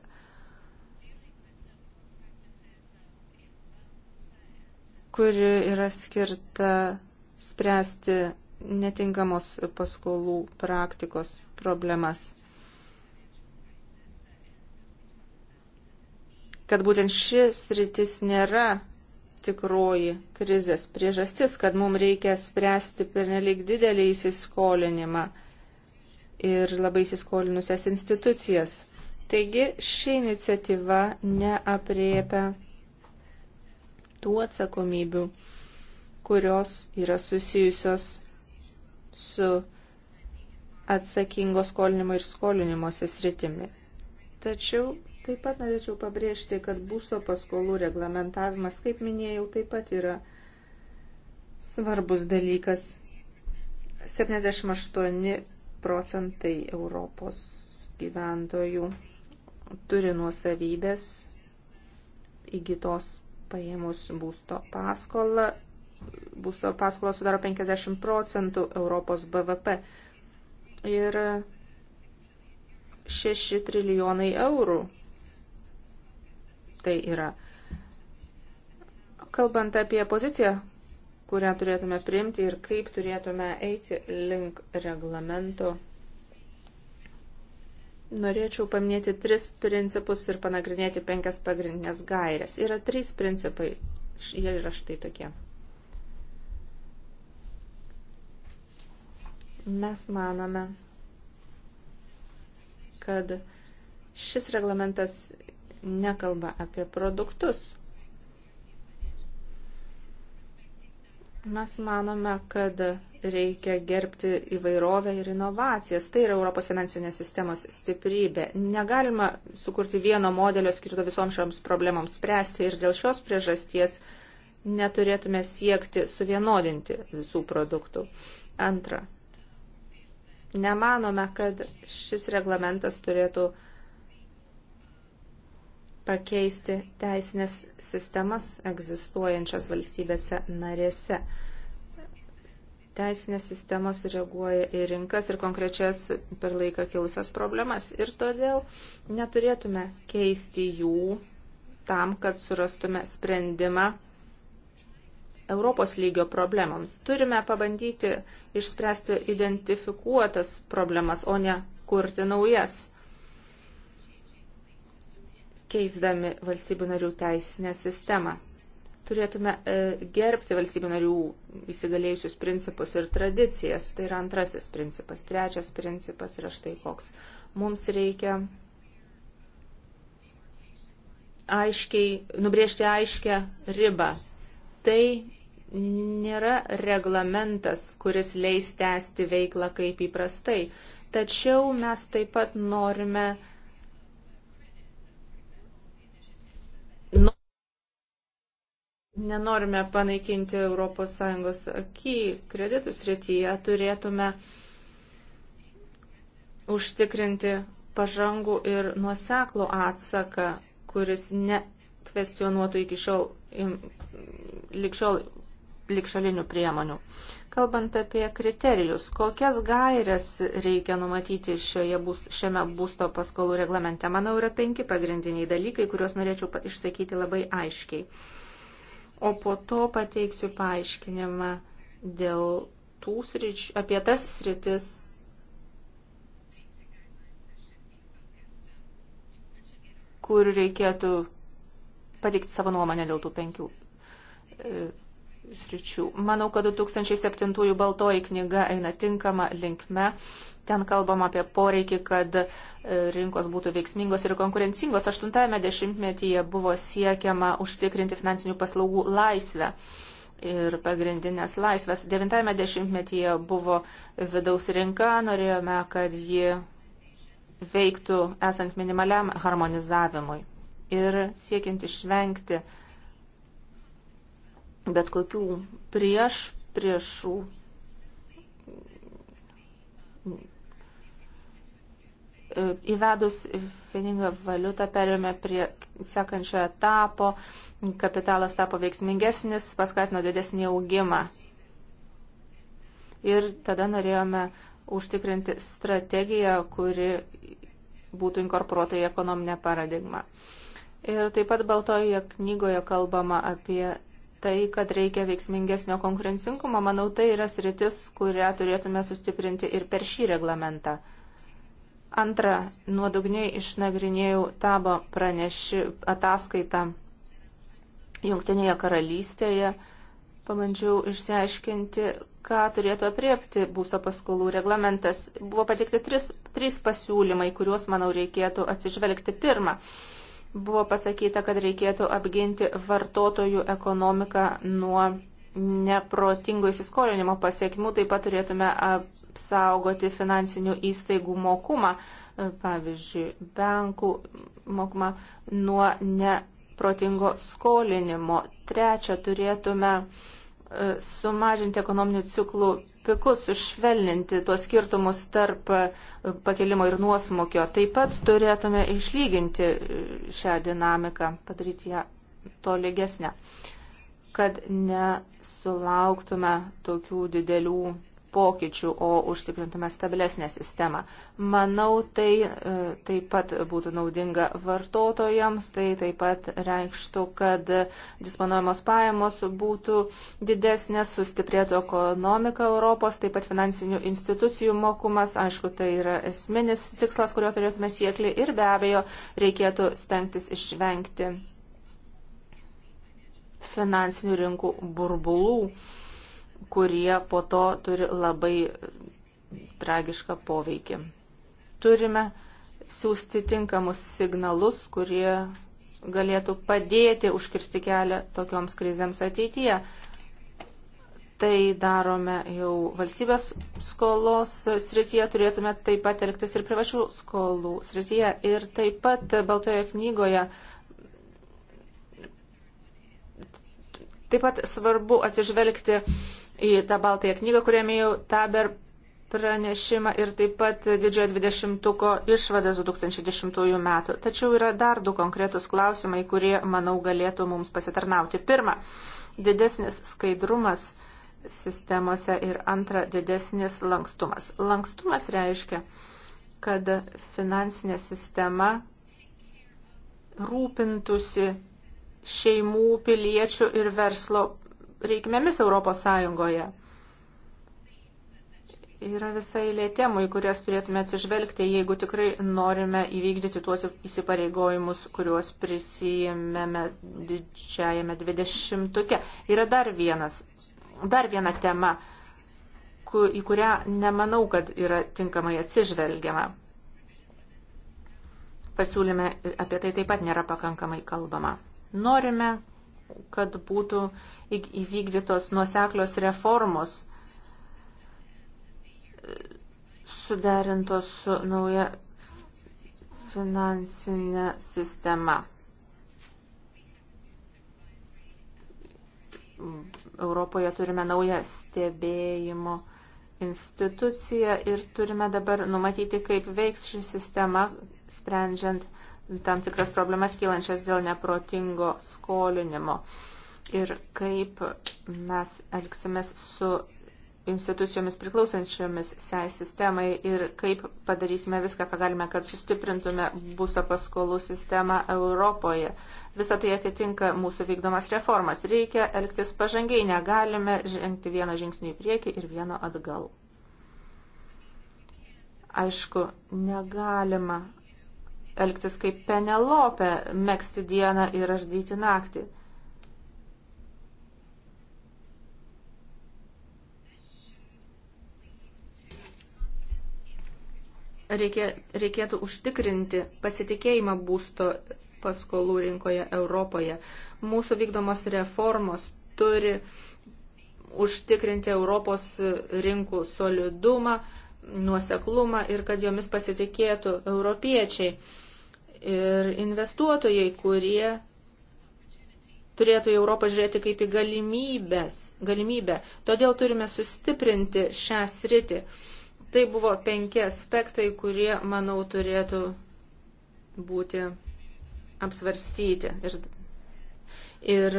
kuri yra skirta spręsti netinkamos paskolų praktikos problemas. Kad būtent šis rytis nėra tikroji krizės priežastis, kad mums reikia spręsti pernelik didelį įsiskolinimą ir labai įsiskolinusias institucijas. Taigi ši iniciatyva neapriepia tų atsakomybių, kurios yra susijusios su atsakingo skolinimo ir skolinimosi sritimi. Tačiau Taip pat norėčiau pabrėžti, kad būsto paskolų reglamentavimas, kaip minėjau, taip pat yra svarbus dalykas. 78 procentai Europos gyventojų turi nuosavybės įgytos paėmus būsto paskolą. Būsto paskola sudaro 50 procentų Europos BVP ir 6 trilijonai eurų tai yra. Kalbant apie poziciją, kurią turėtume priimti ir kaip turėtume eiti link reglamento, norėčiau paminėti tris principus ir panagrinėti penkias pagrindinės gairės. Yra trys principai, jie yra štai tokie. Mes manome, kad šis reglamentas nekalba apie produktus. Mes manome, kad reikia gerbti įvairovę ir inovacijas. Tai yra Europos finansinės sistemos stiprybė. Negalima sukurti vieno modelio skirto visoms šioms problemams spręsti ir dėl šios priežasties neturėtume siekti suvienodinti visų produktų. Antra, nemanome, kad šis reglamentas turėtų pakeisti teisinės sistemas egzistuojančias valstybėse narėse. Teisinės sistemos reaguoja į rinkas ir konkrečias per laiką kilusias problemas ir todėl neturėtume keisti jų tam, kad surastume sprendimą Europos lygio problemams. Turime pabandyti išspręsti identifikuotas problemas, o ne kurti naujas keisdami valstybių narių teisinę sistemą. Turėtume e, gerbti valstybių narių įsigalėjusius principus ir tradicijas. Tai yra antrasis principas. Trečias principas yra štai koks. Mums reikia aiškiai, nubriežti aiškę ribą. Tai nėra reglamentas, kuris leis tęsti veiklą kaip įprastai. Tačiau mes taip pat norime uh, Nu, nenorime panaikinti ES akį kreditų srityje, turėtume užtikrinti pažangų ir nuoseklų atsaką, kuris nekvestionuotų iki šiol, lik šiol likšalinių priemonių. Kalbant apie kriterijus, kokias gairias reikia numatyti šioje būst, šiame būsto paskolų reglamente? Manau, yra penki pagrindiniai dalykai, kuriuos norėčiau išsakyti labai aiškiai. O po to pateiksiu paaiškinimą dėl tų sričių, apie tas sritis, kur reikėtų pateikti savo nuomonę dėl tų penkių e, sričių. Manau, kad 2007 baltoji knyga eina tinkama linkme. Ten kalbam apie poreikį, kad e, rinkos būtų veiksmingos ir konkurencingos. Aštuntame dešimtmetyje buvo siekiama užtikrinti finansinių paslaugų laisvę ir pagrindinės laisvės. Devintame dešimtmetyje buvo vidaus rinka, norėjome, kad ji veiktų esant minimaliam harmonizavimui ir siekiant išvengti bet kokių prieš priešų e, įvedus vieningą valiutą perėmė prie sekančio etapo, kapitalas tapo veiksmingesnis, paskatino didesnį augimą. Ir tada norėjome užtikrinti strategiją, kuri būtų inkorporuota į ekonominę paradigmą. Ir taip pat Baltojoje knygoje kalbama apie tai, kad reikia veiksmingesnio konkurencingumo, manau, tai yra sritis, kurią turėtume sustiprinti ir per šį reglamentą. Antra, nuodugniai išnagrinėjau tabo praneši ataskaitą Jungtinėje karalystėje. Pabandžiau išsiaiškinti, ką turėtų apriepti būsto paskolų reglamentas. Buvo patikti trys, trys pasiūlymai, kuriuos, manau, reikėtų atsižvelgti pirmą buvo pasakyta, kad reikėtų apginti vartotojų ekonomiką nuo neprotingo įsiskolinimo pasiekmių, taip pat turėtume apsaugoti finansinių įstaigų mokumą, e, pavyzdžiui, bankų mokumą nuo neprotingo skolinimo. Trečia, turėtume uh, E, sumažinti ekonominių ciklų pikus, sušvelninti tuos skirtumus tarp e, pakelimo ir nuosmukio. Taip pat turėtume išlyginti e, šią dinamiką, padaryti ją to lygesnę, kad nesulauktume tokių didelių pokyčių, o užtikrintume stabilesnę sistemą. Manau, tai e, taip pat būtų naudinga vartotojams, tai taip pat reikštų, kad disponuojamos pajamos būtų didesnės, sustiprėtų ekonomika Europos, taip pat finansinių institucijų mokumas, aišku, tai yra esminis tikslas, kurio turėtume siekli ir be abejo reikėtų stengtis išvengti finansinių rinkų burbulų kurie po to turi labai tragišką poveikį. Turime siūsti tinkamus signalus, kurie galėtų padėti užkirsti kelią tokioms krizėms ateityje. Tai darome jau valstybės skolos srityje, turėtume taip pat elgtis ir privačių skolų srityje. Ir taip pat Baltoje knygoje taip pat svarbu atsižvelgti į tą baltąją knygą, kurią minėjau, Taber pranešimą ir taip pat didžiojo dvidešimtuko išvadas 2010 metų. Tačiau yra dar du konkretus klausimai, kurie, manau, galėtų mums pasitarnauti. Pirma, didesnis skaidrumas sistemose ir antra, didesnis lankstumas. Lankstumas reiškia, kad finansinė sistema rūpintusi šeimų, piliečių ir verslo reikmėmis Europos Sąjungoje. Yra visai lėtėmų, į kurias turėtume atsižvelgti, jeigu tikrai norime įvykdyti tuos įsipareigojimus, kuriuos prisijėmėme didžiajame dvidešimtuke. Yra dar, vienas, dar viena tema, ku, į kurią nemanau, kad yra tinkamai atsižvelgiama. Pasiūlyme apie tai taip pat nėra pakankamai kalbama. Norime kad būtų įvykdytos nuoseklios reformos suderintos su nauja finansinė sistema. Europoje turime naują stebėjimo instituciją ir turime dabar numatyti, kaip veiks ši sistema, sprendžiant tam tikras problemas kylančias dėl neprotingo skolinimo. Ir kaip mes elgsimės su institucijomis priklausančiomis SEI sistemai ir kaip padarysime viską, ką galime, kad sustiprintume būsto paskolų sistemą Europoje. Visą tai atitinka mūsų vykdomas reformas. Reikia elgtis pažangiai, negalime žengti vieną žingsnį į priekį ir vieną atgal. Aišku, negalima elgtis kaip Penelope, mėgsti dieną ir ardyti naktį. Reikia, reikėtų užtikrinti pasitikėjimą būsto paskolų rinkoje Europoje. Mūsų vykdomos reformos turi užtikrinti Europos rinkų solidumą, nuoseklumą ir kad jomis pasitikėtų europiečiai ir investuotojai, kurie turėtų į Europą žiūrėti kaip į galimybės, galimybę. Todėl turime sustiprinti šią sritį. Tai buvo penki aspektai, kurie, manau, turėtų būti apsvarstyti. Ir, ir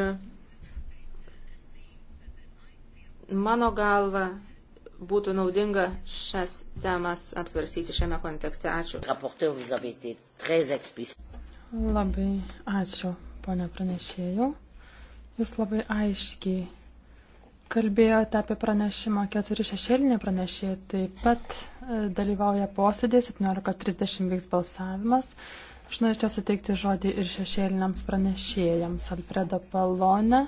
mano galva, būtų naudinga šias temas apsvarstyti šiame kontekste. Ačiū. Labai ačiū, ponia pranešėjau. Jūs labai aiškiai kalbėjote apie pranešimą, keturi šešėliniai pranešėjai taip pat e, dalyvauja posėdėje, 17.30 vyks balsavimas. Aš norėčiau suteikti žodį ir šešėliniams pranešėjams Alfredo Palone.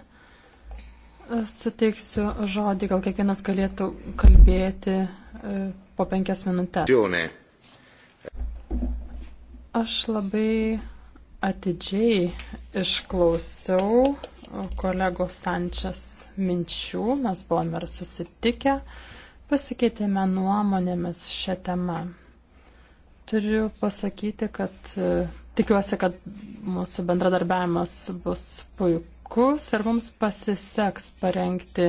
Suteiksiu žodį, gal kiekvienas galėtų kalbėti e, po penkias minutės. Aš labai atidžiai išklausiau kolegos Sančias minčių, mes buvome ir susitikę, pasikeitėme nuomonėmis šią temą. Turiu pasakyti, kad e, tikiuosi, kad mūsų bendradarbiavimas bus puikus puikus ir mums pasiseks parengti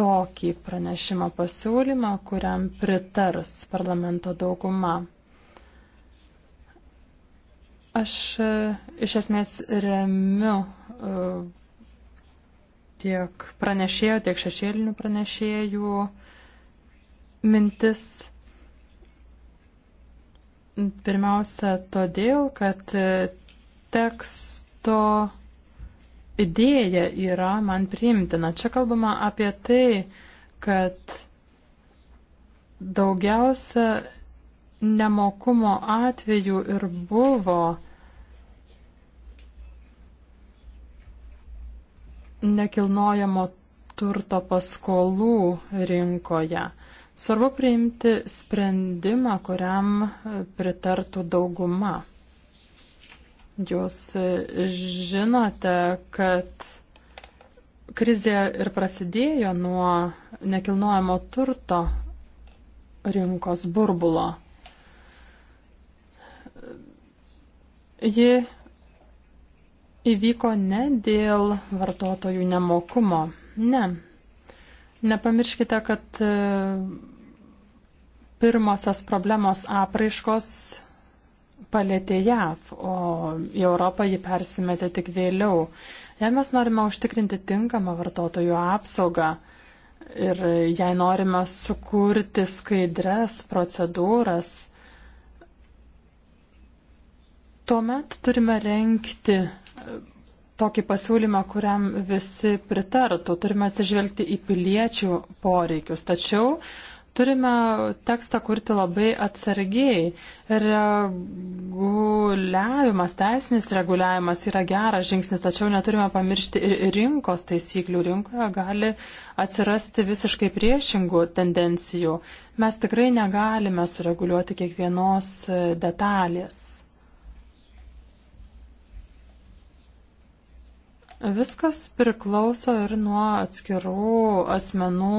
tokį pranešimo pasiūlymą, kuriam pritars parlamento dauguma. Aš e, iš esmės remiu e, tiek pranešėjų, tiek šešėlinių pranešėjų mintis. Pirmiausia, todėl, kad e, teksto idėja yra man priimtina. Čia kalbama apie tai, kad daugiausia nemokumo atvejų ir buvo nekilnojamo turto paskolų rinkoje. Svarbu priimti sprendimą, kuriam pritartų dauguma. Jūs e, žinote, kad krizė ir prasidėjo nuo nekilnojamo turto rinkos burbulo. Ji įvyko ne dėl vartotojų nemokumo. Ne. Nepamirškite, kad e, pirmosios problemos apraiškos palėtė JAV, o į Europą jį persimetė tik vėliau. Jei mes norime užtikrinti tinkamą vartotojų apsaugą ir jei norime sukurti skaidres procedūras, tuomet turime renkti e, tokį pasiūlymą, kuriam visi pritartų. Turime atsižvelgti į piliečių poreikius. Tačiau turime tekstą kurti labai atsargiai. Reguliavimas, teisinis reguliavimas yra geras žingsnis, tačiau neturime pamiršti ir rinkos taisyklių. Rinkoje gali atsirasti visiškai priešingų tendencijų. Mes tikrai negalime sureguliuoti kiekvienos detalės. Viskas priklauso ir nuo atskirų asmenų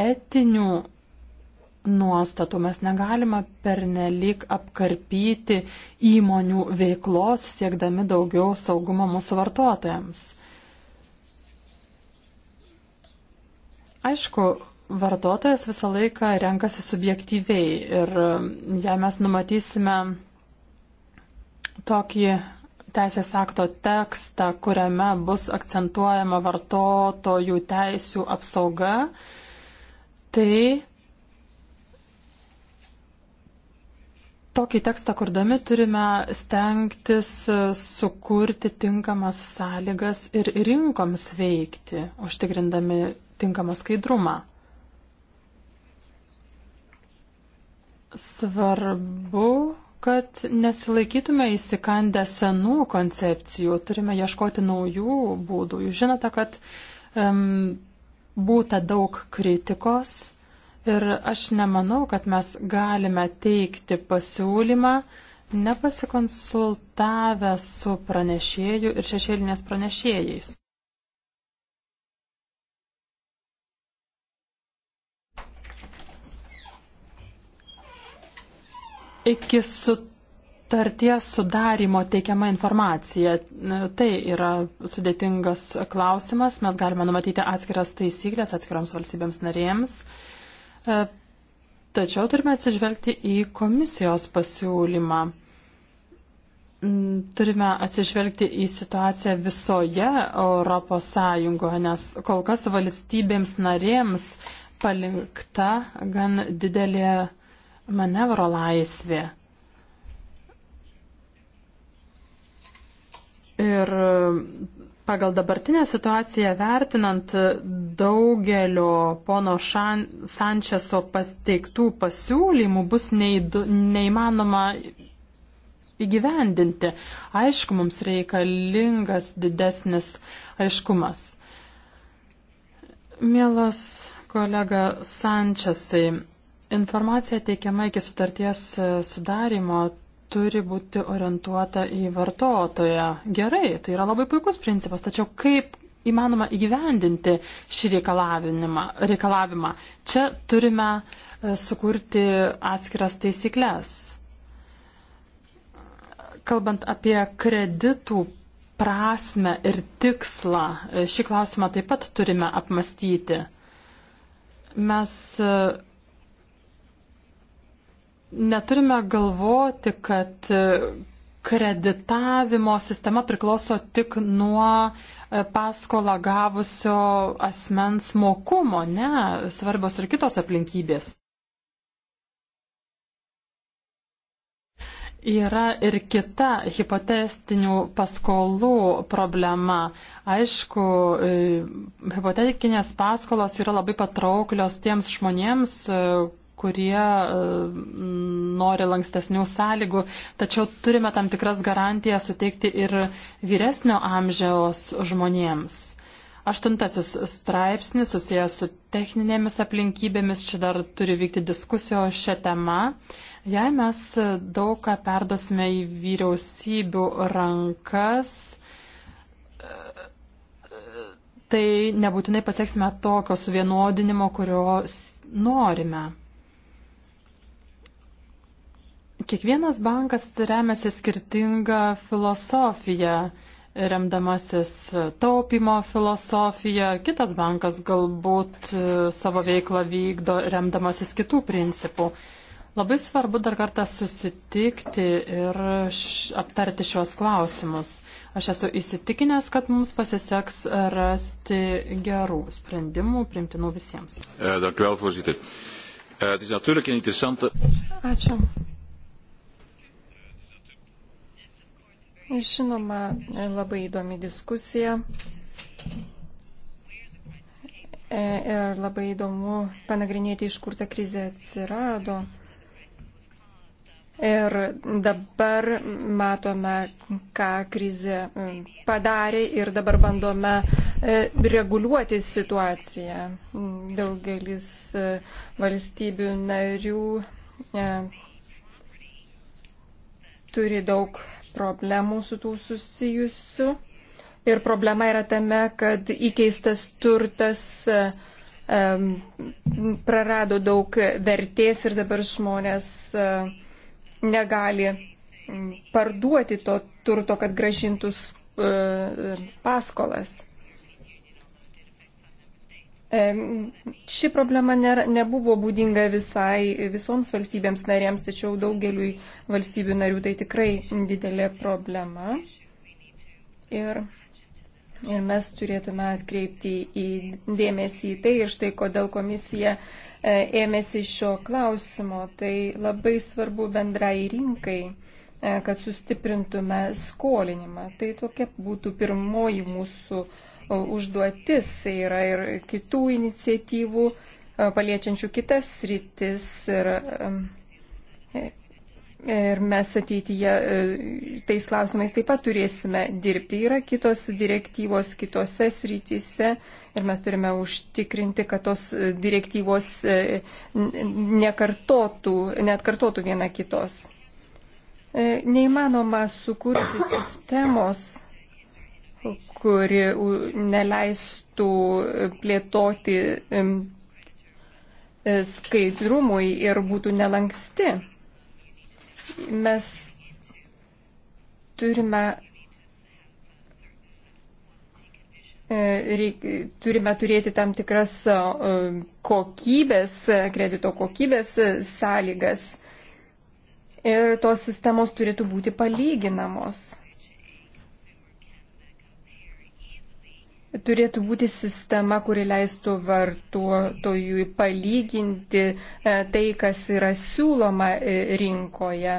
etinių nuostatų. Mes negalime pernelyg apkarpyti įmonių veiklos, siekdami daugiau saugumo mūsų vartotojams. Aišku, vartotojas visą laiką renkasi subjektyviai ir um, jei mes numatysime tokį teisės akto tekstą, kuriame bus akcentuojama vartotojų teisių apsauga, tai Tokį tekstą kurdami turime stengtis e, sukurti tinkamas sąlygas ir rinkoms veikti, užtikrindami tinkamą skaidrumą. Svarbu, kad nesilaikytume įsikandę senų koncepcijų, turime ieškoti naujų būdų. Jūs žinote, kad um, būta daug kritikos Ir aš nemanau, kad mes galime teikti pasiūlymą, nepasikonsultavę su pranešėju ir šešėlinės pranešėjais. Iki sutarties sudarimo teikiama informacija. Tai yra sudėtingas klausimas. Mes galime numatyti atskiras taisyklės atskiroms valstybėms narėms. Uh, E, tačiau turime atsižvelgti į komisijos pasiūlymą. Mm, turime atsižvelgti į situaciją visoje Europos Sąjungoje, nes kol kas valstybėms narėms palikta gan didelė manevro laisvė. Ir Pagal dabartinę situaciją vertinant daugelio pono Šan, Sančeso pateiktų pasiūlymų bus neįdu, neįmanoma įgyvendinti. Aišku, mums reikalingas didesnis aiškumas. Mielas kolega Sančesai, informacija teikiama iki sutarties sudarimo turi būti orientuota į vartotoją. Gerai, tai yra labai puikus principas, tačiau kaip įmanoma įgyvendinti šį reikalavimą? Čia turime e, sukurti atskiras taisyklės. Kalbant apie kreditų prasme ir tikslą, e, šį klausimą taip pat turime apmastyti. Mes e, neturime galvoti, kad e, kreditavimo sistema priklauso tik nuo e, paskolą gavusio asmens mokumo, ne, svarbios ir kitos aplinkybės. Yra ir kita hipotestinių paskolų problema. Aišku, e, hipotetinės paskolos yra labai patrauklios tiems žmonėms, kurie e, nori lankstesnių sąlygų, tačiau turime tam tikras garantijas suteikti ir vyresnio amžiaus žmonėms. Aštuntasis straipsnis susijęs su techninėmis aplinkybėmis, čia dar turi vykti diskusijos šią temą. Jei mes daug ką perdosime į vyriausybių rankas, tai nebūtinai pasieksime tokio suvienodinimo, kurio norime. Kiekvienas bankas remiasi skirtingą filosofiją, remdamasis taupimo filosofiją, kitas bankas galbūt e, savo veiklą vykdo remdamasis kitų principų. Labai svarbu dar kartą susitikti ir aptarti šios klausimus. Aš esu įsitikinęs, kad mums pasiseks rasti gerų sprendimų, primtinų visiems. Eh, eh, Ačiū. Žinoma, labai įdomi diskusija. E, ir labai įdomu panagrinėti, iš kur ta krizė atsirado. Ir dabar matome, ką krizė padarė ir dabar bandome e, reguliuoti situaciją. Daugelis e, valstybių narių turi daug problemų su tų susijusių. Ir problema yra tame, kad įkeistas turtas prarado daug vertės ir dabar žmonės negali parduoti to turto, kad gražintų e, e, paskolas. Ši problema nėra, nebuvo būdinga visai visoms valstybėms narėms, tačiau daugeliui valstybių narių tai tikrai didelė problema. Ir, ir mes turėtume atkreipti į dėmesį į tai ir štai kodėl komisija e, ėmėsi šio klausimo. Tai labai svarbu bendrai rinkai e, kad sustiprintume skolinimą. Tai tokia būtų pirmoji mūsų uh, užduotis, yra ir kitų iniciatyvų paliečiančių kitas rytis ir, ir mes ateityje e, tais klausimais taip pat turėsime dirbti. Yra kitos direktyvos kitose srityse ir mes turime užtikrinti, kad tos direktyvos e, nekartotų, netkartotų viena kitos. E, neįmanoma sukurti sistemos kuri neleistų plėtoti e, skaidrumui ir būtų nelanksti. Mes turime e, reik, turime turėti tam tikras e, kokybės, kredito kokybės sąlygas ir tos sistemos turėtų būti palyginamos. Turėtų būti sistema, kuri leistų vartotojui palyginti e, tai, kas yra siūloma e, rinkoje.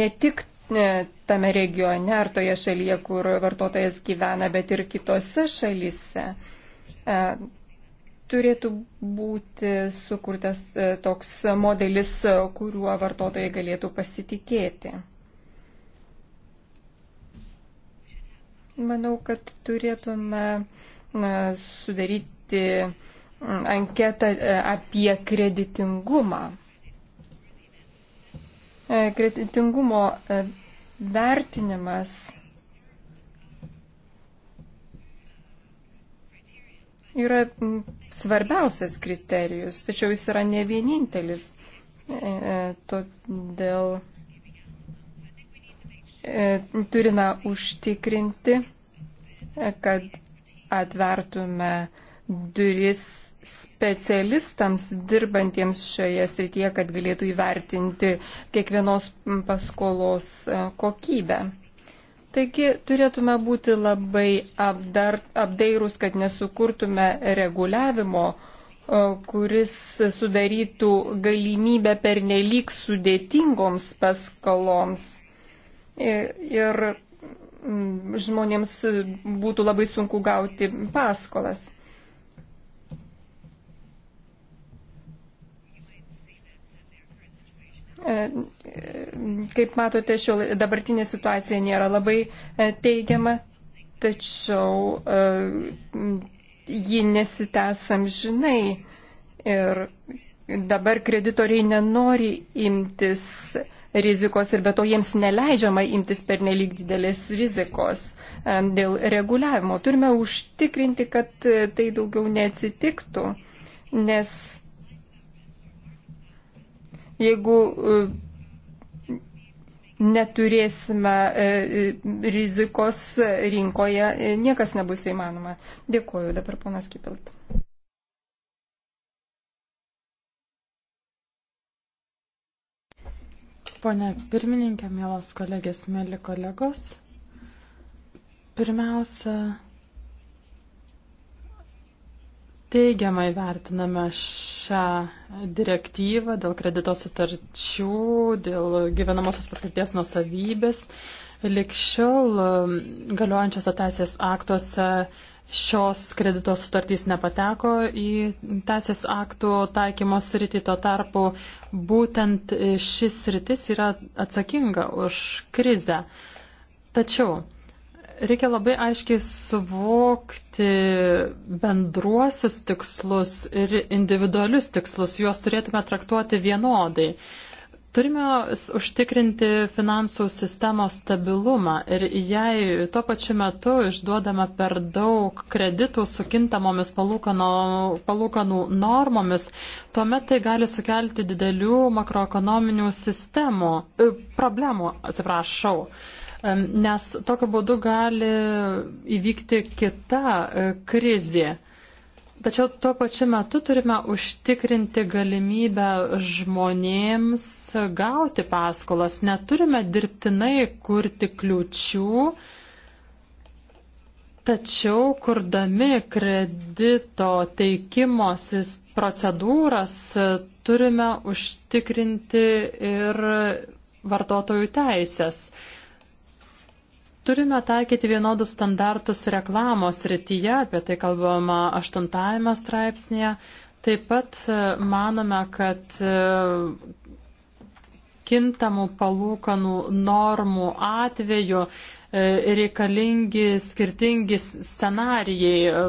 Ne tik e, tame regione ar toje šalyje, kur vartotojas gyvena, bet ir kitose šalyse. Turėtų būti sukurtas toks modelis, kuriuo vartotojai galėtų pasitikėti. Manau, kad turėtume sudaryti mm, anketą e, apie kreditingumą. E, kreditingumo e, vertinimas yra mm, svarbiausias kriterijus, tačiau jis yra ne vienintelis. Todėl E, turime užtikrinti, e, kad atvertume duris specialistams dirbantiems šioje srityje, kad galėtų įvertinti kiekvienos paskolos e, kokybę. Taigi turėtume būti labai apdar, apdairūs, kad nesukurtume reguliavimo, kuris sudarytų galimybę pernelyg sudėtingoms paskaloms ir mm, žmonėms būtų labai sunku gauti paskolas. E, kaip matote, šio dabartinė situacija nėra labai e, teigiama, tačiau e, ji nesitęsam žinai ir dabar kreditoriai nenori imtis uh, rizikos ir be to jiems neleidžiama imtis pernelyg didelės rizikos e, dėl reguliavimo. Turime užtikrinti, kad e, tai daugiau neatsitiktų, nes jeigu e, neturėsime rizikos rinkoje, niekas nebus įmanoma. Dėkuoju dabar ponas Kitalt. Pone pirmininkė, mielos kolegės, mėly kolegos, pirmiausia, teigiamai vertiname šią direktyvą dėl kredito sutarčių, dėl gyvenamosios paskirties nusavybės. Likščiau um, galiojančiose teisės aktuose Šios kredito sutartys nepateko į teisės aktų taikymo sritį, to tarpu būtent šis sritis yra atsakinga už krizę. Tačiau reikia labai aiškiai suvokti bendruosius tikslus ir individualius tikslus, juos turėtume traktuoti vienodai. Turime užtikrinti finansų sistemos stabilumą ir jei tuo pačiu metu išduodame per daug kreditų su kintamomis palūkanų, palūkanų normomis, tuomet tai gali sukelti didelių makroekonominių sistemų, e, problemų, atsiprašau. Nes tokiu būdu gali įvykti kita e, krizė. Tačiau tuo pačiu metu turime užtikrinti galimybę žmonėms gauti paskolas. Neturime dirbtinai kurti kliučių, tačiau kurdami kredito teikimo procedūras turime užtikrinti ir vartotojų teisės. Turime taikyti vienodus standartus reklamos rytyje, apie tai kalbama aštuntajame straipsnėje. Taip pat e, manome, kad e, kintamų palūkanų normų atveju e, reikalingi skirtingi scenarijai.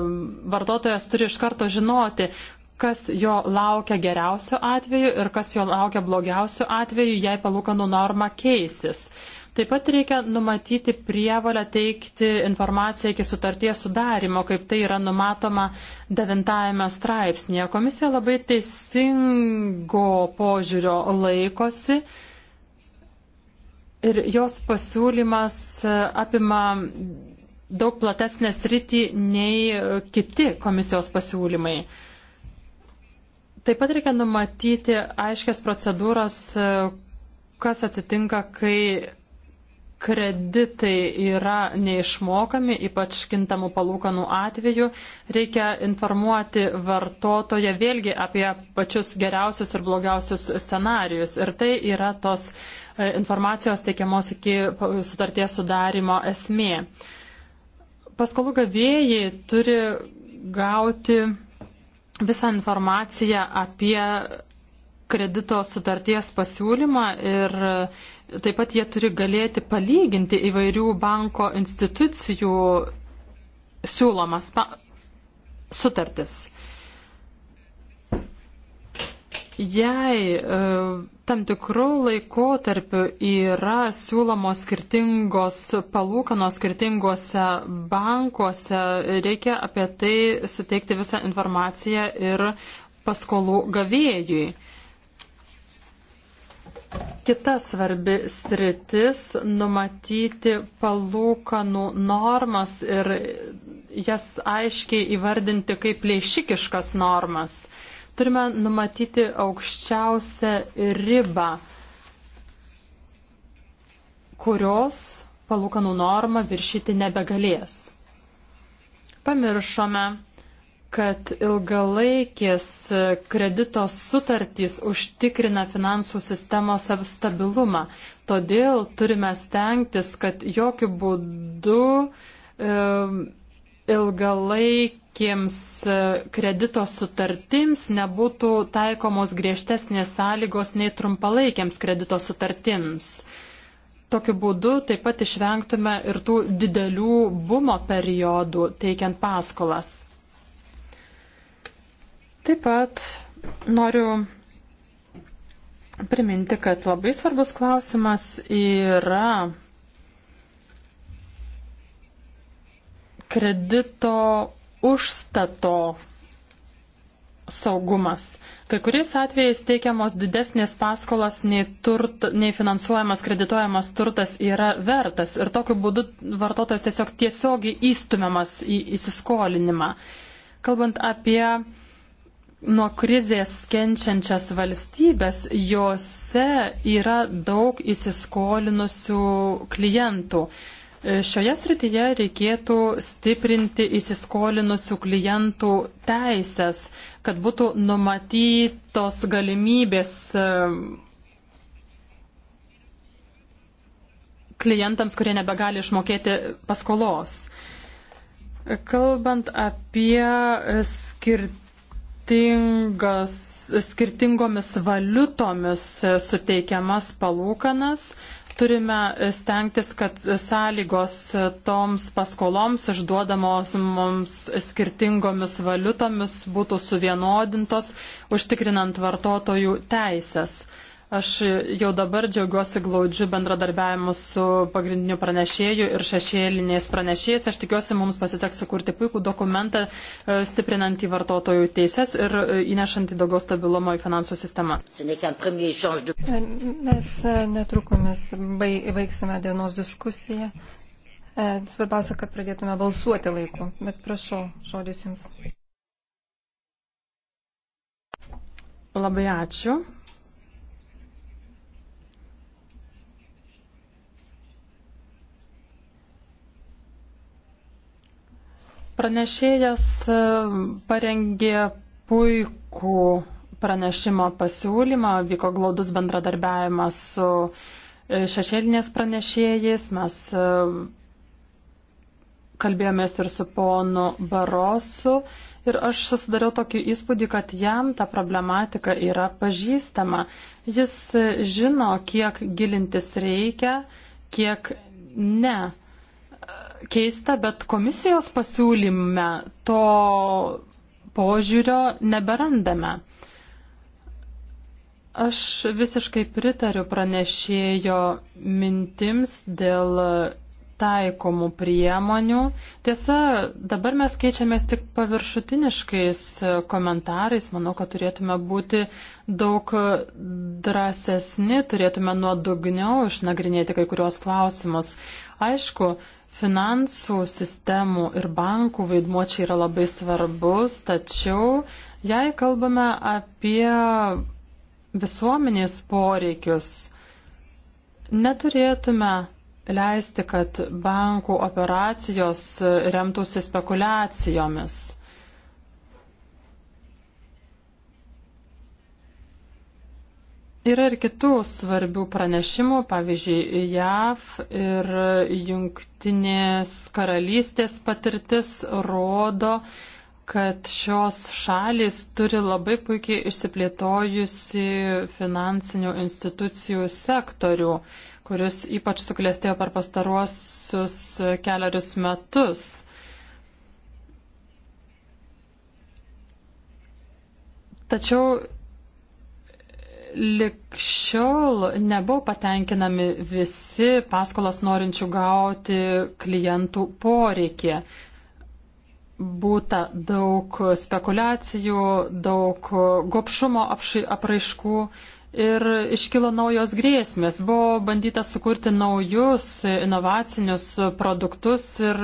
Vartotojas turi iš karto žinoti, kas jo laukia geriausiu atveju ir kas jo laukia blogiausiu atveju, jei palūkanų norma keisis. Taip pat reikia numatyti prievalę teikti informaciją iki sutarties sudarimo, kaip tai yra numatoma devintajame straipsnėje. Komisija labai teisingo požiūrio laikosi ir jos pasiūlymas e, apima daug platesnę sritį nei kiti komisijos pasiūlymai. Taip pat reikia numatyti aiškias procedūras, e, kas atsitinka, kai kreditai yra neišmokami, ypač kintamų palūkanų atveju, reikia informuoti vartotoje vėlgi apie pačius geriausius ir blogiausius scenarius. Ir tai yra tos e, informacijos teikiamos iki sutarties sudarimo esmė. Paskolų gavėjai turi gauti visą informaciją apie kredito sutarties pasiūlymą ir Taip pat jie turi galėti palyginti įvairių banko institucijų siūlomas sutartis. Jei e, tam tikrų laikotarpių yra siūlomos skirtingos palūkanos skirtingose bankuose, reikia apie tai suteikti visą informaciją ir paskolų gavėjui. Kita svarbi sritis - numatyti palūkanų normas ir jas aiškiai įvardinti kaip plėšikiškas normas. Turime numatyti aukščiausią ribą, kurios palūkanų norma viršyti nebegalės. Pamiršome kad ilgalaikės kredito sutartys užtikrina finansų sistemos stabilumą. Todėl turime stengtis, kad jokių būdų e, ilgalaikėms kredito sutartims nebūtų taikomos griežtesnės sąlygos nei trumpalaikiams kredito sutartims. Tokiu būdu taip pat išvengtume ir tų didelių bumo periodų teikiant paskolas. Taip pat noriu priminti, kad labai svarbus klausimas yra kredito užstato saugumas. Kai kuriais atvejais teikiamos didesnės paskolas, nei, turt, nei finansuojamas, kredituojamas turtas yra vertas ir tokiu būdu vartotojas tiesiog tiesiogiai įstumiamas į įsiskolinimą. Kalbant apie nuo krizės kenčiančias valstybes, juose yra daug įsiskolinusių klientų. E, šioje srityje reikėtų stiprinti įsiskolinusių klientų teisės, kad būtų numatytos galimybės e, klientams, kurie nebegali išmokėti paskolos. Kalbant apie skirtingų skirtingomis valiutomis suteikiamas palūkanas. Turime stengtis, kad sąlygos toms paskoloms išduodamos mums skirtingomis valiutomis būtų suvienodintos, užtikrinant vartotojų teisės. Aš jau dabar džiaugiuosi glaudžiu bendradarbiavimu su pagrindiniu pranešėju ir šešėliniais pranešėjais. Aš tikiuosi, mums pasiseks sukurti puikų dokumentą, e, stiprinant į vartotojų teises ir e, įnešant į daugiau stabilumo į finansų sistemą. E, mes netrukomis baigsime dienos diskusiją. Svarbiausia, kad pradėtume balsuoti laiku, bet prašau, žodis Jums. Labai ačiū. Pranešėjas e, parengė puikų pranešimo pasiūlymą, vyko glaudus bendradarbiavimas su e, šešėlinės pranešėjais, mes e, kalbėjomės ir su ponu Barosu ir aš susidariau tokį įspūdį, kad jam ta problematika yra pažįstama. Jis žino, kiek gilintis reikia, kiek ne keista, bet komisijos pasiūlyme to požiūrio neberandame. Aš visiškai pritariu pranešėjo mintims dėl taikomų priemonių. Tiesa, dabar mes keičiamės tik paviršutiniškais komentarais. Manau, kad turėtume būti daug drąsesni, turėtume nuodugniau išnagrinėti kai kurios klausimus. Aišku, Finansų sistemų ir bankų vaidmuo čia yra labai svarbus, tačiau jei kalbame apie visuomenės poreikius, neturėtume leisti, kad bankų operacijos remtųsi spekulacijomis. Yra ir kitų svarbių pranešimų, pavyzdžiui, JAV ir jungtinės karalystės patirtis rodo, kad šios šalis turi labai puikiai išsiplėtojusi finansinių institucijų sektorių, kuris ypač suklestėjo per pastaruosius keliarius metus. Tačiau likščiol nebuvo patenkinami visi paskolas norinčių gauti klientų poreikiai. Būta daug spekulacijų, daug gopšumo apraiškų ir iškilo naujos grėsmės. Buvo bandyta sukurti naujus inovacinius produktus ir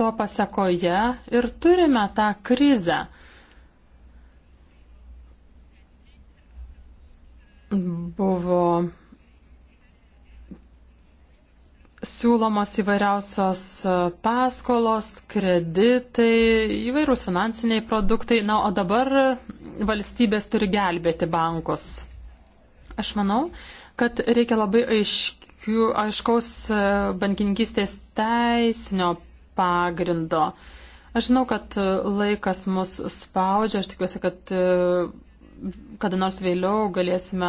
to pasakoje ir turime tą krizę. buvo siūlomos įvairiausios e, paskolos, kreditai, įvairūs finansiniai produktai. Na, o dabar valstybės turi gelbėti bankus. Aš manau, kad reikia labai aiškių, aiškaus e, bankininkystės teisinio pagrindo. Aš žinau, kad e, laikas mus spaudžia, aš tikiuosi, kad kada nors vėliau galėsime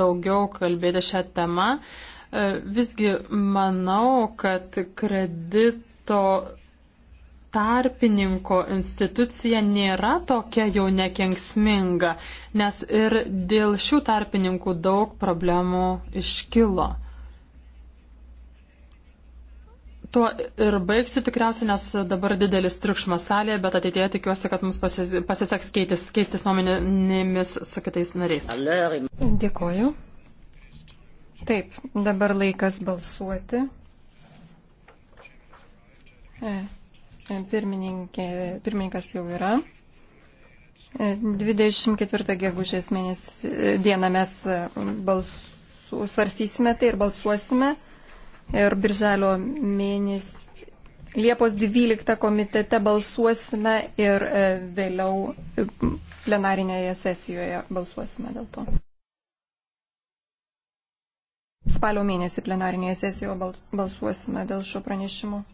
daugiau kalbėti šią temą. E, visgi manau, kad kredito tarpininko institucija nėra tokia jau nekenksminga, nes ir dėl šių tarpininkų daug problemų iškilo. Tuo ir baigsiu tikriausiai, nes dabar didelis triukšmas salėje, bet ateityje tikiuosi, kad mums pasiseks keitis, keistis nuomonėmis su kitais nariais. Dėkoju. Taip, dabar laikas balsuoti. E, e, pirmininkas jau yra. 24 e, gegužės mėnesį dieną mes balsu, svarstysime tai ir balsuosime ir birželio mėnesį. Liepos 12 komitete balsuosime ir e, vėliau e, plenarinėje sesijoje balsuosime dėl to. Spalio mėnesį plenarinėje sesijoje balsuosime dėl šio pranešimo.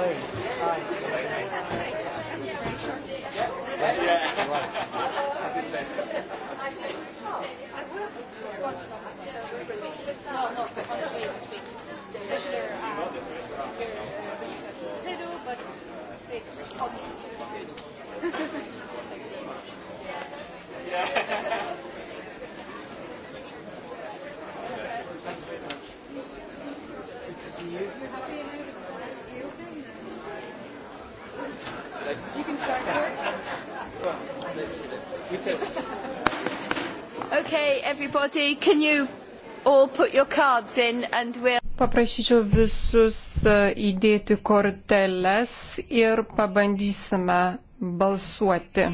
pavyzdžiui Everybody, can you all put your cards in and we'll... Paprašyčiau visus e, įdėti korteles ir pabandysime balsuoti.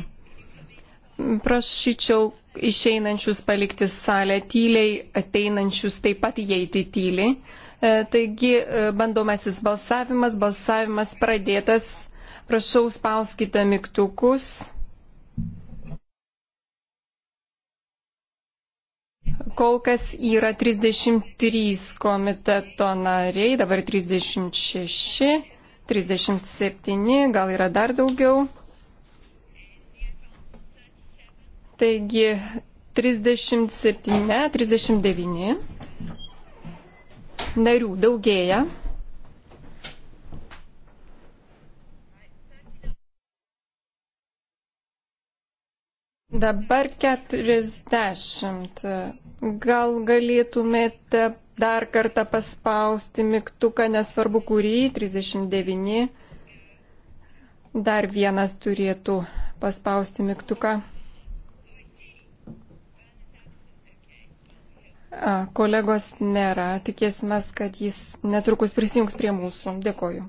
Prašyčiau išeinančius palikti salę tyliai, ateinančius taip pat įeiti tyliai. E, taigi e, bandomasis balsavimas, balsavimas pradėtas. Prašau spauskite mygtukus. Kol kas yra 33 komiteto nariai, dabar 36, 37, gal yra dar daugiau. Taigi 37, 39 narių daugėja. Dabar 40 Gal galėtumėte dar kartą paspausti mygtuką, nesvarbu kurį, 39. Dar vienas turėtų paspausti mygtuką. A, kolegos nėra, tikėsime, kad jis netrukus prisijungs prie mūsų. Dėkoju.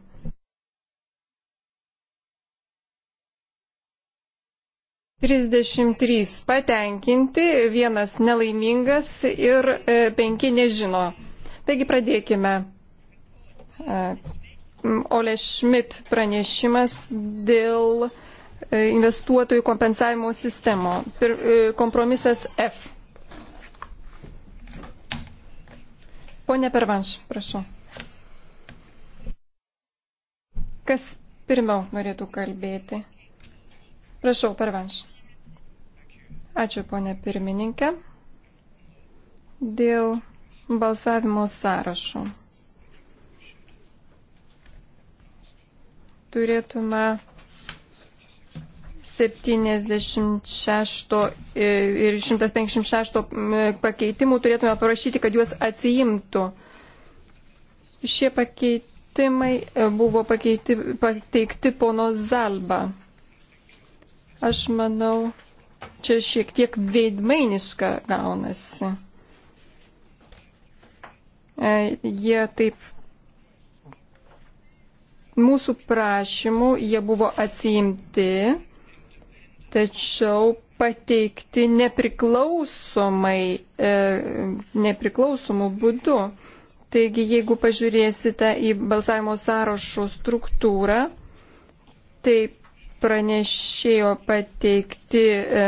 33 patenkinti, vienas nelaimingas ir e, penki nežino. Taigi pradėkime. E, Ole Schmidt pranešimas dėl e, investuotojų kompensavimo sistemo. Kompromisas F. Pone Pervanš, prašau. Kas pirmiau norėtų kalbėti? Prašau, pervenš. Ačiū, ponė pirmininkė. Dėl balsavimo sąrašo. Turėtume 76 ir 156 pakeitimų turėtume parašyti, kad juos atsijimtų. Šie pakeitimai buvo pakeiti, pateikti pono Zalba. Aš manau, čia šiek tiek veidmainiška gaunasi. E, jie taip mūsų prašymų, jie buvo atsiimti, tačiau pateikti nepriklausomai, e, nepriklausomų būdų. Taigi, jeigu pažiūrėsite į balsavimo sąrašo struktūrą, taip pranešėjo pateikti e,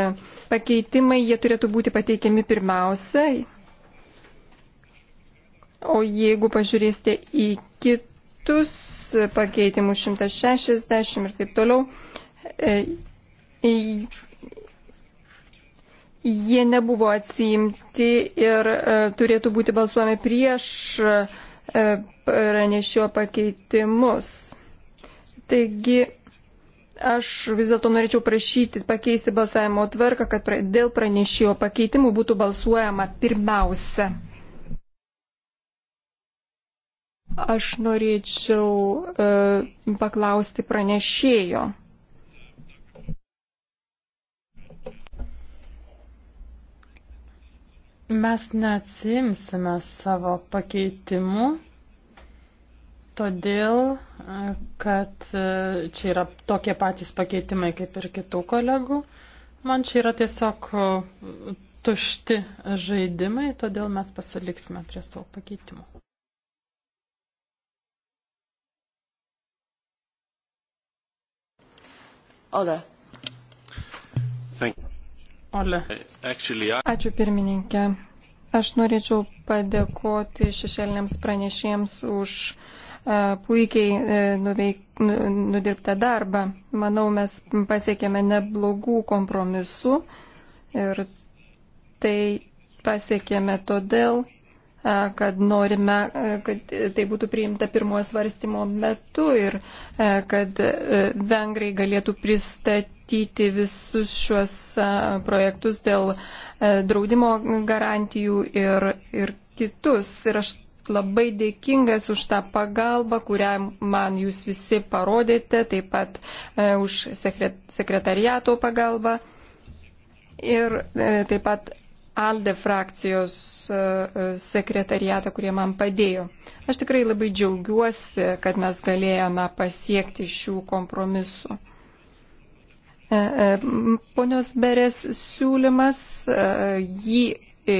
pakeitimai, jie turėtų būti pateikiami pirmiausiai. O jeigu pažiūrėsite į kitus e, pakeitimus 160 ir taip toliau, e, jie nebuvo atsiimti ir turėtų būti balsuomi prieš pranešėjo pakeitimus. Taigi Aš vis dėlto norėčiau prašyti pakeisti balsavimo tvarką, kad pra, dėl pranešėjo pakeitimų būtų balsuojama pirmiausia. Aš norėčiau e, paklausti pranešėjo. Mes neatsimsime savo pakeitimų todėl, kad čia yra tokie patys pakeitimai kaip ir kitų kolegų. Man čia yra tiesiog tušti žaidimai, todėl mes pasiliksime prie savo pakeitimų. Ole. Ole. Ačiū pirmininkė. Aš norėčiau padėkoti šešėliniams pranešėjams už uh, puikiai e, nuveik, nu, nudirbtą darbą. Manau, mes pasiekėme neblogų kompromisų ir tai pasiekėme todėl, kad norime, kad tai būtų priimta pirmojo svarstymo metu ir kad e, vengrai galėtų pristatyti visus šiuos projektus dėl draudimo garantijų ir, ir kitus. Ir aš labai dėkingas už tą pagalbą, kurią man jūs visi parodėte, taip pat e, už sekret, sekretariato pagalbą ir e, taip pat ALDE frakcijos e, e, sekretariatą, kurie man padėjo. Aš tikrai labai džiaugiuosi, kad mes galėjome pasiekti šių kompromisų. E, ponios Berės siūlymas, jį E,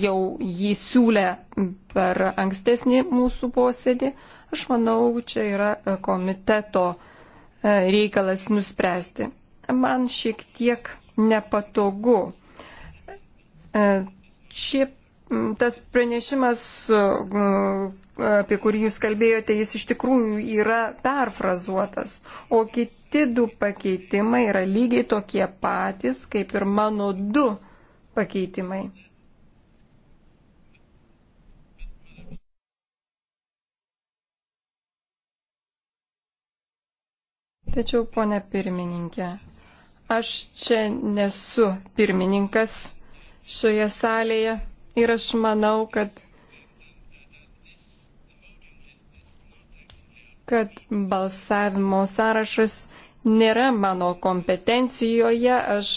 jau jį siūlė per ankstesnį mūsų posėdį. Aš manau, čia yra e, komiteto e, reikalas nuspręsti. Man šiek tiek nepatogu. Šiaip tas pranešimas, apie kurį jūs kalbėjote, jis iš tikrųjų yra perfrazuotas, o kiti du pakeitimai yra lygiai tokie patys, kaip ir mano du pakeitimai. Tačiau, ponė pirmininkė, aš čia nesu pirmininkas šioje salėje ir aš manau, kad, kad balsavimo sąrašas nėra mano kompetencijoje. Aš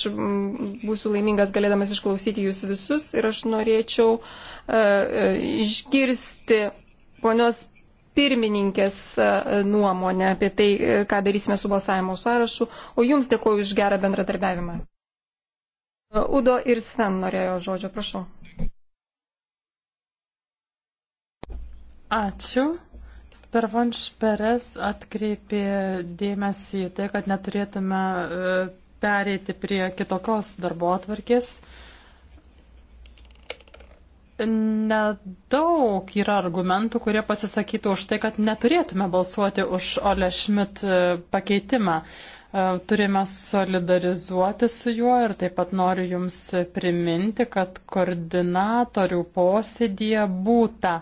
būsiu laimingas galėdamas išklausyti jūs visus ir aš norėčiau uh, išgirsti ponios pirmininkės e, nuomonę apie tai, e, ką darysime su balsavimo sąrašu, o jums dėkoju už gerą bendradarbiavimą. Udo ir Sven norėjo žodžio, prašau. Ačiū. Pervanš Peres atkreipė dėmesį į tai, kad neturėtume e, pereiti prie kitokios darbo atvarkės nedaug yra argumentų, kurie pasisakytų už tai, kad neturėtume balsuoti už Ole Schmidt e, pakeitimą. E, turime solidarizuoti su juo ir taip pat noriu Jums priminti, kad koordinatorių posėdėje būta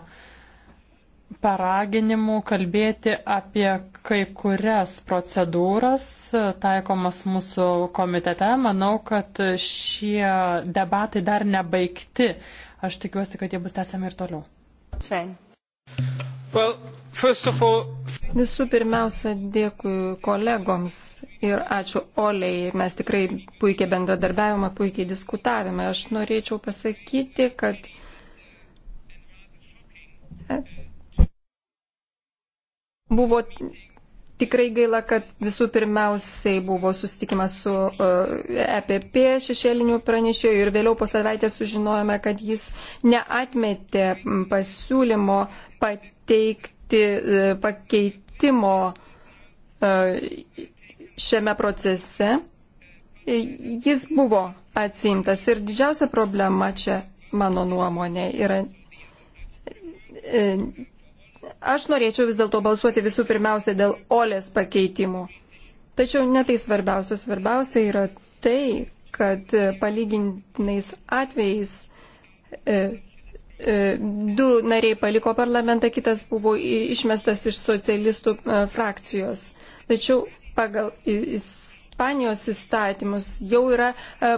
paraginimų kalbėti apie kai kurias procedūras e, taikomas mūsų komitete. Manau, kad šie debatai dar nebaigti. Aš tikiuosi, kad jie bus tęsiami ir toliau. Sven. Well, all... Visų pirmiausia, dėkui kolegoms ir ačiū Oliai. Mes tikrai puikiai bendradarbiavimą, puikiai diskutavimą. Aš norėčiau pasakyti, kad e, buvo tikrai gaila, kad visų pirmiausiai buvo susitikimas su EPP e šešėliniu pranešėju ir vėliau po savaitės sužinojome, kad jis neatmetė pasiūlymo pateikti e, pakeitimo e, šiame procese. Jis buvo atsimtas ir didžiausia problema čia, mano nuomonė, yra Aš norėčiau vis dėlto balsuoti visų pirmiausia dėl Olės pakeitimų. Tačiau netai svarbiausia. Svarbiausia yra tai, kad palygintinais atvejais e, e, du nariai paliko parlamentą, kitas buvo išmestas iš socialistų e, frakcijos. Tačiau pagal Ispanijos įstatymus jau yra e,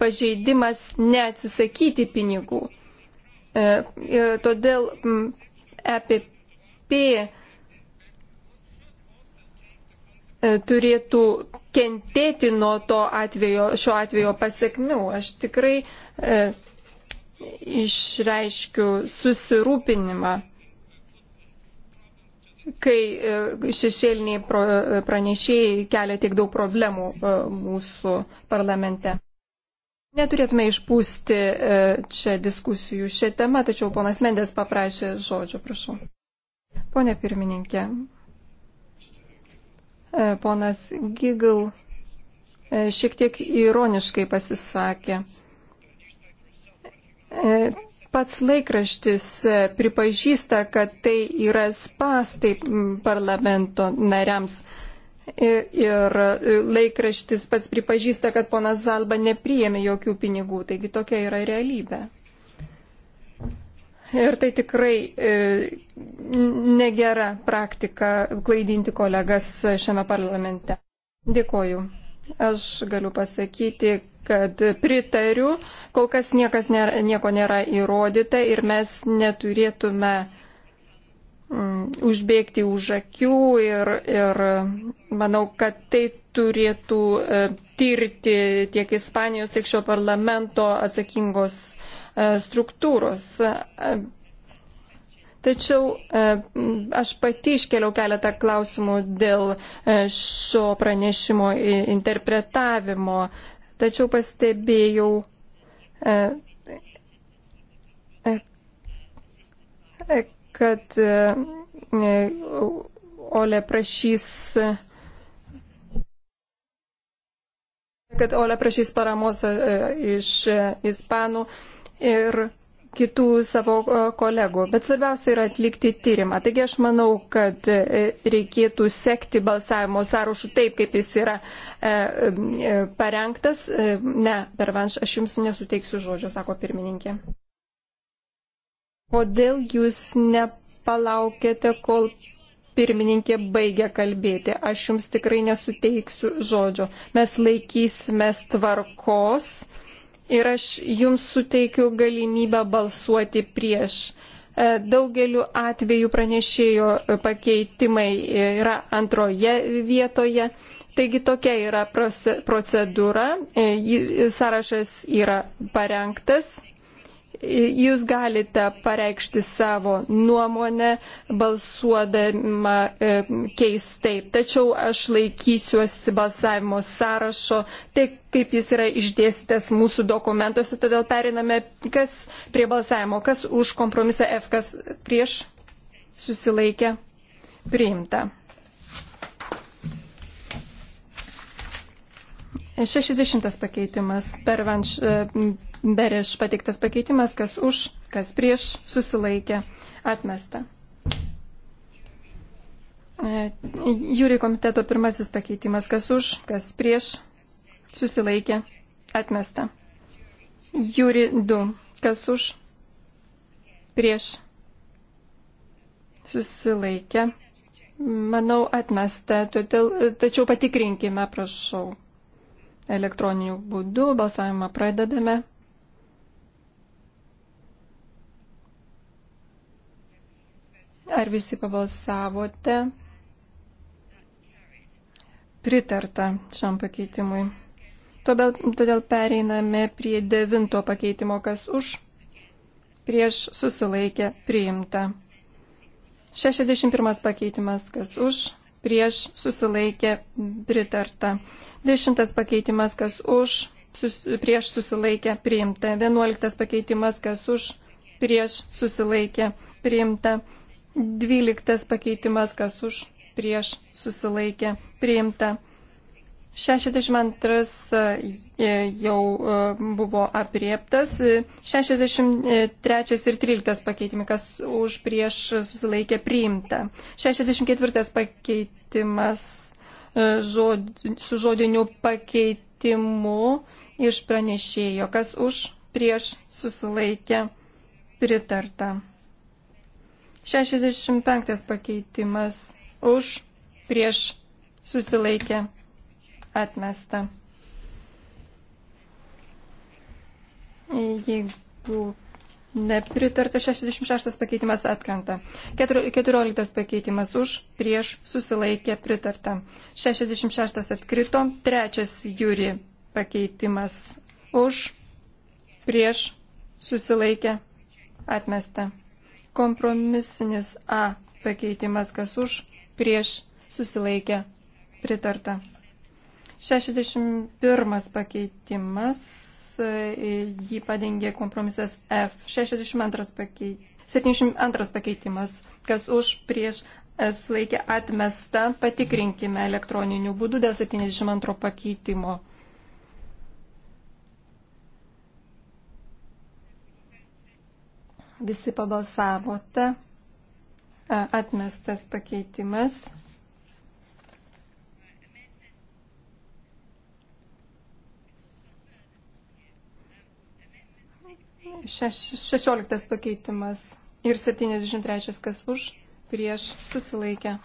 pažeidimas neatsisakyti pinigų. E, e, todėl m, EPP e, turėtų kentėti nuo to atvejo, šio atvejo pasiekmių. Aš tikrai e, išreiškiu susirūpinimą, kai e, šešėliniai pranešėjai kelia tiek daug problemų e, mūsų parlamente. Neturėtume išpūsti e, čia diskusijų šią temą, tačiau ponas Mendės paprašė žodžio, prašau. Pone pirmininkė, e, ponas Gigal e, šiek tiek ironiškai pasisakė. Pats laikraštis pripažįsta, kad tai yra spastai parlamento nariams. Ir e, laikraštis pats pripažįsta, kad ponas Zalba nepriėmė jokių pinigų, taigi tokia yra realybė. Ir tai tikrai e, negera praktika klaidinti kolegas šiame parlamente. Dėkoju. Aš galiu pasakyti, kad pritariu, kol kas niekas nėra, nieko nėra įrodyta ir mes neturėtume Mm, užbėgti už akių ir, ir manau, kad tai turėtų e, tirti tiek Ispanijos, tiek šio parlamento atsakingos e, struktūros. E, tačiau aš pati iškeliau keletą klausimų dėl šio pranešimo interpretavimo, tačiau pastebėjau, kad e, Olė prašys kad Olė prašys paramos e, iš e, ispanų ir kitų savo kolegų. Bet svarbiausia yra atlikti tyrimą. Taigi aš manau, kad reikėtų sekti balsavimo sąrašų taip, kaip jis yra parengtas. Ne, pervanš, aš jums nesuteiksiu žodžio, sako pirmininkė. Kodėl jūs nepalaukėte, kol pirmininkė baigia kalbėti? Aš jums tikrai nesuteiksiu žodžio. Mes laikysime tvarkos ir aš jums suteikiu galimybę balsuoti prieš. E, daugeliu atveju pranešėjo pakeitimai yra antroje vietoje. Taigi tokia yra procedūra. E, sąrašas yra parengtas. Jūs galite pareikšti savo nuomonę balsuodama e, keistaip, tačiau aš laikysiuosi balsavimo sąrašo, taip kaip jis yra išdėstytas mūsų dokumentuose, todėl periname kas prie balsavimo, kas už kompromisą F, kas prieš susilaikė priimta. 60 pakeitimas per vanš. E, Bereš pateiktas pakeitimas, kas už, kas prieš, susilaikė, atmesta. E, jūri komiteto pirmasis pakeitimas, kas už, kas prieš, susilaikė, atmesta. Jūri 2, kas už, prieš, susilaikė. Manau, atmesta, todėl, tačiau patikrinkime, prašau. Elektroniniu būdu balsavimą pradedame. Ar visi pabalsavote? Pritarta šiam pakeitimui. Todėl, todėl pereiname prie devinto pakeitimo, kas už prieš susilaikė priimta. 61 pakeitimas, kas už prieš susilaikė pritarta. 10 pakeitimas, kas už sus, prieš susilaikė priimta. 11 pakeitimas, kas už prieš susilaikė priimta. Dvyliktas pakeitimas, kas už, prieš, susilaikė, priimta. 62 e, jau e, buvo apriektas, 63 ir 13 pakeitimai, kas už prieš susilaikė priimta. 64 pakeitimas e, žod, su žodiniu pakeitimu iš pranešėjo, kas už prieš susilaikė pritarta. 65 pakeitimas už, prieš, susilaikė, atmesta. Jeigu nepritarta, 66 pakeitimas atkrenta. 14 pakeitimas už, prieš, susilaikė, pritarta. 66 atkrito, trečias jūri pakeitimas už, prieš, susilaikė, atmesta. Kompromisinis A pakeitimas kas už, prieš susilaikė pritarta. 61 pakeitimas, e, jį padengė kompromisas F. 62 pakeitimas. 72 pakeitimas, kas už prieš e, sulaikė atmestą, patikrinkime elektroniniu būdu dėl 72 pakeitimo. Visi pabalsavote. Atmestas pakeitimas. Šeš, šešioliktas pakeitimas ir 73 kas už, prieš susilaikę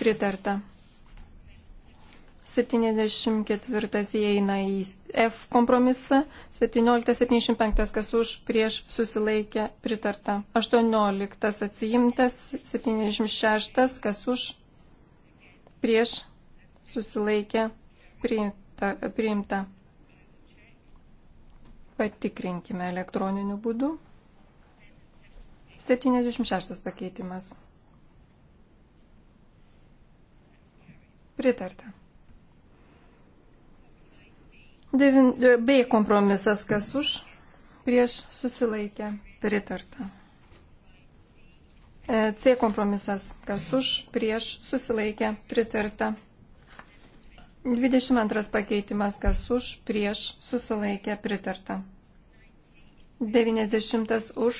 pritarta. 74 įeina į F kompromisą, 17-75 kas už prieš susilaikę pritarta, 18 atsiimtas, 76 kas už prieš susilaikę priimta. priimta. Patikrinkime elektroniniu būdu. 76 pakeitimas. Pritarta. Devin, e, B kompromisas, kas už, prieš susilaikę, pritarta. E, C kompromisas, kas už, prieš susilaikę, pritarta. 22 pakeitimas, kas už, prieš susilaikę, pritarta. 90 už,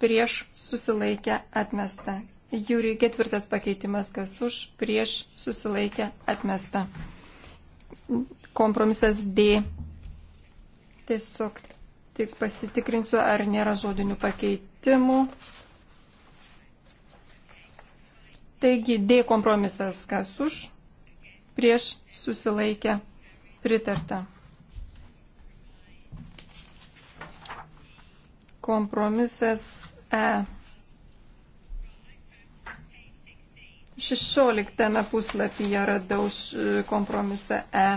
prieš susilaikę, atmesta. Jūri ketvirtas pakeitimas, kas už, prieš susilaikę, atmesta. Kompromisas D. Tiesiog tik pasitikrinsiu, ar nėra žodinių pakeitimų. Taigi D kompromisas, kas už, prieš susilaikę pritarta. Kompromisas E. 16 puslapyje radau kompromisą E.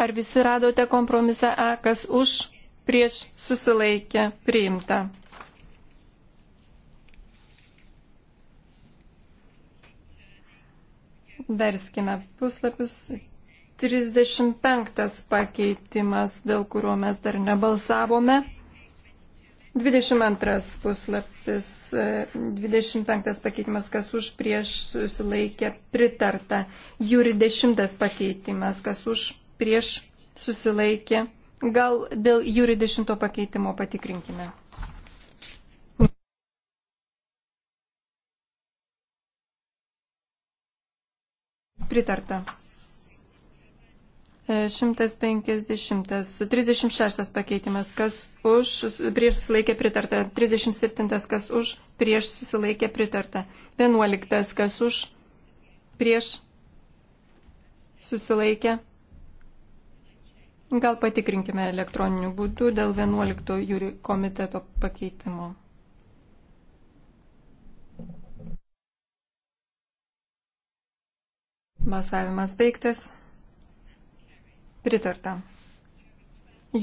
Ar visi radote kompromisą A, kas už, prieš susilaikę priimta? Verskime puslapius. 35 pakeitimas, dėl kurio mes dar nebalsavome. 22 puslapis, 25 pakeitimas, kas už prieš susilaikė pritarta. Jūri 10 pakeitimas, kas už prieš susilaikė. Gal dėl jūri dešimto pakeitimo patikrinkime. Pritarta. 150. E, 36 pakeitimas, kas už, prieš susilaikė pritarta. 37. kas už, prieš susilaikė pritarta. 11. kas už, prieš susilaikė pritarta Gal patikrinkime elektroniniu būdu dėl 11 jūrių komiteto pakeitimo. Balsavimas baigtas. Pritarta.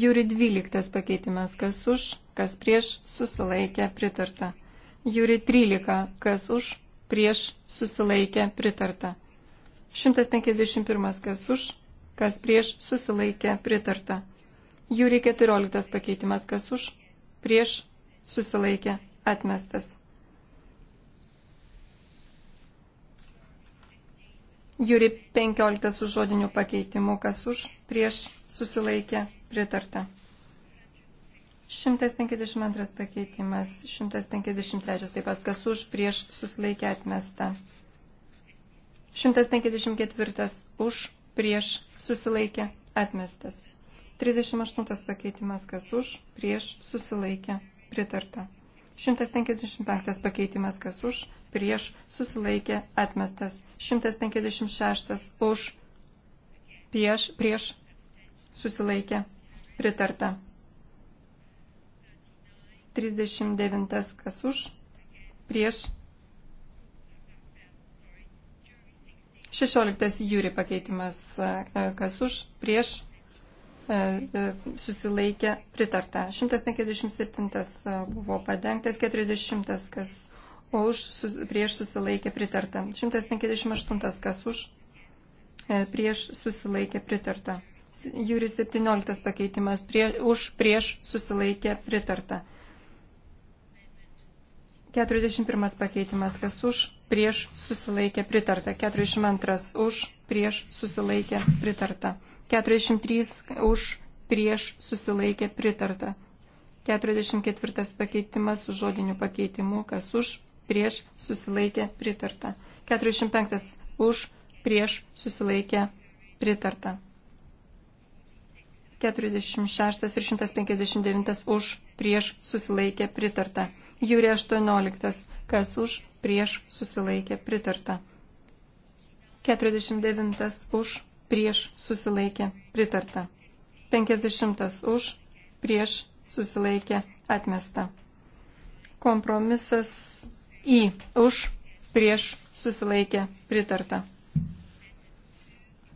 Jūri 12 pakeitimas kas už, kas prieš, susilaikė, pritarta. Jūri 13 kas už, prieš, susilaikė, pritarta. 151 kas už, kas prieš susilaikė pritarta. Jūri 14 pakeitimas, kas už prieš susilaikė atmestas. Jūri 15 su žodiniu pakeitimu, kas už, prieš, susilaikė, pritarta. 152 pakeitimas, 153 taip pat, kas už, prieš, susilaikė, atmesta. 154 už, prieš susilaikė atmestas. 38 pakeitimas kas už, prieš susilaikė pritarta. 155 pakeitimas kas už, prieš susilaikė atmestas. 156 už, prieš, prieš susilaikė pritarta. 39 kas už, prieš 16 jūri pakeitimas, e, kas už, prieš, e, e, susilaikė, pritarta. 157 buvo padengtas, 40 kas už, prieš susilaikė, pritarta. 158 kas už, prieš susilaikė, pritarta. Jūri 17 pakeitimas, prie, už, prieš susilaikė, pritarta. 41 pakeitimas, kas už, prieš, susilaikė, pritarta. 42 už, prieš, susilaikė, pritarta. 43 už, prieš, susilaikė, pritarta. 44 pakeitimas su žodiniu pakeitimu, kas už, prieš, susilaikė, pritarta. 45 už, prieš, susilaikė, pritarta. 46 ir 159 už, prieš, susilaikė, pritarta. Jūri 18. Kas už, prieš, susilaikė, pritarta. 49. Už, prieš, susilaikė, pritarta. 50. Už, prieš, susilaikė, atmesta. Kompromisas į, už, prieš, susilaikė, pritarta.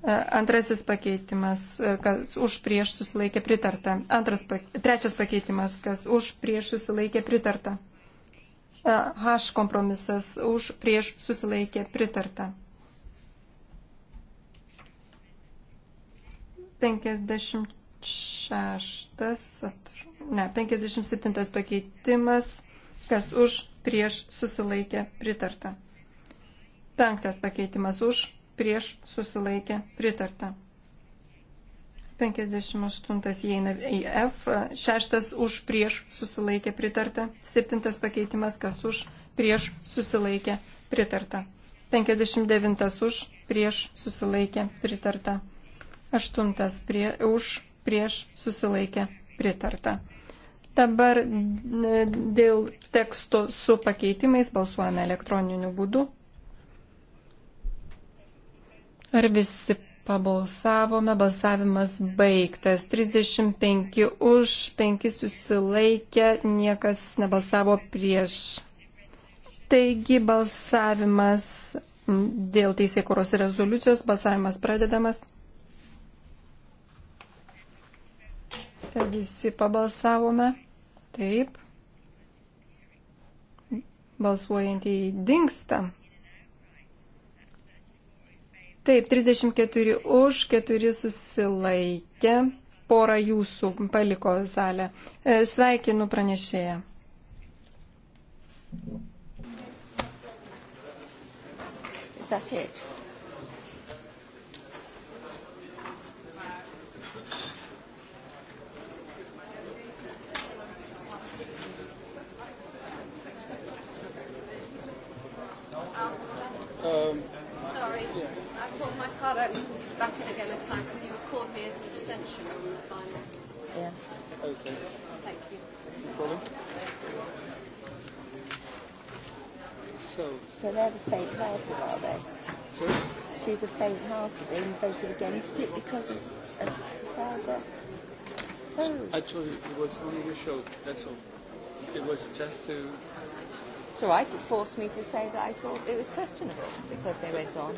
E, antrasis pakeitimas, e, kas už prieš susilaikė pritarta. Antras, trečias pakeitimas, kas už prieš susilaikė pritarta. E, H kompromisas už prieš susilaikė pritarta. 56, ne, 57 pakeitimas, kas už prieš susilaikė pritarta. Penktas pakeitimas už prieš susilaikė pritarta. 58 įeina į F, 6 už prieš susilaikė pritarta, 7 pakeitimas kas už prieš susilaikė pritarta, 59 už prieš susilaikė pritarta, 8 prie, už prieš susilaikė pritarta. Dabar dėl teksto su pakeitimais balsuojame elektroniniu būdu. Ar visi Pabalsavome, balsavimas baigtas. 35 už, 5 susilaikė, niekas nebalsavo prieš. Taigi balsavimas dėl teisėkuros rezoliucijos, balsavimas pradedamas. Ar visi pabalsavome? Taip. Balsuojantieji dinksta. Taip, 34 už, 4 susilaikė, pora jūsų paliko salę. E, sveikinu pranešėją. That's it. Um, Alvaro back in again next time. Can you record me as an abstention on the final? Yeah. Okay. Thank you. No problem. So. So they're the faint-hearted, are they? Sorry. She's a faint-hearted and voted against it because of, of Salva. So. Actually, it was only a show. That's all. It was just to. It's all right. It forced me to say that I thought it was questionable because they went on.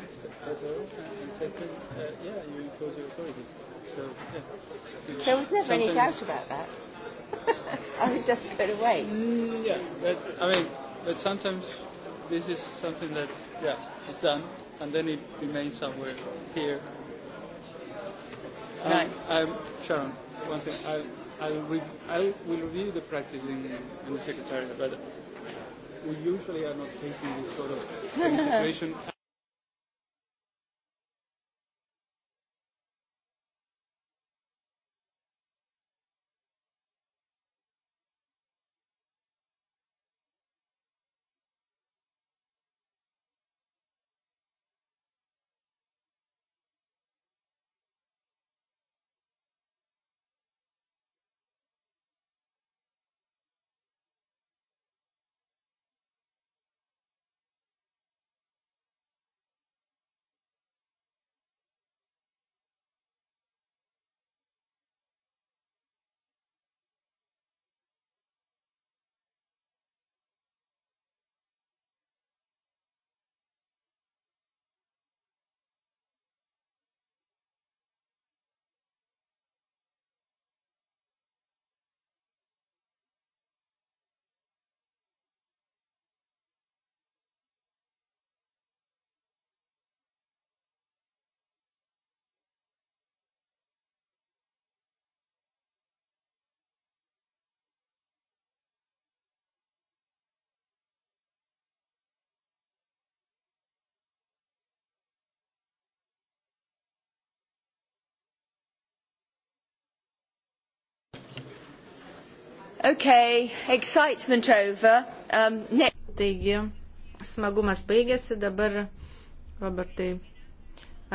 There was never Something... any doubt about that. I was just going to wait. Mm, yeah, but I mean, but sometimes this is something that, yeah, it's done, and then it remains somewhere here. Um, right. Um, Sharon, one thing. I, I, re- I will review the practice in, in the Secretariat, but we usually are not facing this sort of situation. Okay, excitement over. Um, ne... Taigi, smagumas baigėsi, dabar, Robertai,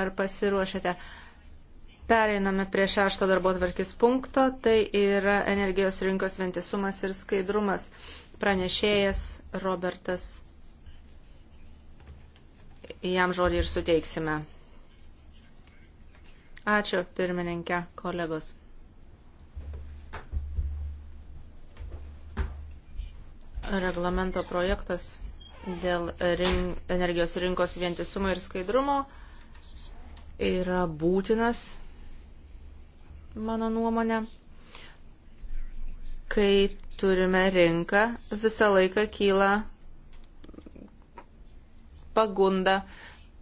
ar pasiruošėte? Pereiname prie šešto darbo tvarkis punkto, tai yra energijos rinkos vientisumas ir skaidrumas. Pranešėjas Robertas. Jam žodį ir suteiksime. Ačiū, pirmininkė, kolegos. Reglamento projektas dėl rink, energijos rinkos vientisumo ir skaidrumo yra būtinas, mano nuomonė. Kai turime rinką, visą laiką kyla pagunda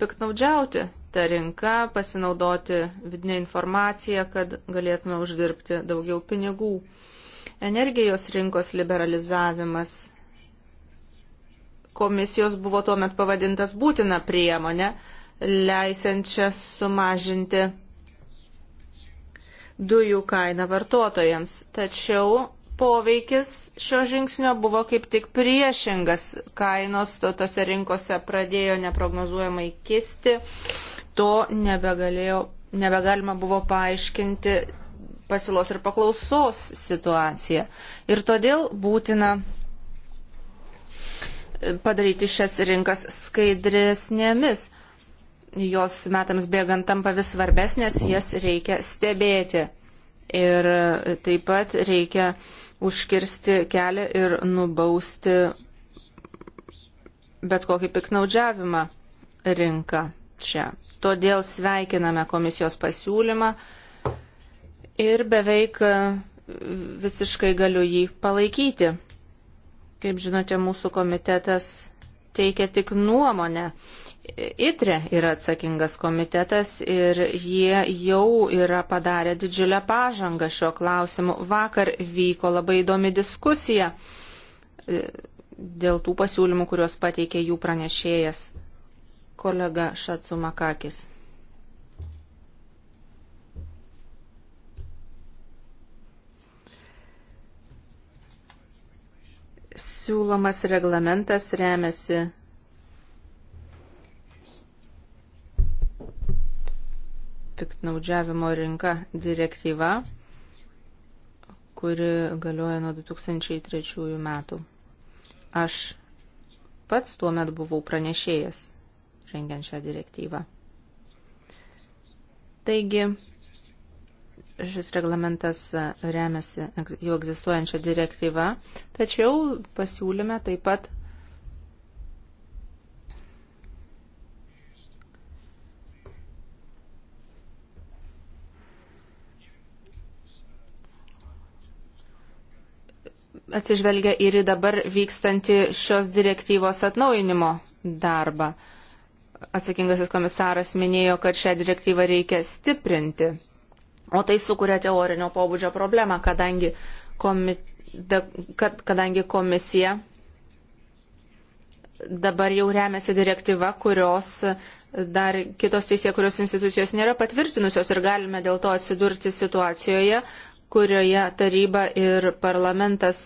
piknaudžiauti tą rinką, pasinaudoti vidinę informaciją, kad galėtume uždirbti daugiau pinigų. Energijos rinkos liberalizavimas komisijos buvo tuomet pavadintas būtina priemonė, leisiančia sumažinti dujų kainą vartotojams. Tačiau poveikis šio žingsnio buvo kaip tik priešingas. Kainos to, tose rinkose pradėjo neprognozuojamai kisti. To nebegalima buvo paaiškinti pasiūlos ir paklausos situacija. Ir todėl būtina padaryti šias rinkas skaidresnėmis. Jos metams bėgant tampa vis svarbesnės, jas reikia stebėti. Ir taip pat reikia užkirsti kelią ir nubausti bet kokį piknaudžiavimą rinką čia. Todėl sveikiname komisijos pasiūlymą ir beveik visiškai galiu jį palaikyti. Kaip žinote, mūsų komitetas teikia tik nuomonę. ITRE yra atsakingas komitetas ir jie jau yra padarę didžiulę pažangą šio klausimu. Vakar vyko labai įdomi diskusija e, dėl tų pasiūlymų, kuriuos pateikė jų pranešėjas kolega Šatsumakakis. siūlomas reglamentas remiasi piktnaudžiavimo rinka direktyva, kuri galioja nuo 2003 metų. Aš pats tuo metu buvau pranešėjas rengiant šią direktyvą. Taigi, Šis reglamentas remiasi jau egzistuojančią direktyvą, tačiau pasiūlyme taip pat atsižvelgia ir į dabar vykstantį šios direktyvos atnaujinimo darbą. Atsakingasis komisaras minėjo, kad šią direktyvą reikia stiprinti. O tai sukuria teorinio pobūdžio problemą, kadangi, komi, da, kad, kadangi komisija dabar jau remiasi direktyva, kurios dar kitos teisė, kurios institucijos nėra patvirtinusios ir galime dėl to atsidurti situacijoje, kurioje taryba ir parlamentas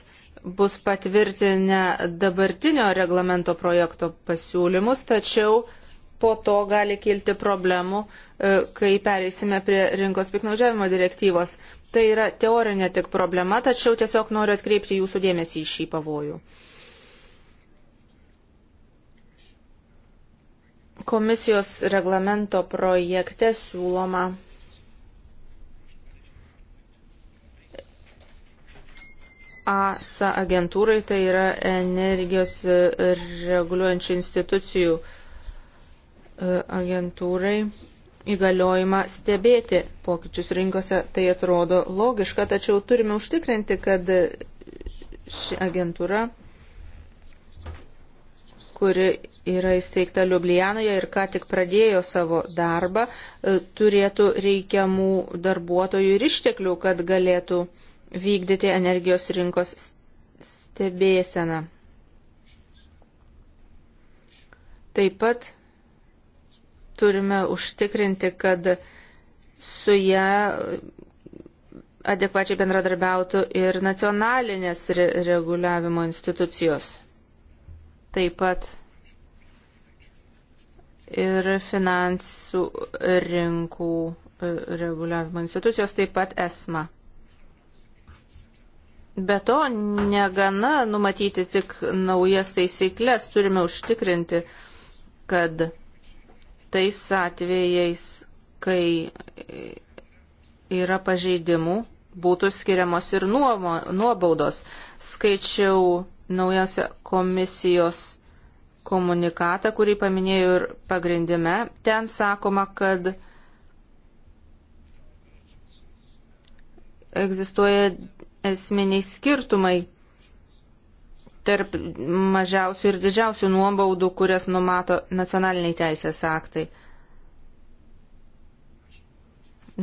bus patvirtinę dabartinio reglamento projekto pasiūlymus, tačiau po to gali kilti problemų, e, kai pereisime prie rinkos piknaudžiavimo direktyvos. Tai yra teorinė tik problema, tačiau tiesiog noriu atkreipti jūsų dėmesį į šį pavojų. Komisijos reglamento projekte siūloma ASA agentūrai, tai yra energijos reguliuojančių institucijų uh, E, agentūrai įgaliojimą stebėti pokyčius rinkose. Tai atrodo logiška, tačiau turime užtikrinti, kad ši agentūra, kuri yra įsteigta Liublianoje ir ką tik pradėjo savo darbą, e, turėtų reikiamų darbuotojų ir išteklių, kad galėtų vykdyti energijos rinkos stebėseną. Taip pat turime užtikrinti, kad su ją adekvačiai bendradarbiautų ir nacionalinės re reguliavimo institucijos. Taip pat ir finansų rinkų e, reguliavimo institucijos, taip pat ESMA. Be to, negana numatyti tik naujas taisyklės, turime užtikrinti, kad tais atvejais, kai yra pažeidimų, būtų skiriamos ir nuomo, nuobaudos. Skaičiau naujausią komisijos komunikatą, kurį paminėjau ir pagrindime. Ten sakoma, kad egzistuoja esminiai skirtumai tarp mažiausių ir didžiausių nuobaudų, kurias numato nacionaliniai teisės aktai.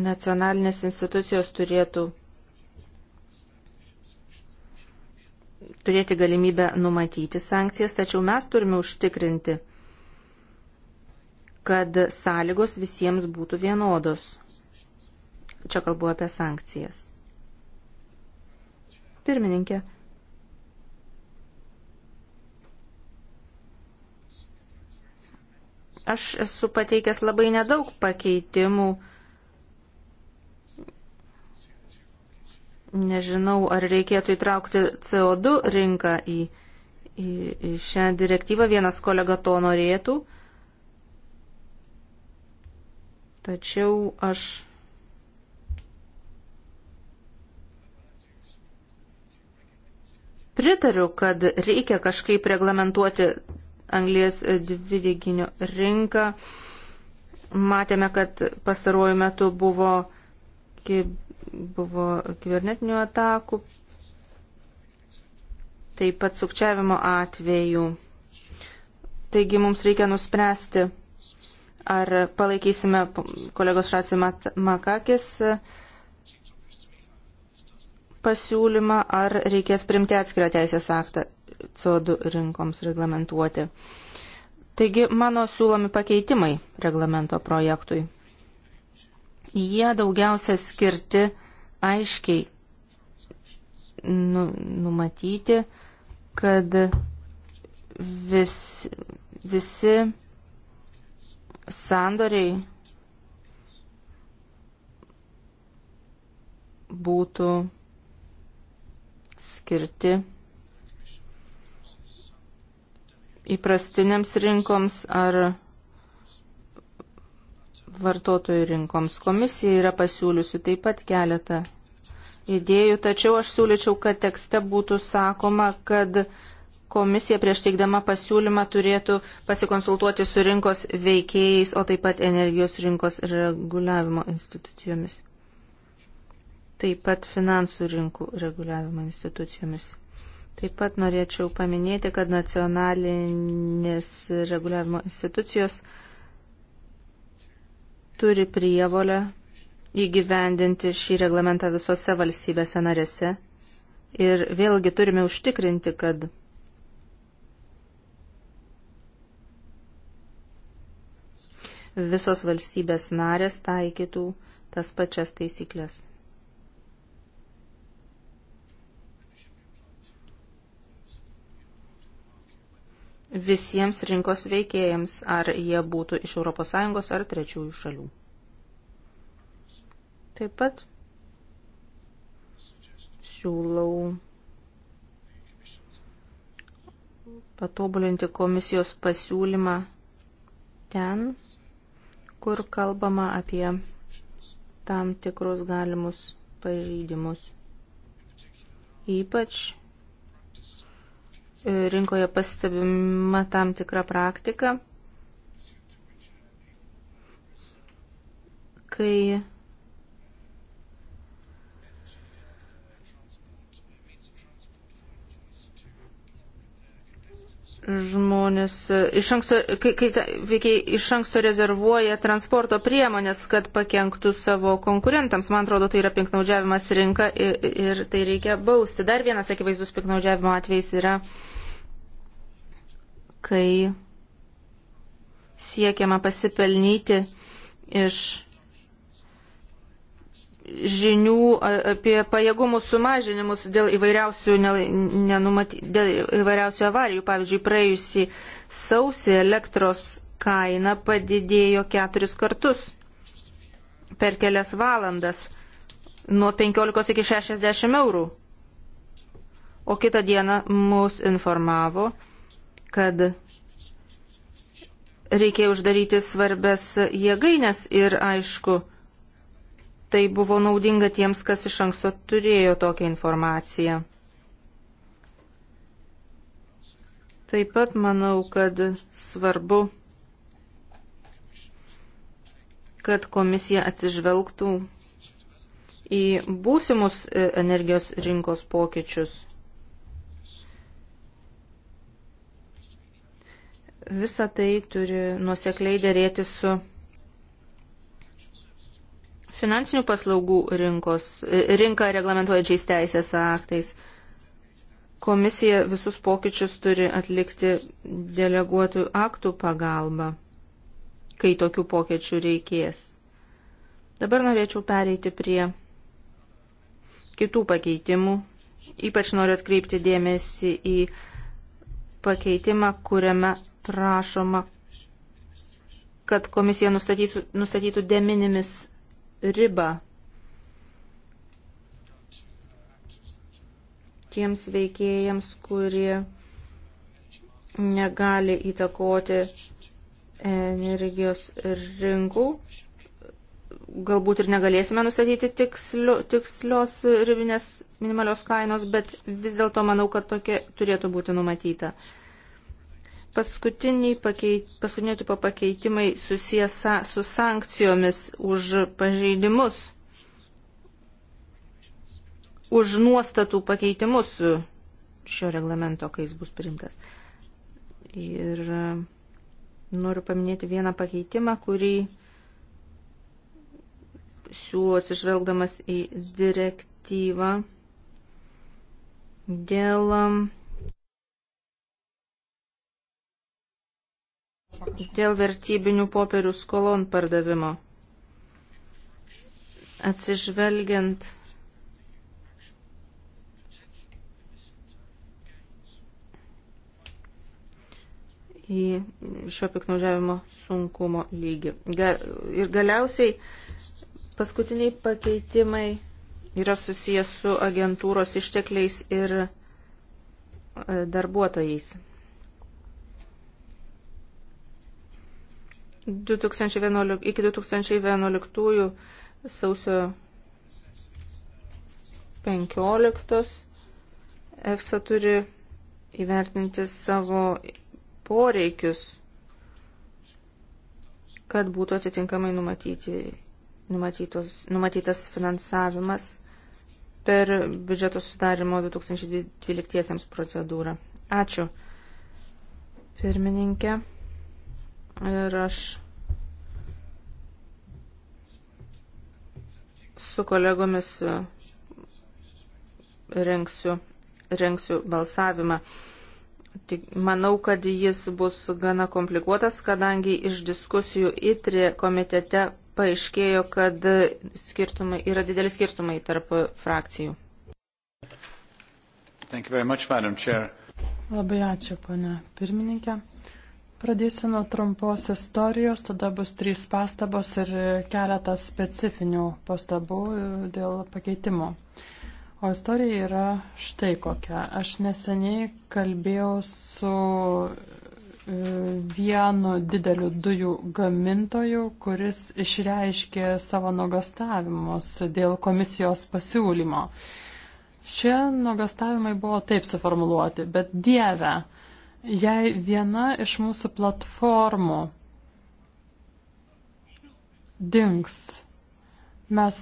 Nacionalinės institucijos turėtų turėti galimybę numatyti sankcijas, tačiau mes turime užtikrinti, kad sąlygos visiems būtų vienodos. Čia kalbu apie sankcijas. Pirmininkė. Aš esu pateikęs labai nedaug pakeitimų. Nežinau, ar reikėtų įtraukti CO2 rinką į, į, į šią direktyvą. Vienas kolega to norėtų. Tačiau aš pritariu, kad reikia kažkaip reglamentuoti anglės dvideginio rinką. Matėme, kad pastaruoju metu buvo, buvo kibernetinių atakų, taip pat sukčiavimo atvejų. Taigi mums reikia nuspręsti, ar palaikysime kolegos Šaci Makakis e, pasiūlymą, ar reikės primti atskirą teisės aktą. CO2 rinkoms reglamentuoti. Taigi mano siūlomi pakeitimai reglamento projektui. Jie daugiausia skirti aiškiai nu, numatyti, kad vis, visi sandoriai būtų skirti įprastinėms rinkoms ar vartotojų rinkoms. Komisija yra pasiūliusi taip pat keletą idėjų, tačiau aš siūlyčiau, kad tekste būtų sakoma, kad komisija prieš teikdama pasiūlymą turėtų pasikonsultuoti su rinkos veikėjais, o taip pat energijos rinkos reguliavimo institucijomis. Taip pat finansų rinkų reguliavimo institucijomis. Taip pat norėčiau paminėti, kad nacionalinės reguliavimo institucijos turi prievolę įgyvendinti šį reglamentą visose valstybėse narėse. Ir vėlgi turime užtikrinti, kad visos valstybės narės taikytų tas pačias taisyklės. visiems rinkos veikėjams, ar jie būtų iš ES ar trečiųjų šalių. Taip pat siūlau patobulinti komisijos pasiūlymą ten, kur kalbama apie tam tikrus galimus pažeidimus. Ypač rinkoje pastebima tam tikra praktika, kai žmonės iš anksto, kai, kai veikiai iš anksto rezervuoja transporto priemonės, kad pakenktų savo konkurentams. Man atrodo, tai yra piknaudžiavimas rinka ir, ir tai reikia bausti. Dar vienas akivaizdus piknaudžiavimo atvejs yra uh, kai siekiama pasipelnyti iš žinių apie pajėgumų sumažinimus dėl įvairiausių, nenumaty, dėl įvairiausių avarijų. Pavyzdžiui, praėjusį sausį elektros kaina padidėjo keturis kartus per kelias valandas nuo 15 iki 60 eurų. O kitą dieną mus informavo, kad reikėjo uždaryti svarbes jėgainės ir aišku, tai buvo naudinga tiems, kas iš anksto turėjo tokią informaciją. Taip pat manau, kad svarbu, kad komisija atsižvelgtų į būsimus e, energijos rinkos pokyčius. Visa tai turi nusekliai dėrėti su finansinių paslaugų rinkos, rinką reglamentuojančiais teisės aktais. Komisija visus pokyčius turi atlikti deleguotų aktų pagalba, kai tokių pokyčių reikės. Dabar norėčiau pereiti prie kitų pakeitimų. Ypač noriu atkreipti dėmesį į pakeitimą, kuriame prašoma, kad komisija nustatytų, nustatytų deminimis ribą tiems veikėjams, kurie negali įtakoti energijos rinkų. Galbūt ir negalėsime nustatyti tikslio, tikslios ribinės minimalios kainos, bet vis dėlto manau, kad tokia turėtų būti numatyta. Paskutiniai pakeit, paskutinio tipo pakeitimai susijęs su sankcijomis už pažeidimus, už nuostatų pakeitimus šio reglamento, kai jis bus priimtas. Ir e, noriu paminėti vieną pakeitimą, kurį siūlo atsižvelgdamas į direktyvą dėl Dėl vertybinių popierių skolon pardavimo. Atsižvelgiant į šio piknaudžiavimo sunkumo lygį. Ir galiausiai paskutiniai pakeitimai yra susijęs su agentūros ištekliais ir e, darbuotojais. 2011, iki 2011 sausio 15 EFSA turi įvertinti savo poreikius, kad būtų atitinkamai numatyti, numatytos, numatytas finansavimas per biudžeto sudarimo 2012 procedūrą. Ačiū. Pirmininkė. Ir aš su kolegomis rengsiu, rengsiu balsavimą. Tik manau, kad jis bus gana komplikuotas, kadangi iš diskusijų ITRI komitete paaiškėjo, kad skirtumai, yra dideli skirtumai tarp frakcijų. Much, Labai ačiū, ponia pirmininkė. Pradėsiu nuo trumpos istorijos, tada bus trys pastabos ir keletas specifinių pastabų dėl pakeitimo. O istorija yra štai kokia. Aš neseniai kalbėjau su e, vienu dideliu dujų gamintoju, kuris išreiškė savo nuogastavimus dėl komisijos pasiūlymo. Šie nuogastavimai buvo taip suformuluoti, bet dieve, jei viena iš mūsų platformų dings, mes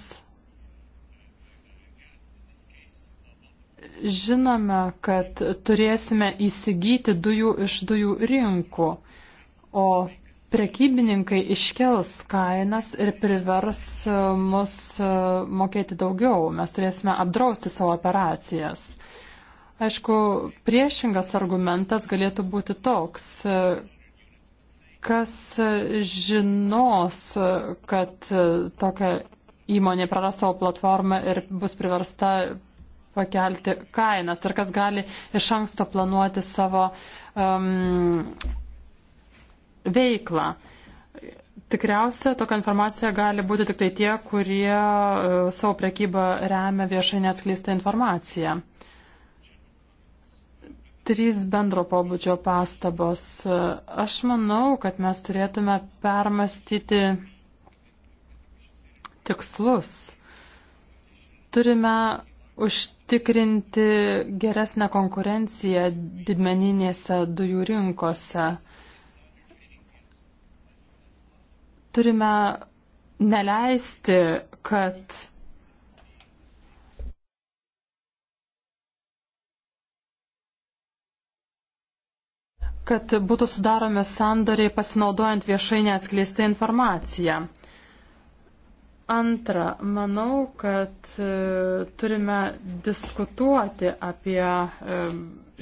žinome, kad turėsime įsigyti dujų iš dujų rinkų, o prekybininkai iškels kainas ir privers uh, mus uh, mokėti daugiau. Mes turėsime apdrausti savo operacijas. Aišku, priešingas argumentas galėtų būti toks, kas žinos, kad tokia įmonė praras savo platformą ir bus priversta pakelti kainas, ir kas gali iš anksto planuoti savo um, veiklą. Tikriausia, tokia informacija gali būti tik tai tie, kurie uh, savo prekybą remia viešai neatskleistą informaciją. Uh, trys bendro pobūdžio pastabos. Aš manau, kad mes turėtume permastyti tikslus. Turime užtikrinti geresnę konkurenciją didmeninėse dujų rinkose. Turime neleisti, kad kad būtų sudaromi sandoriai pasinaudojant viešai neatskleistą informaciją. Antra, manau, kad e, turime diskutuoti apie e,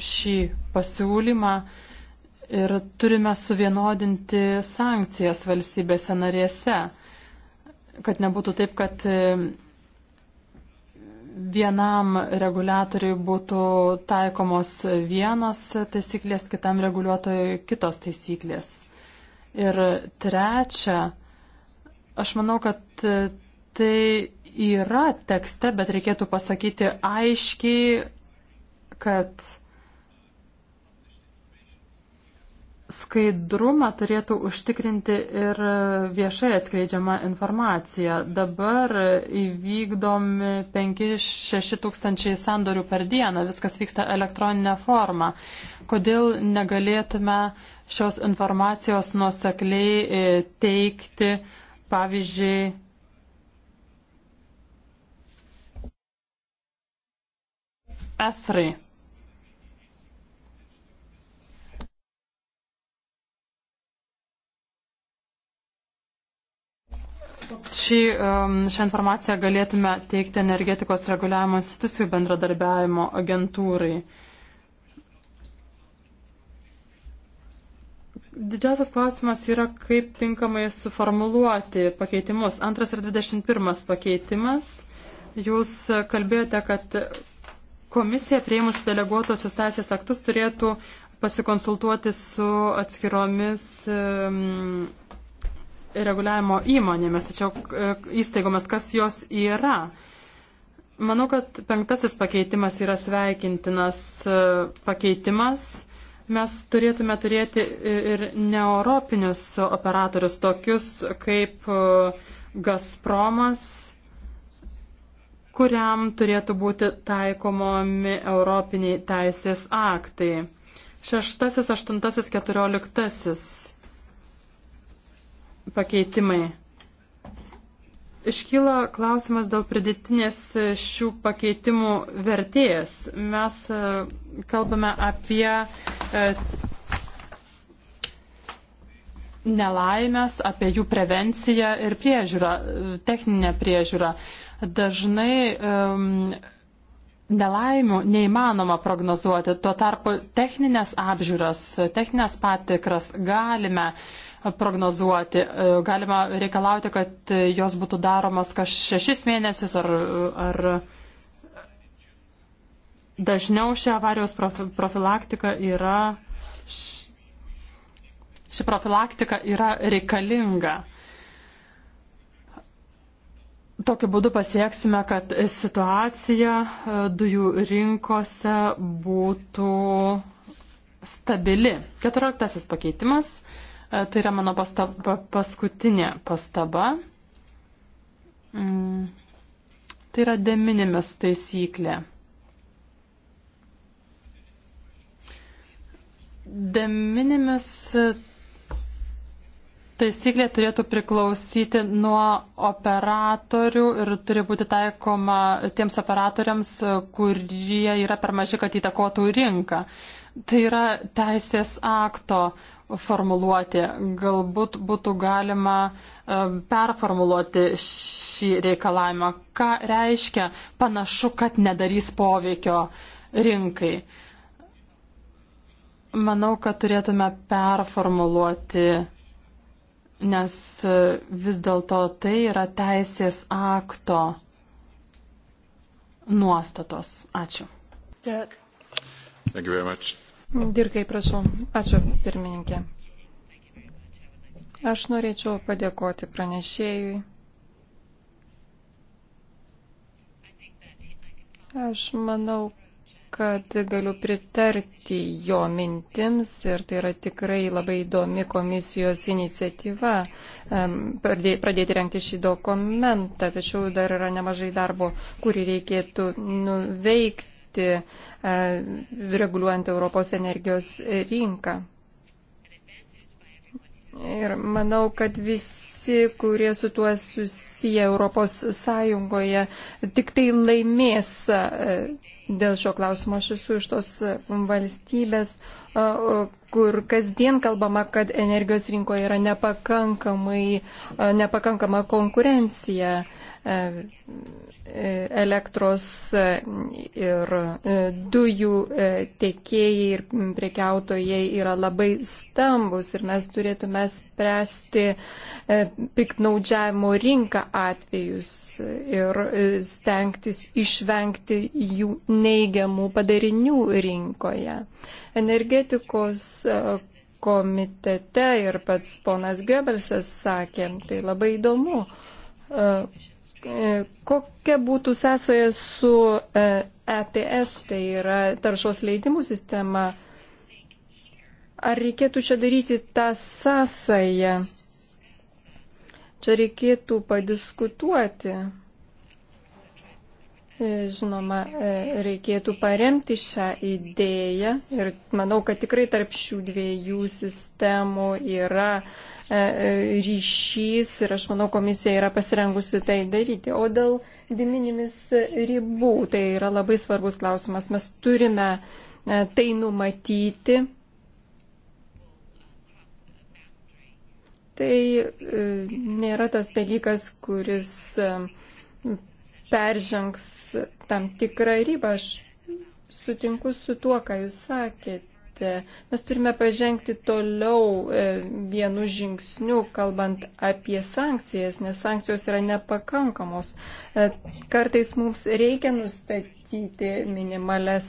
šį pasiūlymą ir turime suvienodinti sankcijas valstybėse narėse, kad nebūtų taip, kad e, vienam reguliatoriui būtų taikomos vienos taisyklės, kitam reguliuotojui kitos taisyklės. Ir trečia, aš manau, kad tai yra tekste, bet reikėtų pasakyti aiškiai, kad Skaidrumą turėtų užtikrinti ir viešai atskleidžiama informacija. Dabar įvykdomi 5-6 tūkstančiai sandorių per dieną, viskas vyksta elektroninė forma. Kodėl negalėtume šios informacijos nuosekliai e, teikti, pavyzdžiui, esrai? Šį, um, šią informaciją galėtume teikti energetikos reguliavimo institucijų bendradarbiavimo agentūrai. Didžiausias klausimas yra, kaip tinkamai suformuluoti pakeitimus. Antras ir 21 pakeitimas. Jūs kalbėjote, kad komisija prieimus deleguotosios teisės aktus turėtų pasikonsultuoti su atskiromis um, reguliavimo įmonėmis, tačiau e, įstaigomis, kas jos yra. Manau, kad penktasis pakeitimas yra sveikintinas e, pakeitimas. Mes turėtume turėti ir neeuropinius operatorius, tokius kaip e, Gazpromas, kuriam turėtų būti taikomomi europiniai teisės aktai. Šeštasis, aštuntasis, keturioliktasis pakeitimai. Iškyla klausimas dėl pridėtinės šių pakeitimų vertėjas. Mes e, kalbame apie e, nelaimės, apie jų prevenciją ir priežiūrą, techninę priežiūrą. Dažnai um, nelaimių neįmanoma prognozuoti, tuo tarpu techninės apžiūras, techninės patikras galime uh, prognozuoti. E, galima reikalauti, kad jos būtų daromas kas šešis mėnesius ar, ar dažniau šią avarijos profilaktiką yra. Ši profilaktika yra reikalinga. Tokiu būdu pasieksime, kad situacija e, dujų rinkose būtų stabili. Keturioliktasis pakeitimas. E, tai yra mano pastaba, paskutinė pastaba. Mm. Tai yra deminimis taisyklė. Deminimis taisyklė turėtų priklausyti nuo operatorių ir turi būti taikoma tiems operatoriams, kurie yra per maži, kad įtakotų rinką. Tai yra teisės akto uh, formuluotė. Galbūt būtų galima e, performuluoti šį reikalavimą. Ką reiškia panašu, kad nedarys poveikio rinkai? Manau, kad turėtume performuluoti, nes e, vis dėlto tai yra teisės akto nuostatos. Ačiū. Dirk. Thank you very much. Dirkai, prašau. Ačiū, pirmininkė. Aš norėčiau padėkoti pranešėjui. Aš manau, kad galiu pritarti jo mintims ir tai yra tikrai labai įdomi komisijos iniciatyva pradėti renkti šį dokumentą, tačiau dar yra nemažai darbo, kurį reikėtų nuveikti veikti e, reguliuojant Europos energijos rinką. Ir manau, kad visi, kurie su tuo susiję Europos Sąjungoje, tik tai laimės e, dėl šio klausimo. Aš esu iš tos valstybės, e, kur kasdien kalbama, kad energijos rinkoje yra nepakankamai, nepakankama konkurencija elektros ir e, dujų e, tiekėjai ir prekiautojai yra labai stambus ir mes turėtume spręsti e, piknaudžiavimo rinką atvejus ir stengtis išvengti jų neigiamų padarinių rinkoje. Energetikos komitete ir pats ponas Goebbelsas sakė, tai labai įdomu, E, kokia būtų sąsaja su ETS, e tai yra taršos leidimų sistema? Ar reikėtų čia daryti tą sąsają? Čia reikėtų padiskutuoti. E, žinoma, reikėtų paremti šią idėją ir manau, kad tikrai tarp šių dviejų sistemų yra uh, E, e, ryšys ir aš manau komisija yra pasirengusi tai daryti. O dėl diminimis ribų, tai yra labai svarbus klausimas. Mes turime e, tai numatyti. Tai nėra tas dalykas, kuris peržengs tam tikrą ribą. Aš sutinku su tuo, ką jūs sakėte mes turime pažengti toliau e, vienu žingsniu, kalbant apie sankcijas, nes sankcijos yra nepakankamos. E, kartais mums reikia nustatyti minimales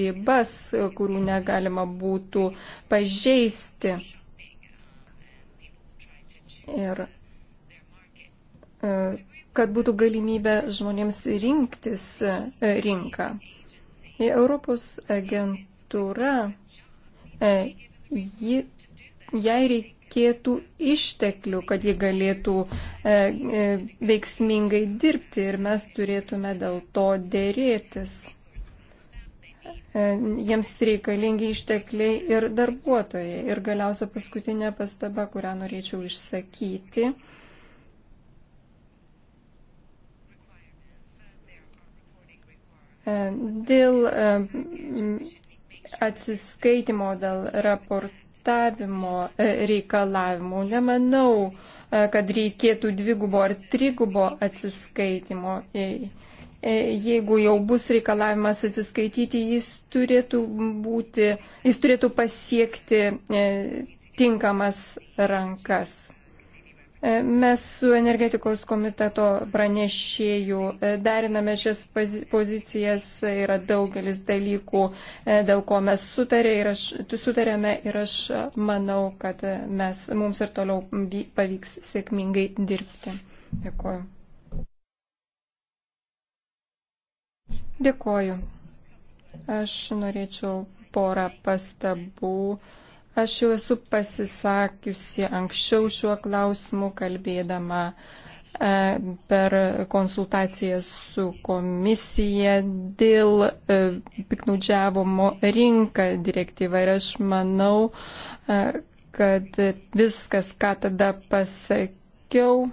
ribas, kurių negalima būtų pažeisti. Ir e, kad būtų galimybė žmonėms rinktis rinką. Europos agentūra E, ji, jai reikėtų išteklių, kad ji galėtų e, e, veiksmingai dirbti ir mes turėtume dėl to dėrėtis. Jiems reikalingi ištekliai ir darbuotojai. Ir galiausia paskutinė pastaba, kurią norėčiau išsakyti. Dėl atsiskaitimo dėl raportavimo e, reikalavimų. Nemanau, e, kad reikėtų dvigubo ar trigubo atsiskaitimo. E, jeigu jau bus reikalavimas atsiskaityti, jis turėtų, būti, jis turėtų pasiekti tinkamas rankas. E, mes su energetikos komiteto pranešėjų e, deriname šias pozicijas, yra daugelis dalykų, e, dėl ko mes sutarė ir aš, sutarėme ir aš manau, kad mes, mums ir toliau pavyks sėkmingai dirbti. Dėkuoju. Dėkuoju. Aš norėčiau porą pastabų Aš jau esu pasisakiusi anksčiau šiuo klausimu, kalbėdama e, per konsultaciją su komisija dėl e, piknaudžiavimo rinką direktyvą. Ir aš manau, e, kad viskas, ką tada pasakiau,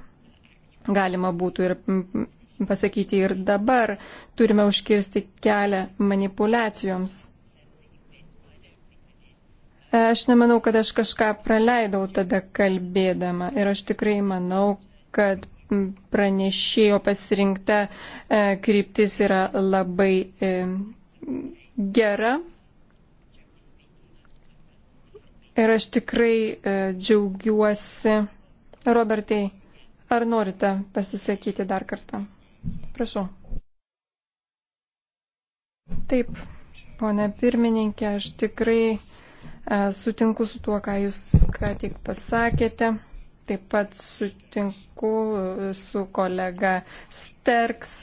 galima būtų ir pasakyti ir dabar. Turime užkirsti kelią manipulacijoms. E, aš nemanau, kad aš kažką praleidau tada kalbėdama ir aš tikrai manau, kad pranešėjo pasirinkta e, kryptis yra labai e, gera. Ir aš tikrai džiaugiuosi. Robertai, ar norite pasisakyti dar kartą? Prašau. Taip, ponė pirmininkė, aš tikrai E, sutinku su tuo, ką Jūs ką tik pasakėte. Taip pat sutinku e, su kolega Sterks,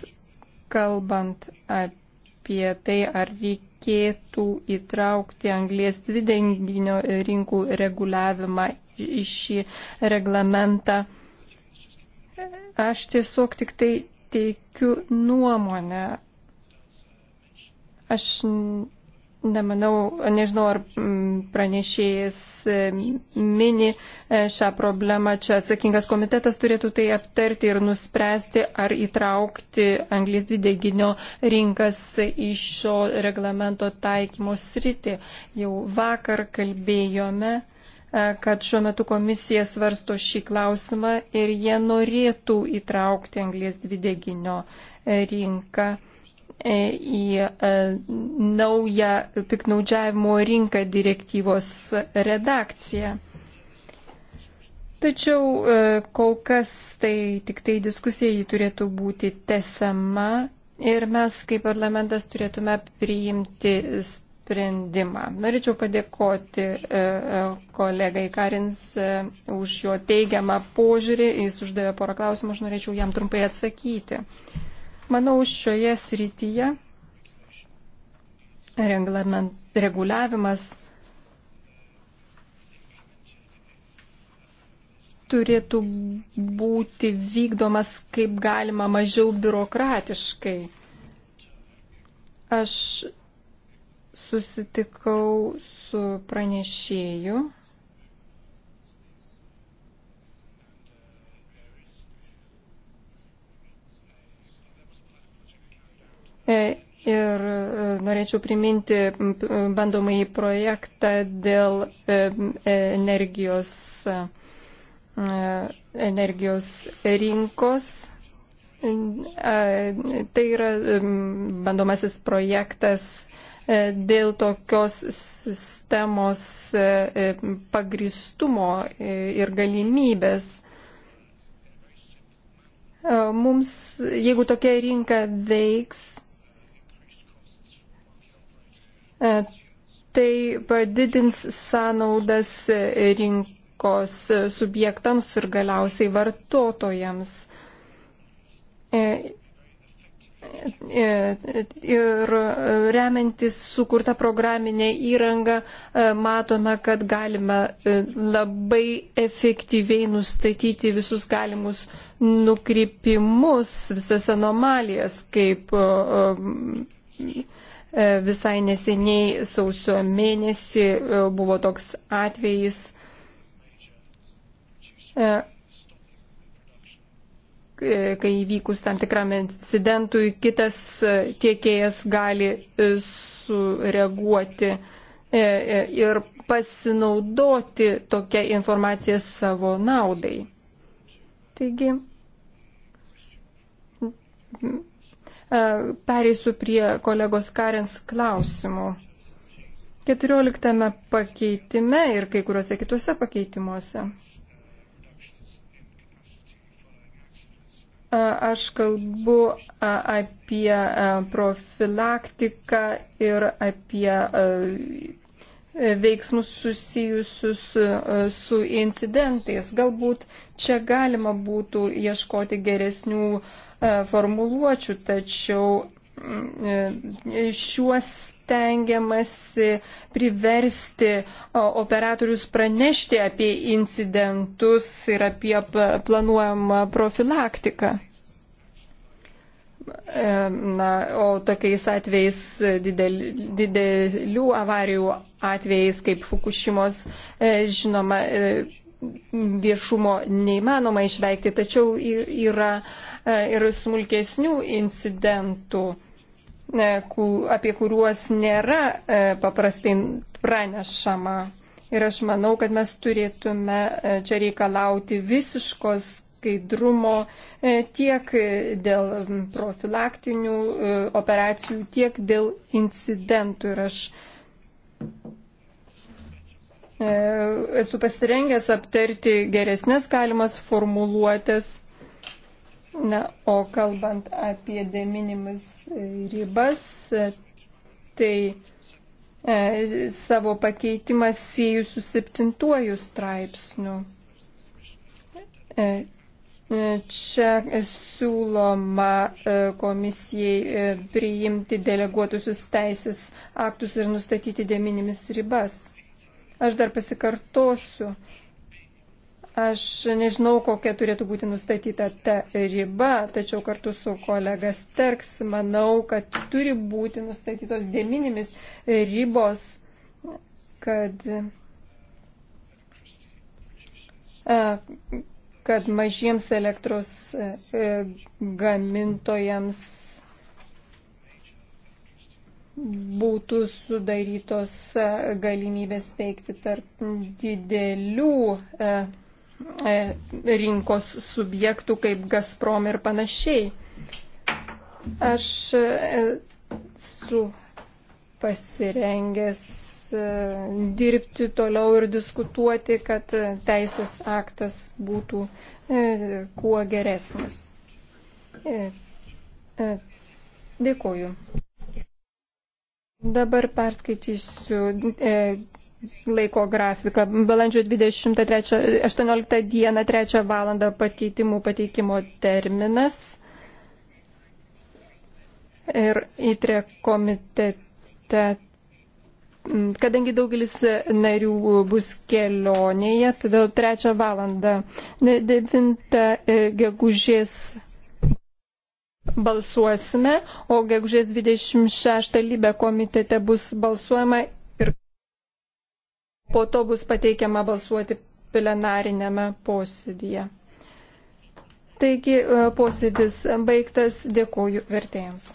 kalbant apie tai, ar reikėtų įtraukti anglės dvidenginio rinkų reguliavimą į šį reglamentą. Aš tiesiog tik tai teikiu nuomonę. Aš Nemanau, nežinau, ar mm, pranešėjas mini e, šią problemą. Čia atsakingas komitetas turėtų tai aptarti ir nuspręsti, ar įtraukti anglis dvideginio rinkas į šio reglamento taikymo sritį. Jau vakar kalbėjome, e, kad šiuo metu komisija svarsto šį klausimą ir jie norėtų įtraukti anglis dvideginio e, rinką E, į e, naują piknaudžiavimo rinką direktyvos redakciją. Tačiau e, kol kas tai tik tai diskusija jį turėtų būti tesama ir mes kaip parlamentas turėtume priimti sprendimą. Norėčiau padėkoti kolegai Karins už jo teigiamą požiūrį. Jis uždavė porą klausimų, aš norėčiau jam trumpai atsakyti. Manau, šioje srityje reguliavimas turėtų būti vykdomas kaip galima mažiau biurokratiškai. Aš susitikau su pranešėju E, ir e, norėčiau priminti bandomąjį projektą dėl e, energijos, energijos rinkos. Tai yra bandomasis projektas dėl tokios sistemos pagristumo ir galimybės. Mums, jeigu tokia rinka veiks, E, tai padidins sąnaudas rinkos subjektams ir galiausiai vartotojams. E, e, ir remiantis sukurtą programinę įrangą matome, kad galime labai efektyviai nustatyti visus galimus nukrypimus, visas anomalijas, kaip E, visai neseniai sausio mėnesį e, buvo toks atvejis, e, kai įvykus tam tikram incidentui, kitas tiekėjas gali sureaguoti ir pasinaudoti tokią informaciją savo naudai. Taigi, E, pereisiu prie kolegos Karens klausimų. 14 pakeitime ir kai kuriuose kituose pakeitimuose. E, aš kalbu e, apie profilaktiką ir apie veiksmus susijusius su incidentais. Galbūt čia galima būtų ieškoti geresnių uh, E, formuluočių, tačiau mm, e, šiuos stengiamasi priversti operatorius pranešti apie incidentus ir apie planuojamą profilaktiką. E, na, o tokiais atvejais didel, didelių avarijų atvejais kaip Fukushimos, žinoma, viešumo neįmanoma išveikti, tačiau yra e, ir smulkesnių incidentų, e, apie kuriuos nėra e, paprastai pranešama. Ir aš manau, kad mes turėtume čia reikalauti visiškos skaidrumo tiek dėl profilaktinių operacijų, tiek dėl incidentų. Ir aš uh, E, esu pasirengęs aptarti geresnės galimas formuluotės. Na, o kalbant apie deminimus ribas, e, tai e, savo pakeitimą sieju su septintuoju straipsniu. E, e Čia siūloma komisijai priimti deleguotusius teisės aktus ir nustatyti deminimis ribas. Aš dar pasikartosiu. Aš nežinau, kokia turėtų būti nustatyta ta riba, tačiau kartu su kolega Sterks manau, kad turi būti nustatytos dėminimis ribos, kad, kad mažiems elektros e, gamintojams būtų sudarytos e, galimybės veikti tarp didelių e, e, rinkos subjektų kaip Gazprom ir panašiai. Aš esu pasirengęs dirbti toliau ir diskutuoti, kad teisės aktas būtų kuo geresnis. Dėkuoju. Dabar perskaitysiu e, laiko grafiką. Balandžio 23-18 dieną 3 valandą pakeitimų pateikimo terminas. Ir įtrė komitete kadangi daugelis narių bus kelionėje, todėl trečią valandą, 9 e, gegužės balsuosime, o gegužės 26 lybė komitete bus balsuojama ir po to bus pateikiama balsuoti plenarinėme posėdyje. Taigi e, posėdis baigtas, dėkoju vertėjams.